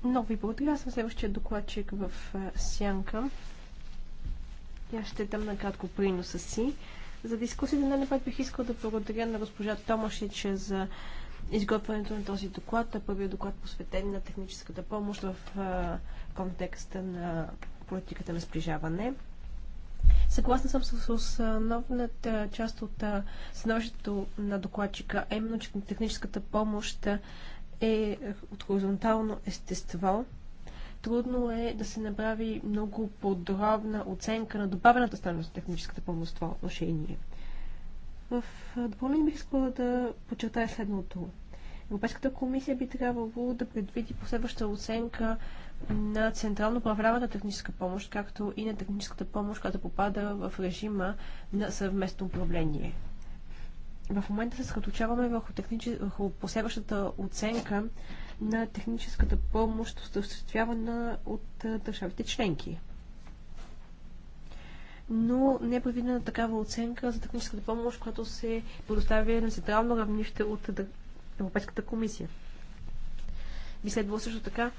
Много ви благодаря. Съм следващия докладчик в Сянка. Я ще дам накратко приноса си. За дискусията на напред бих искал да благодаря на госпожа Томашич за изготвянето на този доклад. Е първият доклад посветен на техническата помощ в контекста на политиката на сближаване. Съгласна съм с основната част от становището на докладчика, а именно, че техническата помощ е от хоризонтално естество. Трудно е да се направи много подробна оценка на добавената стойност на техническата помощ в това отношение. В допълнение бих искала да подчертая следното. Европейската комисия би трябвало да предвиди последваща оценка на централно управляваната техническа помощ, както и на техническата помощ, която попада в режима на съвместно управление. В момента се съсредоточаваме върху, техничес... върху последващата оценка на техническата помощ, осъществявана от държавите членки. Но не е предвидена такава оценка за техническата помощ, която се предоставя на централно равнище от Европейската комисия. Би следвало също така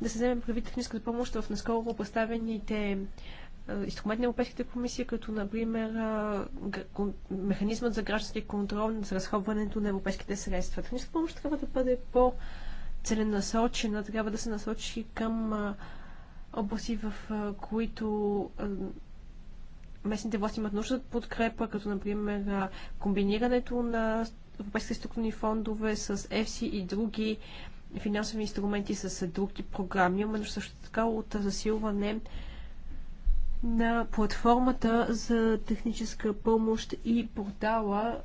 да се вземе прави техническата помощ в наскоро представените инструменти на Европейската комисия, като например механизмът за граждански контрол за разходването на европейските средства. Техническата помощ трябва да бъде по целенасочена, трябва да се насочи към области, в които местните власти имат нужда от подкрепа, като например комбинирането на европейски структурни фондове с ЕФСИ и други финансови инструменти с друг програми, но също така от засилване на платформата за техническа помощ и портала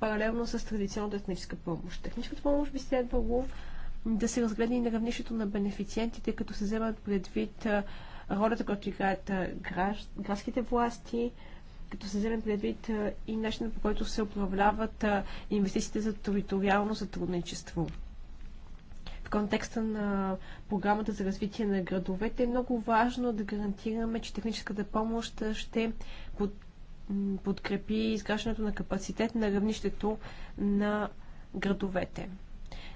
паралелно с традиционната техническа помощ. Техническата помощ би следвало да се разгледа и на равнището на бенефициентите, като се вземат предвид ролята, която играят градските власти, като се вземе предвид и начинът по който се управляват инвестициите за териториално сътрудничество в контекста на програмата за развитие на градовете е много важно да гарантираме, че техническата помощ ще под, подкрепи изграждането на капацитет на равнището на градовете.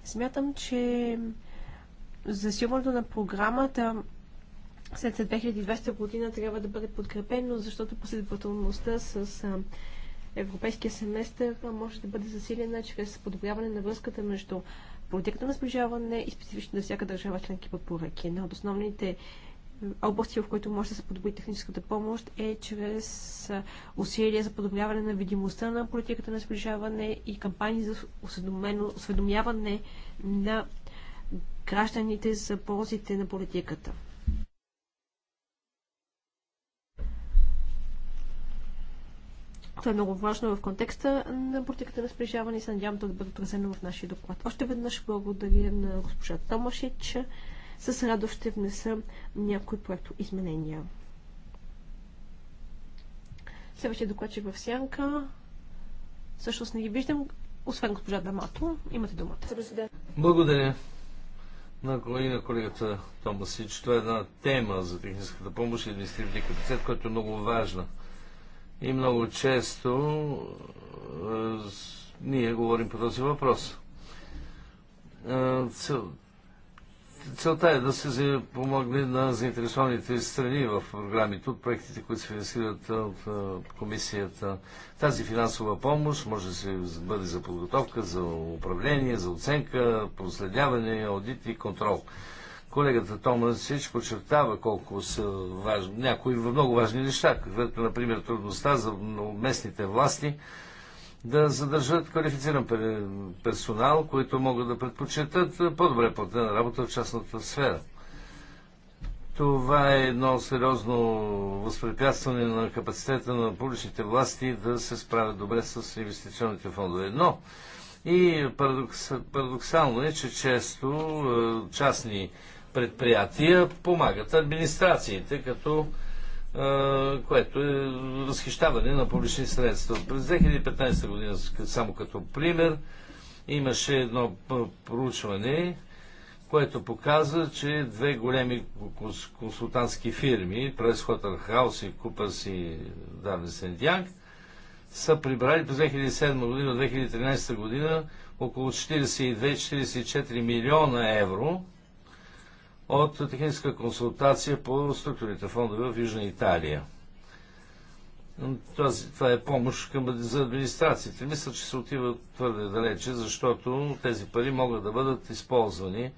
Смятам, че засилването на програмата след 2020 година трябва да бъде подкрепено, защото последователността с европейския семестър може да бъде засилена чрез подобряване на връзката между политиката на сближаване и специфично за всяка държава членки поръки. Една от основните е, области, в които може да се подобри техническата помощ е чрез е, усилия за подобряване на видимостта на политиката на сближаване и кампании за осведомяване на гражданите за ползите на политиката. Това е много важно в контекста на политиката на сближаване и се надявам да бъде отразено в нашия доклад. Още веднъж благодаря на госпожа Томашич. С радост ще внеса някои проекто изменения. Следващия е в сянка. Всъщност не ги виждам, освен госпожа Дамато. Имате думата. Благодаря на на колегата Томасич. Това е една тема за техническата помощ и административния капацитет, която е много важна. И много често ние говорим по този въпрос. целта е да се помогне на заинтересованите страни в програмите от проектите, които се финансират от комисията. Тази финансова помощ може да се бъде за подготовка, за управление, за оценка, проследяване, аудит и контрол. Колегата Томасич подчертава колко са важни, някои много важни неща, като например трудността за местните власти да задържат квалифициран персонал, които могат да предпочитат по-добре платена работа в частната сфера. Това е едно сериозно възпрепятстване на капацитета на публичните власти да се справят добре с инвестиционните фондове. Но и парадокс, парадоксално е, че често е, частни предприятия помагат администрациите, като което е разхищаване на публични средства. През 2015 година, само като пример, имаше едно проучване, което показва, че две големи консултантски фирми, PricewaterhouseHouse и Купърс и Darnes Young, са прибрали през 2007 година, 2013 година около 42-44 милиона евро от техническа консултация по структурните фондове в Южна Италия. Тази, това е помощ към, за администрациите. Мисля, че се отива твърде далече, защото тези пари могат да бъдат използвани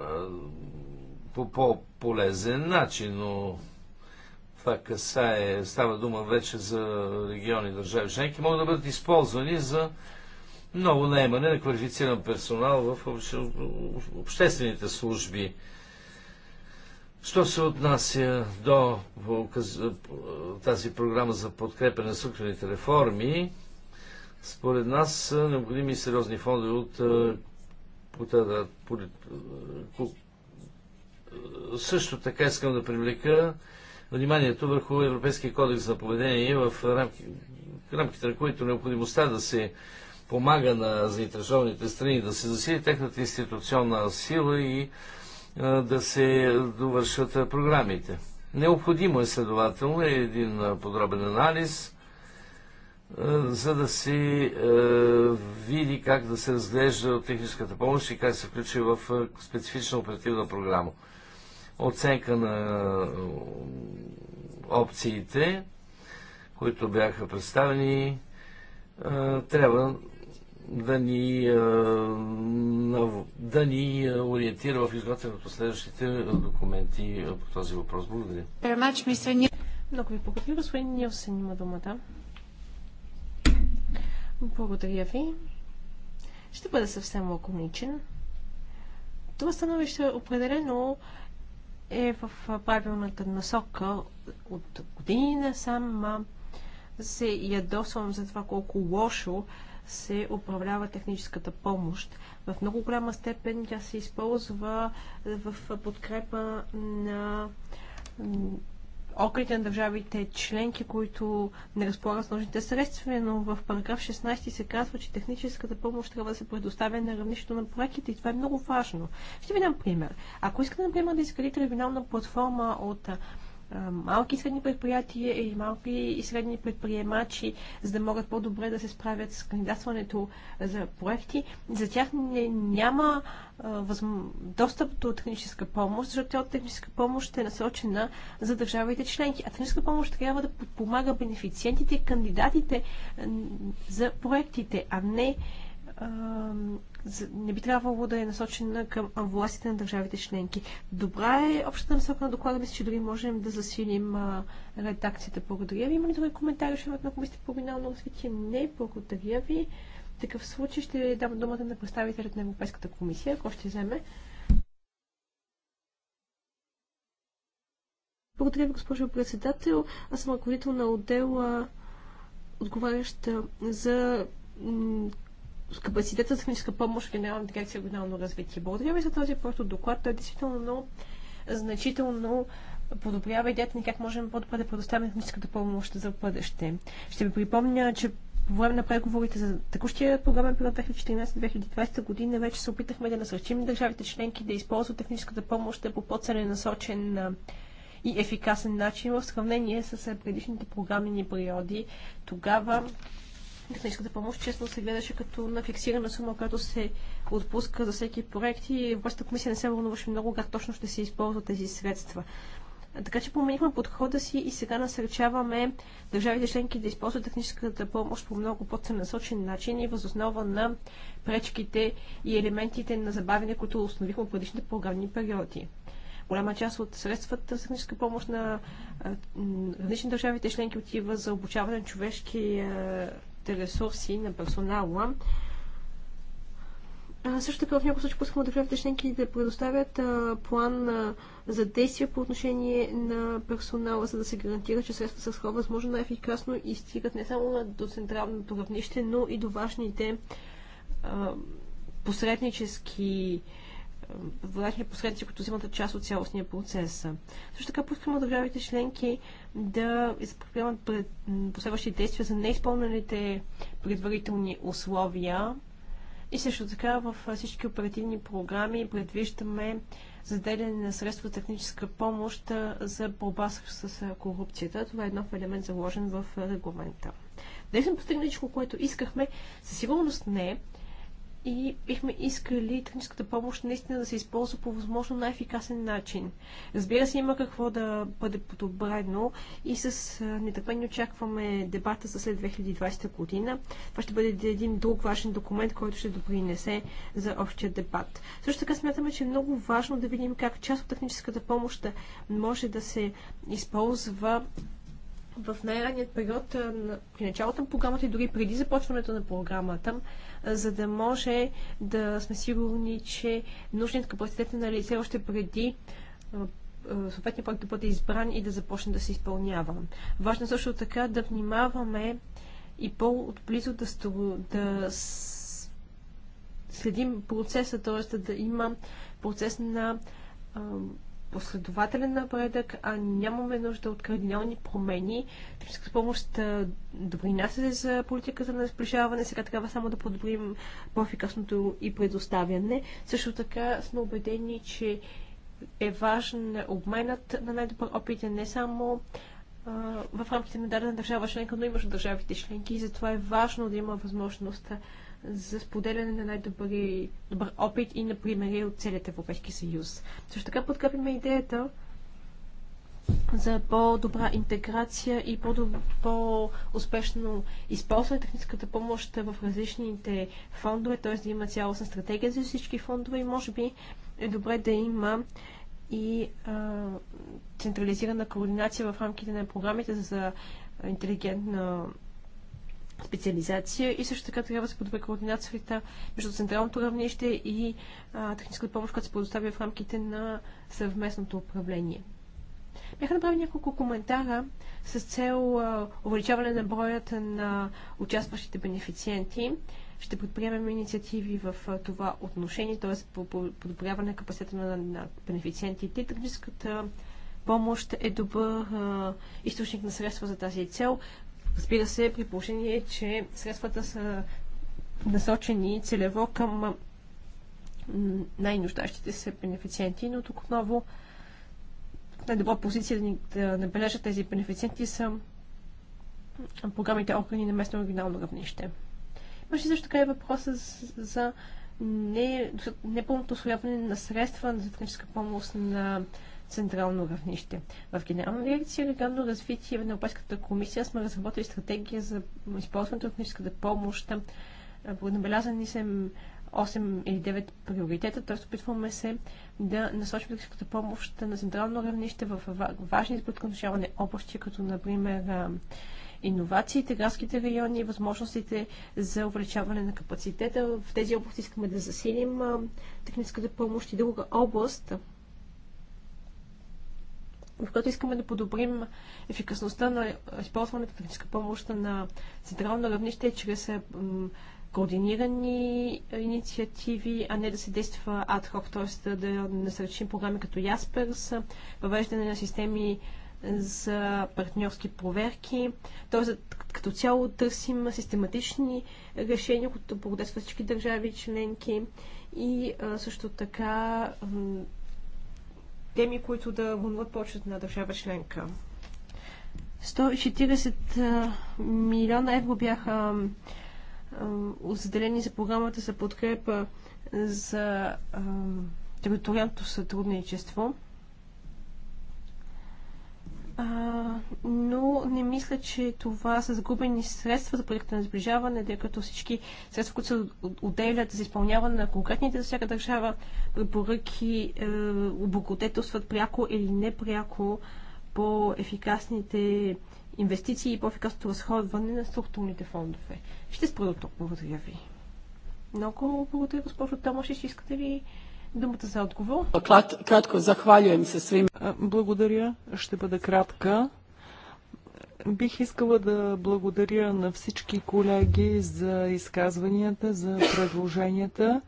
а, по по-полезен начин, но това касае, става дума вече за региони, държави членки, могат да бъдат използвани за много наемане на квалифициран персонал в обще, обществените служби. Що се отнася до тази програма за подкрепа на структурните реформи, според нас са необходими сериозни фондове от, е, от, е, от, от е, също така искам да привлека вниманието върху Европейския кодекс на поведение в рамки, рамките на които необходимостта да се помага на заинтересованите страни да се засили техната институционна сила и е, да се довършат е, програмите. Необходимо е следователно е един подробен анализ – за да се види как да се разглежда от техническата помощ и как се включи в специфична оперативна програма. Оценка на опциите, които бяха представени, трябва да ни, е, да ни ориентира в изготвянето на следващите документи е, по този въпрос. Благодаря. Много ви благодаря, господин Нилсен има думата. Благодаря ви. Ще бъда съвсем лаконичен. Това становище определено е в правилната насока от години насам. Се ядосвам за това колко лошо се управлява техническата помощ. В много голяма степен тя се използва в подкрепа на окрите на държавите членки, които не разполагат с нужните средства, но в параграф 16 се казва, че техническата помощ трябва да се предоставя на равнището на проектите и това е много важно. Ще ви дам пример. Ако искате, например, да изградите регионална платформа от малки и средни предприятия или малки и средни предприемачи, за да могат по-добре да се справят с кандидатстването за проекти. За тях не, няма а, възм... достъп до техническа помощ, защото от техническа помощ е насочена за държавите членки. А техническа помощ трябва да подпомага бенефициентите, кандидатите за проектите, а не не би трябвало да е насочена към властите на държавите членки. Добра е общата насока на доклада. Мисля, че дори можем да засилим редакцията. Благодаря ви. Има ли други коментари ще на комисията по регионално развитие? Не, благодаря ви. В такъв случай ще дам думата на представителят на Европейската комисия, ако ще вземе. Благодаря ви, госпожо председател. Аз съм ръководител на отдела, отговарящ за капацитета за техническа помощ в Генерална дирекция регионално развитие. Благодаря ви за този просто доклад. Той е действително много значително подобрява идеята ни как можем по-добре да предоставим техническата помощ за бъдеще. Ще ви припомня, че по време на преговорите за текущия програмен период 2014-2020 година вече се опитахме да насърчим държавите членки да използват техническата помощ да по по-целенасочен и ефикасен начин в сравнение с предишните програмни периоди. Тогава техническата помощ често се гледаше като на фиксирана сума, която се отпуска за всеки проект и Европейската комисия не се вълнуваше много как точно ще се използват тези средства. Така че поменихме подхода си и сега насърчаваме държавите членки да използват техническата помощ по много по-целенасочен начин и възоснова на пречките и елементите на забавяне, които установихме в предишните програмни периоди. Голяма част от средствата за техническа помощ на различни държавите членки отива за обучаване на човешки човешките ресурси на персонала. А, също така в някои случаи да държавите членки да предоставят а, план а, за действие по отношение на персонала, за да се гарантира, че средства са хора възможно най-ефикасно и стигат не само до централното равнище, но и до важните а, посреднически а, важни последици, които взимат част от цялостния процес. Също така пускаме от държавите членки да изпълняват последващи действия за неизпълнените предварителни условия. И също така в всички оперативни програми предвиждаме заделяне на средства техническа помощ за борба с корупцията. Това е нов елемент заложен в регламента. Днес сме постигнали всичко, което искахме? Със сигурност не, и бихме искали техническата помощ наистина да се използва по възможно най-ефикасен начин. Разбира се, има какво да бъде подобрено и с нетърпение очакваме дебата за след 2020 година. Това ще бъде един друг важен документ, който ще допринесе за общия дебат. Също така смятаме, че е много важно да видим как част от техническата помощ може да се използва в най-ранният период, при началото на програмата и дори преди започването на програмата, за да може да сме сигурни, че нужният капацитет е на лице още преди съответния проект да бъде избран и да започне да се изпълнява. Важно е също така да внимаваме и по-отблизо да, да следим процеса, т.е. да има процес на последователен напредък, а нямаме нужда от кардинални промени. Техническата помощ допринася за политиката на сближаване, сега трябва само да подобрим по-ефикасното и предоставяне. Също така сме убедени, че е важен обменът на най-добър опит не само в рамките на дадена държава членка, но и между държавите членки. И затова е важно да има възможност за споделяне на най-добър добър опит и на примери от целият Европейски съюз. Също така подкрепяме идеята за по-добра интеграция и по-успешно използване на техническата помощ в различните фондове, т.е. да има цялостна стратегия за всички фондове и може би е добре да има и а, централизирана координация в рамките на програмите за интелигентна специализация и също така трябва да се подобри координацията между централното равнище и а, техническата помощ, която се предоставя в рамките на съвместното управление. Бяха направени няколко коментара с цел а, увеличаване на броята на участващите бенефициенти. Ще предприемем инициативи в а, това отношение, т.е. по подобряване на капацитета на, на бенефициентите. Техническата помощ е добър а, източник на средства за тази цел. Разбира се, при положение, че средствата са насочени целево към най-нуждащите се бенефициенти, но тук отново най-добра позиция да, ни, да набележат тези бенефициенти са програмите органи на местно оригинално равнище. Имаше също така и въпроса за непълното освояване на средства за техническа помощ на централно равнище. В Генерална дирекция регионално развитие на Европейската комисия сме разработили стратегия за използването на техническата помощ. Набелязани са 8 или 9 приоритета, т.е. опитваме се да насочим техническата помощ на централно равнище в важни за области, като например иновациите, градските райони възможностите за увеличаване на капацитета. В тези области искаме да засилим техническата помощ и друга област, в която искаме да подобрим ефикасността на използването на техническа помощ на централно равнище чрез координирани инициативи, а не да се действа адхок, т.е. да насърчим програми като Ясперс, въвеждане на системи за партньорски проверки. Т.е. като цяло търсим систематични решения, които благодетстват всички държави членки и също така теми, които да вълнуват почет на държава членка. 140 милиона евро бяха заделени за програмата за подкрепа за териториалното сътрудничество а, но не мисля, че това са загубени средства за проекта на сближаване, тъй като всички средства, които се отделят за изпълняване на конкретните за всяка държава препоръки, е, облагодетелстват пряко или непряко по-ефикасните инвестиции и по-ефикасното разходване на структурните фондове. Ще спра до тук. Благодаря ви. Много благодаря, госпожо Томаш. Ще искате ли Думата за отговор. Кратко, захвалюем се свим. Благодаря, ще бъда кратка. Бих искала да благодаря на всички колеги за изказванията, за предложенията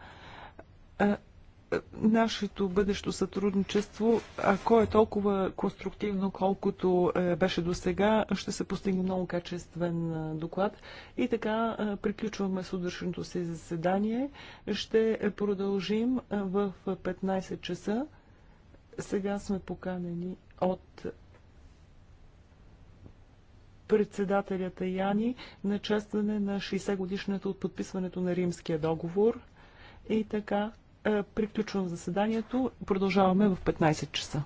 нашето бъдещо сътрудничество, ако е толкова конструктивно, колкото е, беше до сега, ще се постигне много качествен е, доклад. И така е, приключваме с удършеното си заседание. Ще продължим в 15 часа. Сега сме поканени от председателята Яни на честване на 60 годишната от подписването на Римския договор. И така, е, приключвам заседанието. Продължаваме в 15 часа.